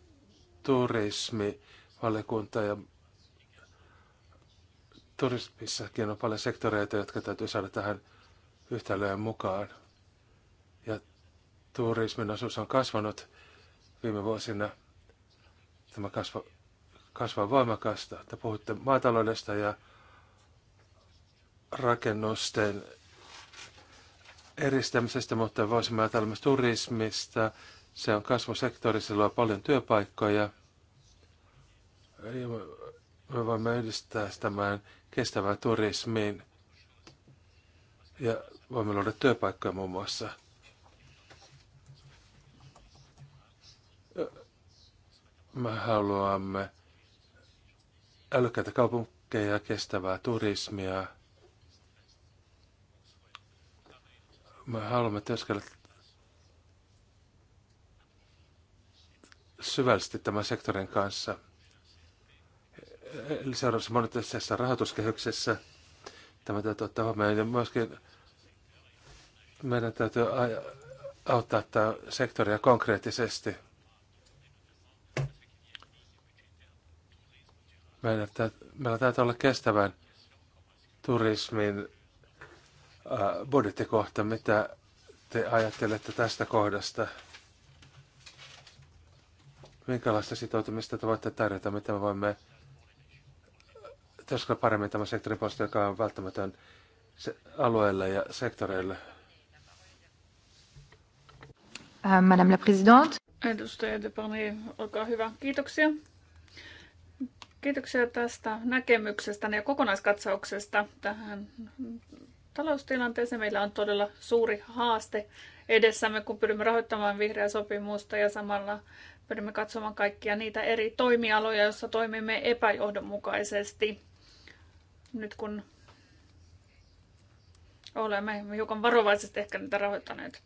turismivaliokunta ja turismissakin on paljon sektoreita, jotka täytyy saada tähän yhtälöön mukaan. Ja turismin osuus on kasvanut viime vuosina – Tämä kasva, kasvaa voimakasta. Te puhutte maataloudesta ja rakennusten eristämisestä, mutta voisimme ajatella myös turismista. Se on kasvusektori, se luo paljon työpaikkoja. me voimme yhdistää tämän kestävän turismiin ja voimme luoda työpaikkoja muun muassa. Me haluamme älykkäitä kaupunkeja, kestävää turismia. Me haluamme työskennellä syvällisesti tämän sektorin kanssa. Eli seuraavassa monetisessa rahoituskehyksessä tämä täytyy ottaa huomioon. Ja myöskin meidän täytyy auttaa tämä sektoria konkreettisesti – Meillä, meillä täytyy olla kestävän turismin budjettikohta. Mitä te ajattelette tästä kohdasta? Minkälaista sitoutumista te voitte tarjota? Miten me voimme tässä paremmin tämän sektorin puolesta, joka on välttämätön alueelle ja sektoreille? Madame la Présidente. Edustaja Deparni, olkaa hyvä. Kiitoksia. Kiitoksia tästä näkemyksestä ja kokonaiskatsauksesta tähän taloustilanteeseen. Meillä on todella suuri haaste edessämme, kun pyrimme rahoittamaan vihreää sopimusta ja samalla pyrimme katsomaan kaikkia niitä eri toimialoja, joissa toimimme epäjohdonmukaisesti. Nyt kun olemme hiukan varovaisesti ehkä niitä rahoittaneet.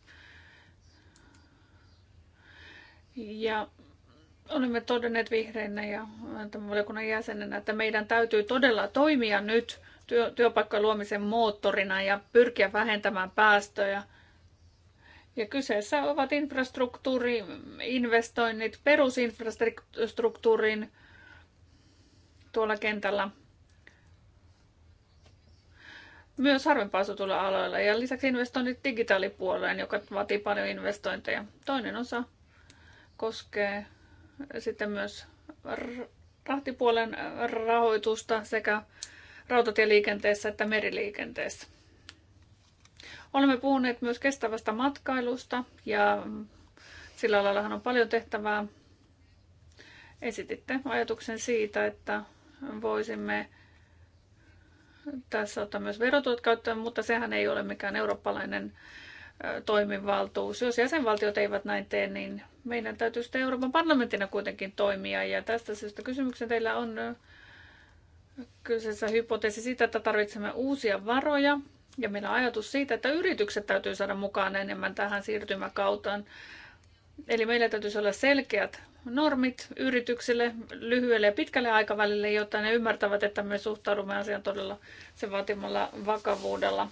Ja Olemme todenneet vihreinä ja tämän valiokunnan jäsenenä, että meidän täytyy todella toimia nyt työ, työpaikkojen luomisen moottorina ja pyrkiä vähentämään päästöjä. Ja kyseessä ovat infrastruktuuriinvestoinnit perusinfrastruktuuriin tuolla kentällä myös harvempaan asutuilla aloilla ja lisäksi investoinnit digitaalipuoleen, joka vaatii paljon investointeja. Toinen osa koskee sitten myös rahtipuolen rahoitusta sekä rautatieliikenteessä että meriliikenteessä. Olemme puhuneet myös kestävästä matkailusta ja sillä alallahan on paljon tehtävää. Esititte ajatuksen siitä, että voisimme tässä ottaa myös verotuot käyttöön, mutta sehän ei ole mikään eurooppalainen toimivaltuus. Jos jäsenvaltiot eivät näin tee, niin meidän täytyy sitten Euroopan parlamenttina kuitenkin toimia. Ja tästä syystä kysymyksen teillä on kyseessä hypoteesi siitä, että tarvitsemme uusia varoja. Ja meillä on ajatus siitä, että yritykset täytyy saada mukaan enemmän tähän siirtymäkautaan. Eli meillä täytyisi olla selkeät normit yrityksille lyhyelle ja pitkälle aikavälille, jotta ne ymmärtävät, että me suhtaudumme asiaan todella sen vaatimalla vakavuudella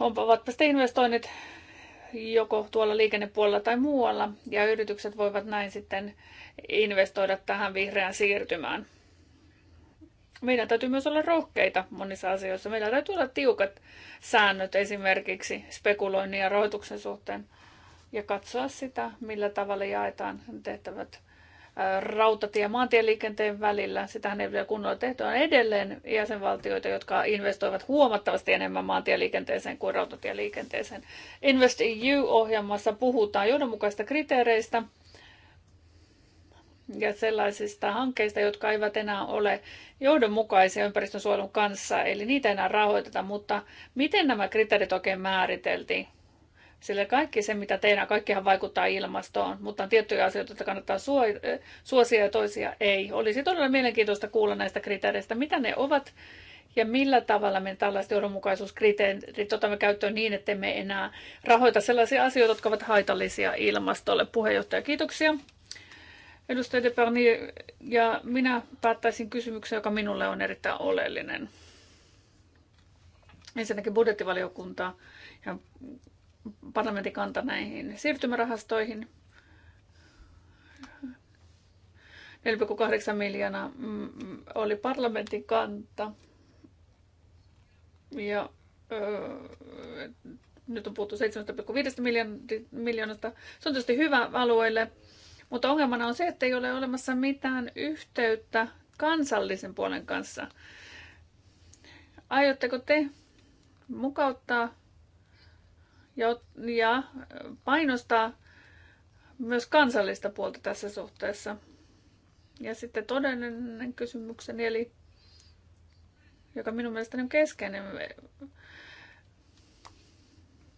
ovatpa sitten investoinnit joko tuolla liikennepuolella tai muualla, ja yritykset voivat näin sitten investoida tähän vihreään siirtymään. Meidän täytyy myös olla rohkeita monissa asioissa. Meillä täytyy olla tiukat säännöt esimerkiksi spekuloinnin ja rahoituksen suhteen ja katsoa sitä, millä tavalla jaetaan tehtävät rautatie- ja maantieliikenteen välillä. Sitähän ei vielä kunnolla tehty. On edelleen jäsenvaltioita, jotka investoivat huomattavasti enemmän maantieliikenteeseen kuin rautatieliikenteeseen. Invest EU-ohjelmassa puhutaan johdonmukaista kriteereistä ja sellaisista hankkeista, jotka eivät enää ole johdonmukaisia ympäristönsuojelun kanssa, eli niitä ei enää rahoiteta, mutta miten nämä kriteerit oikein määriteltiin? Sillä kaikki se, mitä tehdään, kaikkihan vaikuttaa ilmastoon, mutta on tiettyjä asioita, joita kannattaa suosia ja toisia ei. Olisi todella mielenkiintoista kuulla näistä kriteereistä, mitä ne ovat ja millä tavalla me tällaiset johdonmukaisuuskriteerit otamme käyttöön niin, että me enää rahoita sellaisia asioita, jotka ovat haitallisia ilmastolle. Puheenjohtaja, kiitoksia. Edustaja Deperni, ja minä päättäisin kysymyksen, joka minulle on erittäin oleellinen. Ensinnäkin budjettivaliokunta ja parlamentin kanta näihin siirtymärahastoihin. 4,8 miljoonaa mm, oli parlamentin kanta. Ja öö, nyt on puhuttu 7,5 miljoonasta. Se on tietysti hyvä alueelle, mutta ongelmana on se, että ei ole olemassa mitään yhteyttä kansallisen puolen kanssa. Aiotteko te mukauttaa ja painostaa myös kansallista puolta tässä suhteessa. Ja sitten todellinen kysymykseni, eli joka minun mielestäni on keskeinen,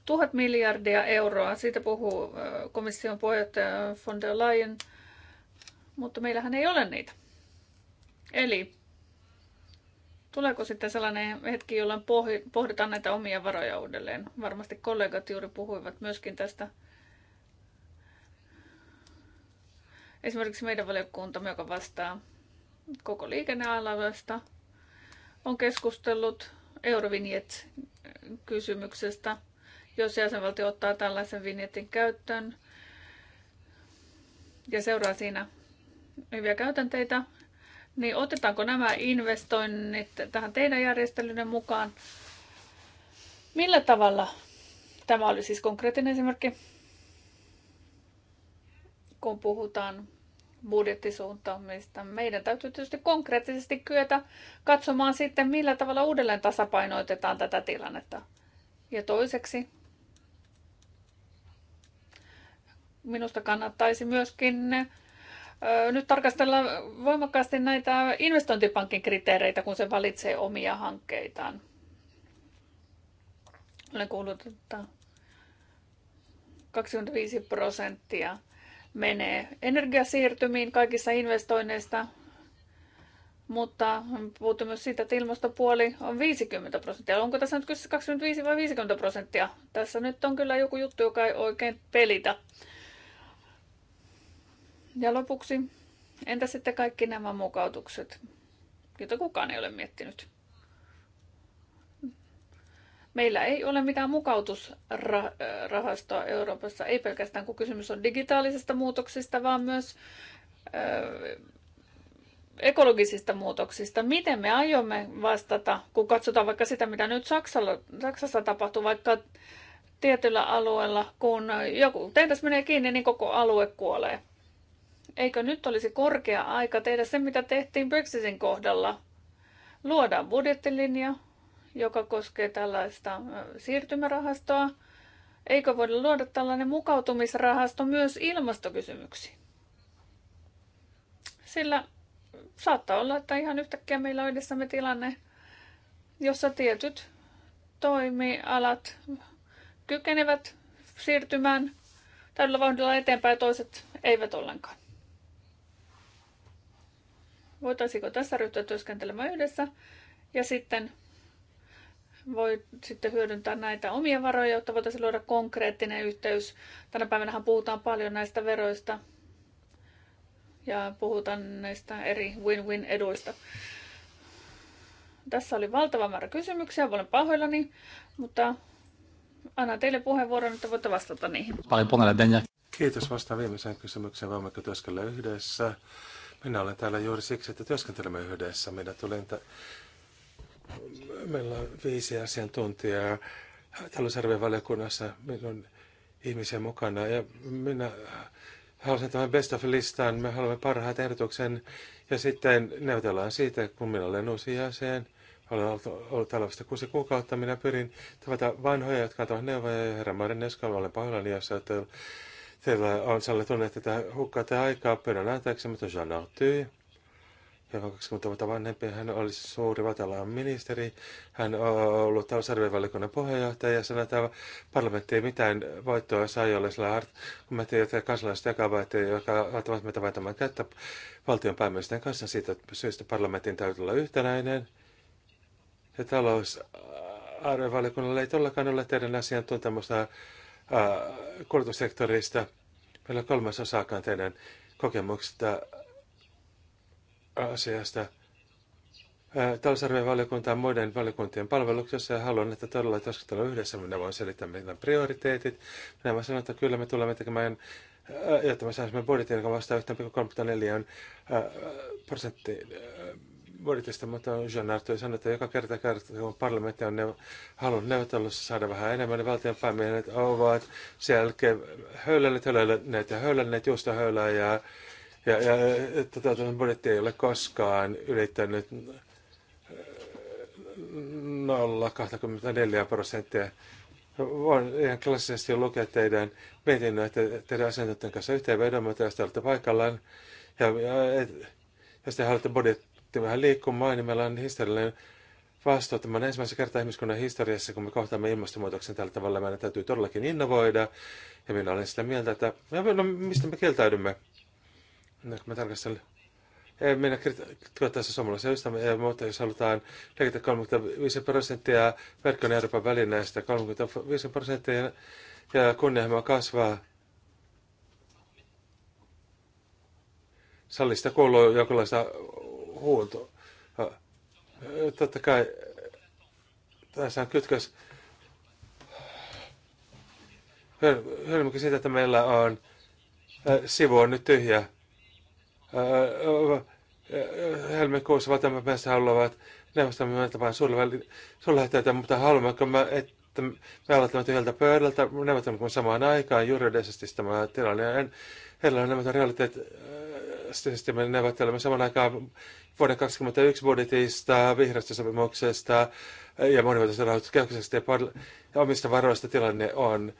tuhat miljardia euroa, siitä puhuu komission puheenjohtaja von der Leyen, mutta meillähän ei ole niitä. Eli Tuleeko sitten sellainen hetki, jolloin pohditaan näitä omia varoja uudelleen? Varmasti kollegat juuri puhuivat myöskin tästä esimerkiksi meidän valiokunta joka vastaa koko liikennealavasta, on keskustellut Eurovignet-kysymyksestä. Jos jäsenvaltio ottaa tällaisen vinjetin käyttöön ja seuraa siinä hyviä käytänteitä, niin otetaanko nämä investoinnit tähän teidän järjestelyynne mukaan? Millä tavalla? Tämä oli siis konkreettinen esimerkki, kun puhutaan budjettisuuntaamista. Meidän täytyy tietysti konkreettisesti kyetä katsomaan sitten, millä tavalla uudelleen tasapainoitetaan tätä tilannetta. Ja toiseksi, minusta kannattaisi myöskin nyt tarkastellaan voimakkaasti näitä investointipankin kriteereitä, kun se valitsee omia hankkeitaan. Olen kuullut, että 25 prosenttia menee energiasiirtymiin kaikissa investoinneista, mutta puhuttu myös siitä, että ilmastopuoli on 50 prosenttia. Onko tässä nyt kyse 25 vai 50 prosenttia? Tässä nyt on kyllä joku juttu, joka ei oikein pelitä. Ja lopuksi, entä sitten kaikki nämä mukautukset, joita kukaan ei ole miettinyt? Meillä ei ole mitään mukautusrahastoa Euroopassa, ei pelkästään kun kysymys on digitaalisesta muutoksista, vaan myös ö, ekologisista muutoksista. Miten me aiomme vastata, kun katsotaan vaikka sitä, mitä nyt Saksalla, Saksassa tapahtuu, vaikka tietyllä alueella, kun joku tehdas menee kiinni, niin koko alue kuolee. Eikö nyt olisi korkea aika tehdä se, mitä tehtiin Brexitin kohdalla? Luodaan budjettilinja, joka koskee tällaista siirtymärahastoa. Eikö voida luoda tällainen mukautumisrahasto myös ilmastokysymyksiin? Sillä saattaa olla, että ihan yhtäkkiä meillä on edessämme tilanne, jossa tietyt toimialat kykenevät siirtymään tällä vauhdilla eteenpäin ja toiset eivät ollenkaan. Voitaisiko tässä ryhtyä työskentelemään yhdessä ja sitten voi sitten hyödyntää näitä omia varoja, jotta voitaisiin luoda konkreettinen yhteys. Tänä päivänä puhutaan paljon näistä veroista ja puhutaan näistä eri win-win eduista. Tässä oli valtava määrä kysymyksiä, olen pahoillani, mutta annan teille puheenvuoron, että voitte vastata niihin. Paljon Kiitos vastaan viimeiseen kysymykseen. Voimmeko työskennellä yhdessä? Minä olen täällä juuri siksi, että työskentelemme yhdessä. Minä tulin ta- Meillä on viisi asiantuntijaa talousarvion valiokunnassa. Meillä on ihmisiä mukana ja minä halusin tämän best of listan. Me haluamme parhaat ehdotuksen ja sitten neuvotellaan siitä, kun minä olen uusi jäsen. Olen ollut, ollut täällä vasta kuusi kuukautta. Minä pyrin tavata vanhoja, jotka ovat neuvoja herra Marin Eskalo, olen pahoillani, jos Teillä on sallitun tämä hukkaa tämä aikaa. Pyydän anteeksi, mutta Jean Arthuy, joka on 20 vuotta vanhempi, hän oli suuri vatalaan ministeri. Hän on ollut talousarvevalikunnan puheenjohtaja ja sanoi, että parlamentti ei mitään voittoa saa, jolle sillä tiedän, että kansalaiset jakavat, jotka ottavat meitä vaihtamaan kättä valtion pääministerin kanssa siitä että syystä parlamentin täytyy olla yhtenäinen. Ja talousarviovaliokunnalla ei todellakaan ole teidän asiantuntemusta Äh, kulutussektorista. Meillä on kolmas osaakaan teidän kokemuksesta asiasta äh, Talousarvio-valiokunta on muiden valiokuntien palveluksessa ja haluan, että todella työskentely yhdessä. Minä voin selittää meidän prioriteetit. Minä voin sanoa, että kyllä me tulemme tekemään äh, jotta me saisimme budjetin, joka vastaa 1,34 prosenttia budjetista, mutta Jean Arthur sanoi, että joka kerta, kerta kun parlamentti on neuv- halunnut neuvottelussa saada vähän enemmän, niin valtion päämiehet ovat selkeä höylänneet, höylänneet ja höylänneet juusta höylää ja, ja, ja tota, budjetti ei ole koskaan ylittänyt 0,24 äh, prosenttia. Voin ihan klassisesti lukea teidän mietinnön, että teidän asiantuntijan kanssa yhteenvedon, mutta jos te olette paikallaan ja, ja, et, jos te haluatte budjetti, sitten vähän liikkumaan, niin meillä on historiallinen vastuu. Tämä on kertaa ihmiskunnan historiassa, kun me kohtaamme ilmastonmuutoksen tällä tavalla. Meidän täytyy todellakin innovoida. Ja minä olen sitä mieltä, että no, mistä me kieltäydymme? No, kun mä tarkastelen ei mennä kirjoittaessa suomalaisia ystäviä, mutta jos halutaan 35 prosenttia verkon Euroopan välineistä, 35 prosenttia ja kunnianhimoa kasvaa. Sallista kuuluu jonkinlaista huulto. Eh, totta kai tässä on kytkös hölmökin siitä, että meillä on eh, sivu on nyt tyhjä. Eh, helmikuussa valtamäpäistä haluavat neuvostamme meiltä vain suurlähetteitä, mutta haluammeko me, että me aloitamme tyhjältä pöydältä, neuvotammeko samaan aikaan juridisesti tämä tilanne. En, heillä on nämä realiteet, sitten me neuvottelemme saman aikaan vuoden 2021 budjetista, vihreästä sopimuksesta ja monimuotoisesta rahoituskehyksestä ja, ja omista varoista tilanne on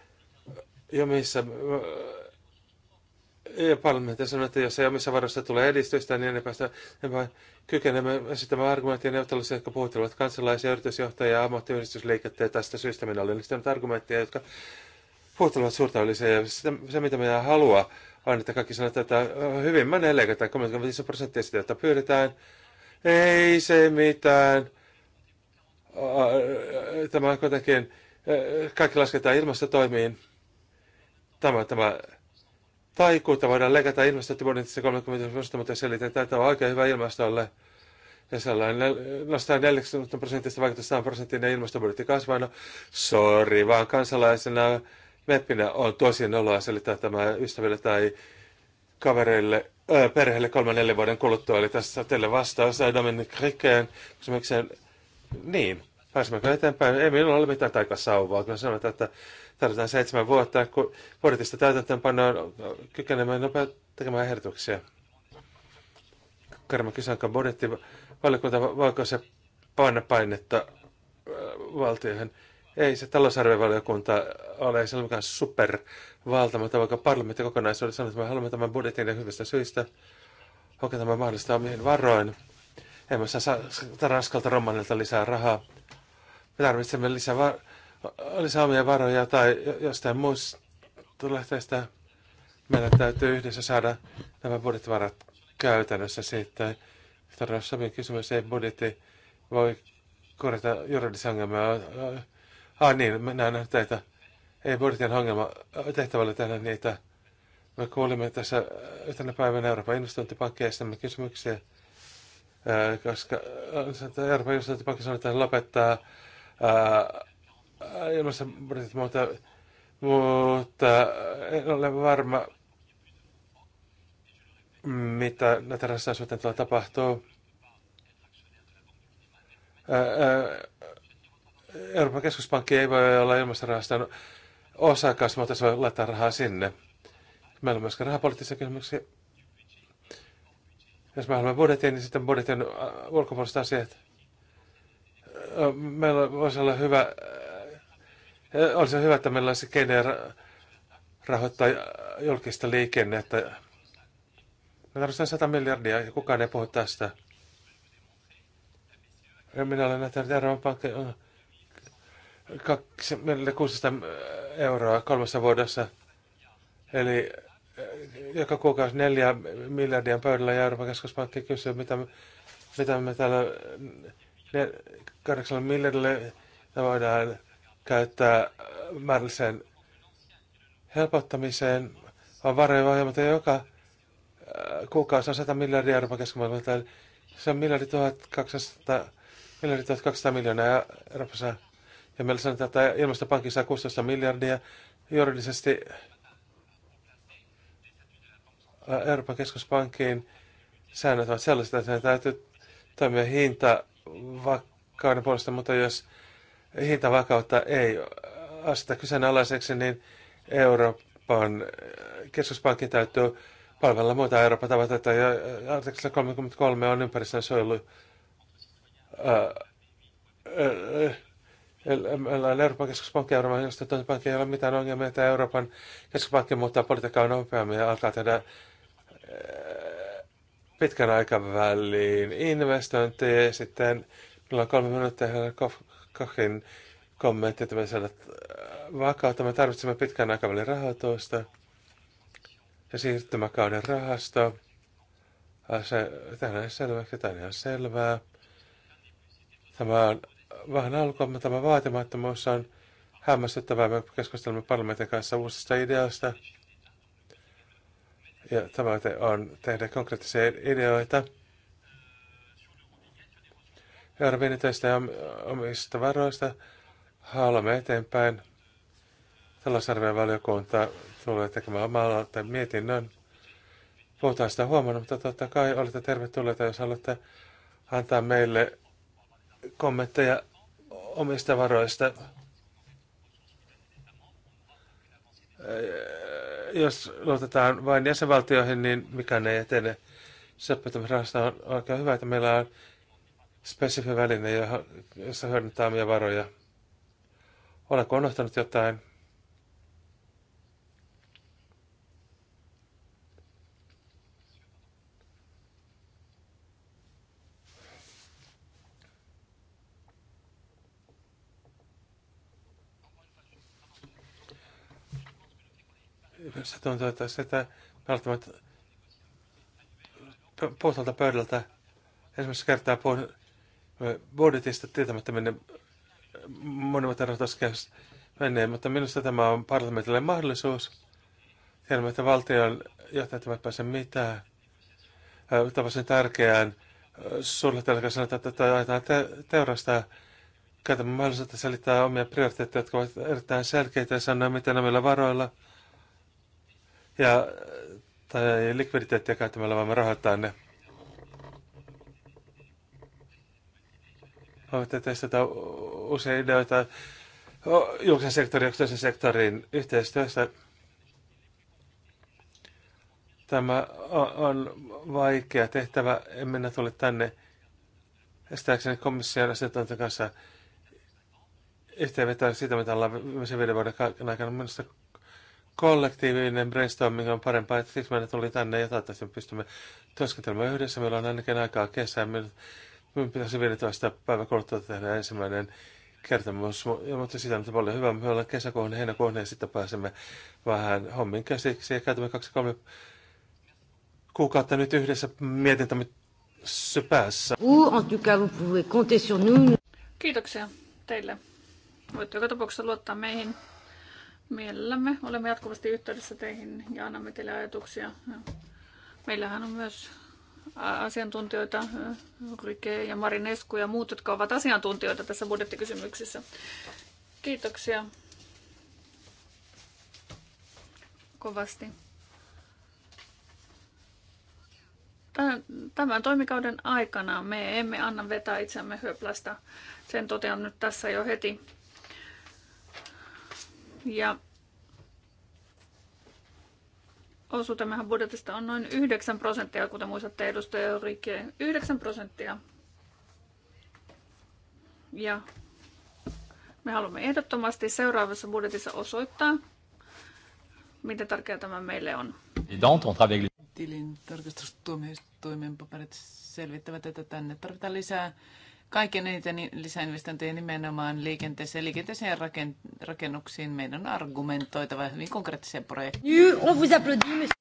jo missä Ja parlamentti sanoi, että jos ei omissa varoista tulee edistystä, niin ne päästä ne niin kykenemme esittämään argumenttia neuvottelussa, jotka puhuttelevat kansalaisia, yritysjohtajia ja ammattiyhdistysliikettä. tästä syystä minä olen esittänyt argumentteja, jotka puhuttelevat suurta yliseen. se, mitä minä haluan on, että kaikki sanoo, että hyvin mä 40 35 prosenttia sitä, että pyydetään. Ei se mitään. Tämä kuitenkin, kaikki lasketaan ilmastotoimiin. Tämä, tämä taikuutta voidaan leikata ilmastotibonitissa 30 prosenttia, mutta selitetään, että tämä on oikein hyvä ilmastolle. Ja sellainen nostaa 40 prosentista vaikutusta 100 prosenttia ja niin ilmastobudjetti kasvaa. No, sori vaan kansalaisena Meppinä on tosin oloa selittää tämä ystäville tai kavereille, ää, perheelle kolme neljä vuoden kuluttua. Eli tässä teille vastaus Dominic Rikkeen kysymykseen. Niin, pääsemmekö eteenpäin? Ei minulla ole mitään taikasauvaa, kun sanotaan, että tarvitaan seitsemän vuotta, kun budjetista täytäntöönpanoon kykenemme nopeasti tekemään ehdotuksia. Karma budjetti valiokunta voiko se panna painetta valtioihin? Ei se talousarviovaliokunta ole, ei mikään supervalta, mutta vaikka parlamentti kokonaisuudessa sanoo, että me haluamme tämän budjetin hyvistä syistä, onko tämä mahdollista omiin varoin. Emme saa Ranskalta romanilta lisää rahaa. Me tarvitsemme lisää, va- lisää omia varoja tai jostain muusta lähteestä. Meidän täytyy yhdessä saada nämä budjettivarat käytännössä sitten. Tarvitsemme kysymys, ei budjetti voi korjata juridisia ongelmia Ah niin, mennään näen teitä. Ei Burtian ongelma äh, tehtävällä tehdä niitä. Me kuulimme tässä yhtenä äh, päivänä Euroopan investointipankkeista kysymyksiä, äh, koska Euroopan investointipankki sanoi, että lopettaa ilmastonmuutos, mutta, mutta en ole varma, mitä näitä rassaisuuteen tuolla tapahtuu. Ää, ää, Euroopan keskuspankki ei voi olla ilmastorahaston osakas, mutta se voi laittaa rahaa sinne. Meillä on myöskin rahapoliittisia kysymyksiä. Jos me haluamme budjetin, niin sitten budjetin äh, ulkopuoliset asiat. Äh, meillä voisi olla hyvä, äh, olisi hyvä, että meillä olisi keinoja rahoittaa julkista liikennettä. Me tarvitsemme 100 miljardia ja kukaan ei puhu tästä. Ja minä ole nähtänyt Euroopan pankin 600 euroa kolmessa vuodessa. Eli eh, joka kuukausi neljä miljardia pöydällä ja Euroopan keskuspankki kysyy, mitä, me, mitä me täällä eh, kahdeksalla miljardille voidaan käyttää määrälliseen helpottamiseen. On varoja mutta joka eh, kuukausi on 100 miljardia Euroopan keskuspankki. Se on miljardi 1200, miljardi 1200 miljoonaa Euroopassa ja meillä sanotaan, että ilmastopankki saa 16 miljardia. Juridisesti Euroopan keskuspankkiin säännöt ovat sellaiset, että ne täytyy toimia hintavakauden puolesta, mutta jos hintavakautta ei aseta kyseenalaiseksi, niin Euroopan keskuspankin täytyy palvella muita Euroopan tavoitteita. Ja artikla 33 on ympäristön suojelu. Meillä on Euroopan keskuspankki Euroopan, keskuspankki, ei ole mitään ongelmia, että Euroopan keskuspankki muuttaa politiikkaa nopeammin ja alkaa tehdä eh, pitkän aikavälin investointeja. Ja sitten meillä on kolme minuuttia Kohin kommentti, että me saadaan eh, vakautta. Me tarvitsemme pitkän aikavälin rahoitusta ja siirtymäkauden rahasto. Ah, se, tämä on selvä, tämä on selvää. Tämä on vähän alkuamme tämä vaatimattomuus on hämmästyttävää. Me keskustelemme parlamentin kanssa uusista ideoista. Ja tavoite on tehdä konkreettisia ideoita. Euroopan ja omista varoista haluamme eteenpäin. Talousarvion valiokunta tulee tekemään omalla mietinnön. Puhutaan sitä huomenna, mutta totta kai olette tervetulleita, jos haluatte antaa meille kommentteja omista varoista. Äh, jos luotetaan vain jäsenvaltioihin, niin mikään ei etene. Sopeutumisrahasta on oikein hyvä, että meillä on spesifi väline, jossa hyödyntää omia varoja. Olenko unohtanut jotain? jossa tuntuu, että sitä välttämättä puhtaalta pöydältä ensimmäistä kertaa puhun budjetista tietämättä minne monimuotoinen rahoitus menee, mutta minusta tämä on parlamentille mahdollisuus. Tiedämme, että valtion johtajat eivät pääse mitään. Tapasin tärkeään suunnitella, sanotaan, että tätä ajetaan te- teurastaa. Käytämme mahdollisuutta selittää omia prioriteetteja, jotka ovat erittäin selkeitä ja sanoa, miten omilla varoilla – ja, äh, tai likviditeettiä käyttämällä me rahoittaa ne. Voitte testata usein ideoita julkisen sektorin ja yksityisen sektorin yhteistyöstä. Tämä on vaikea tehtävä. En minä tule tänne estääkseni komission asiantuntijan kanssa yhteenvetoa siitä, mitä ollaan viimeisen viiden vuoden aikana. Minusta kollektiivinen brainstorming on parempaa, että siksi mä tulin tänne ja toivottavasti me pystymme työskentelemään yhdessä. Meillä on ainakin aikaa kesää. Minun pitäisi 15 päivä kuluttua tehdä ensimmäinen kertomus, ja, mutta sitä on paljon hyvä. Me ollaan kesäkuun, heinäkuun ja sitten pääsemme vähän hommin käsiksi ja käytämme kaksi kolme kuukautta nyt yhdessä mietintämme päässä. Kiitoksia teille. Voitte joka tapauksessa luottaa meihin. Mielellämme olemme jatkuvasti yhteydessä teihin ja annamme teille ajatuksia. Meillähän on myös asiantuntijoita, Rike ja Marinesku ja muut, jotka ovat asiantuntijoita tässä budjettikysymyksessä. Kiitoksia kovasti. Tämän toimikauden aikana me emme anna vetää itseämme hyöplästä. Sen totean nyt tässä jo heti. Ja osuutemmehan budjetista on noin 9 prosenttia, kuten muistatte edustaja Rike, 9 prosenttia. Ja me haluamme ehdottomasti seuraavassa budjetissa osoittaa, mitä tärkeää tämä meille on. Tilin tarkastustuomioistuimen paperit selvittävät, että tänne tarvitaan lisää kaiken eniten lisäinvestointeja nimenomaan liikenteeseen, liikenteeseen ja rakennuksiin. Meidän on argumentoitava hyvin konkreettisia projekteja.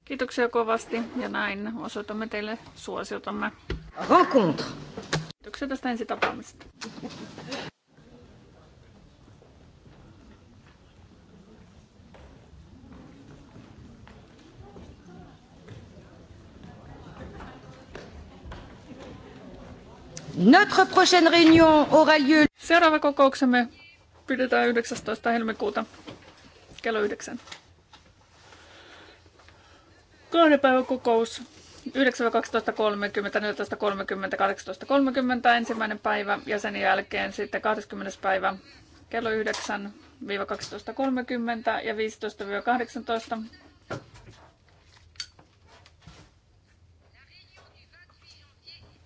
Kiitoksia kovasti ja näin osoitamme teille suosiotamme. Rencontre. Kiitoksia tästä ensi tapaamisesta. Notre prochaine réunion aura lieu... Seuraava kokouksemme pidetään 19. helmikuuta kello 9. Kahden päivän kokous 9.12.30, ensimmäinen päivä ja sen jälkeen sitten 20. päivä kello 9-12.30 ja 15-18. 28.1.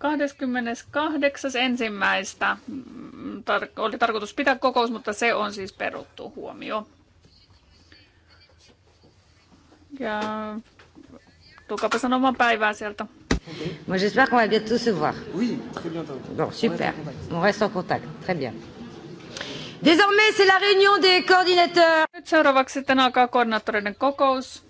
oli tarkoitus pitää kokous, mutta se on siis peruttu huomio. Ja tulkaapa sanomaan päivää sieltä. Moi, j'espère qu'on va bientôt se voir. Oui, très bientôt. Bon, super. On reste en contact. Très bien. Désormais, c'est la réunion des coordinateurs. Nyt seuraavaksi sitten alkaa koordinaattoreiden kokous.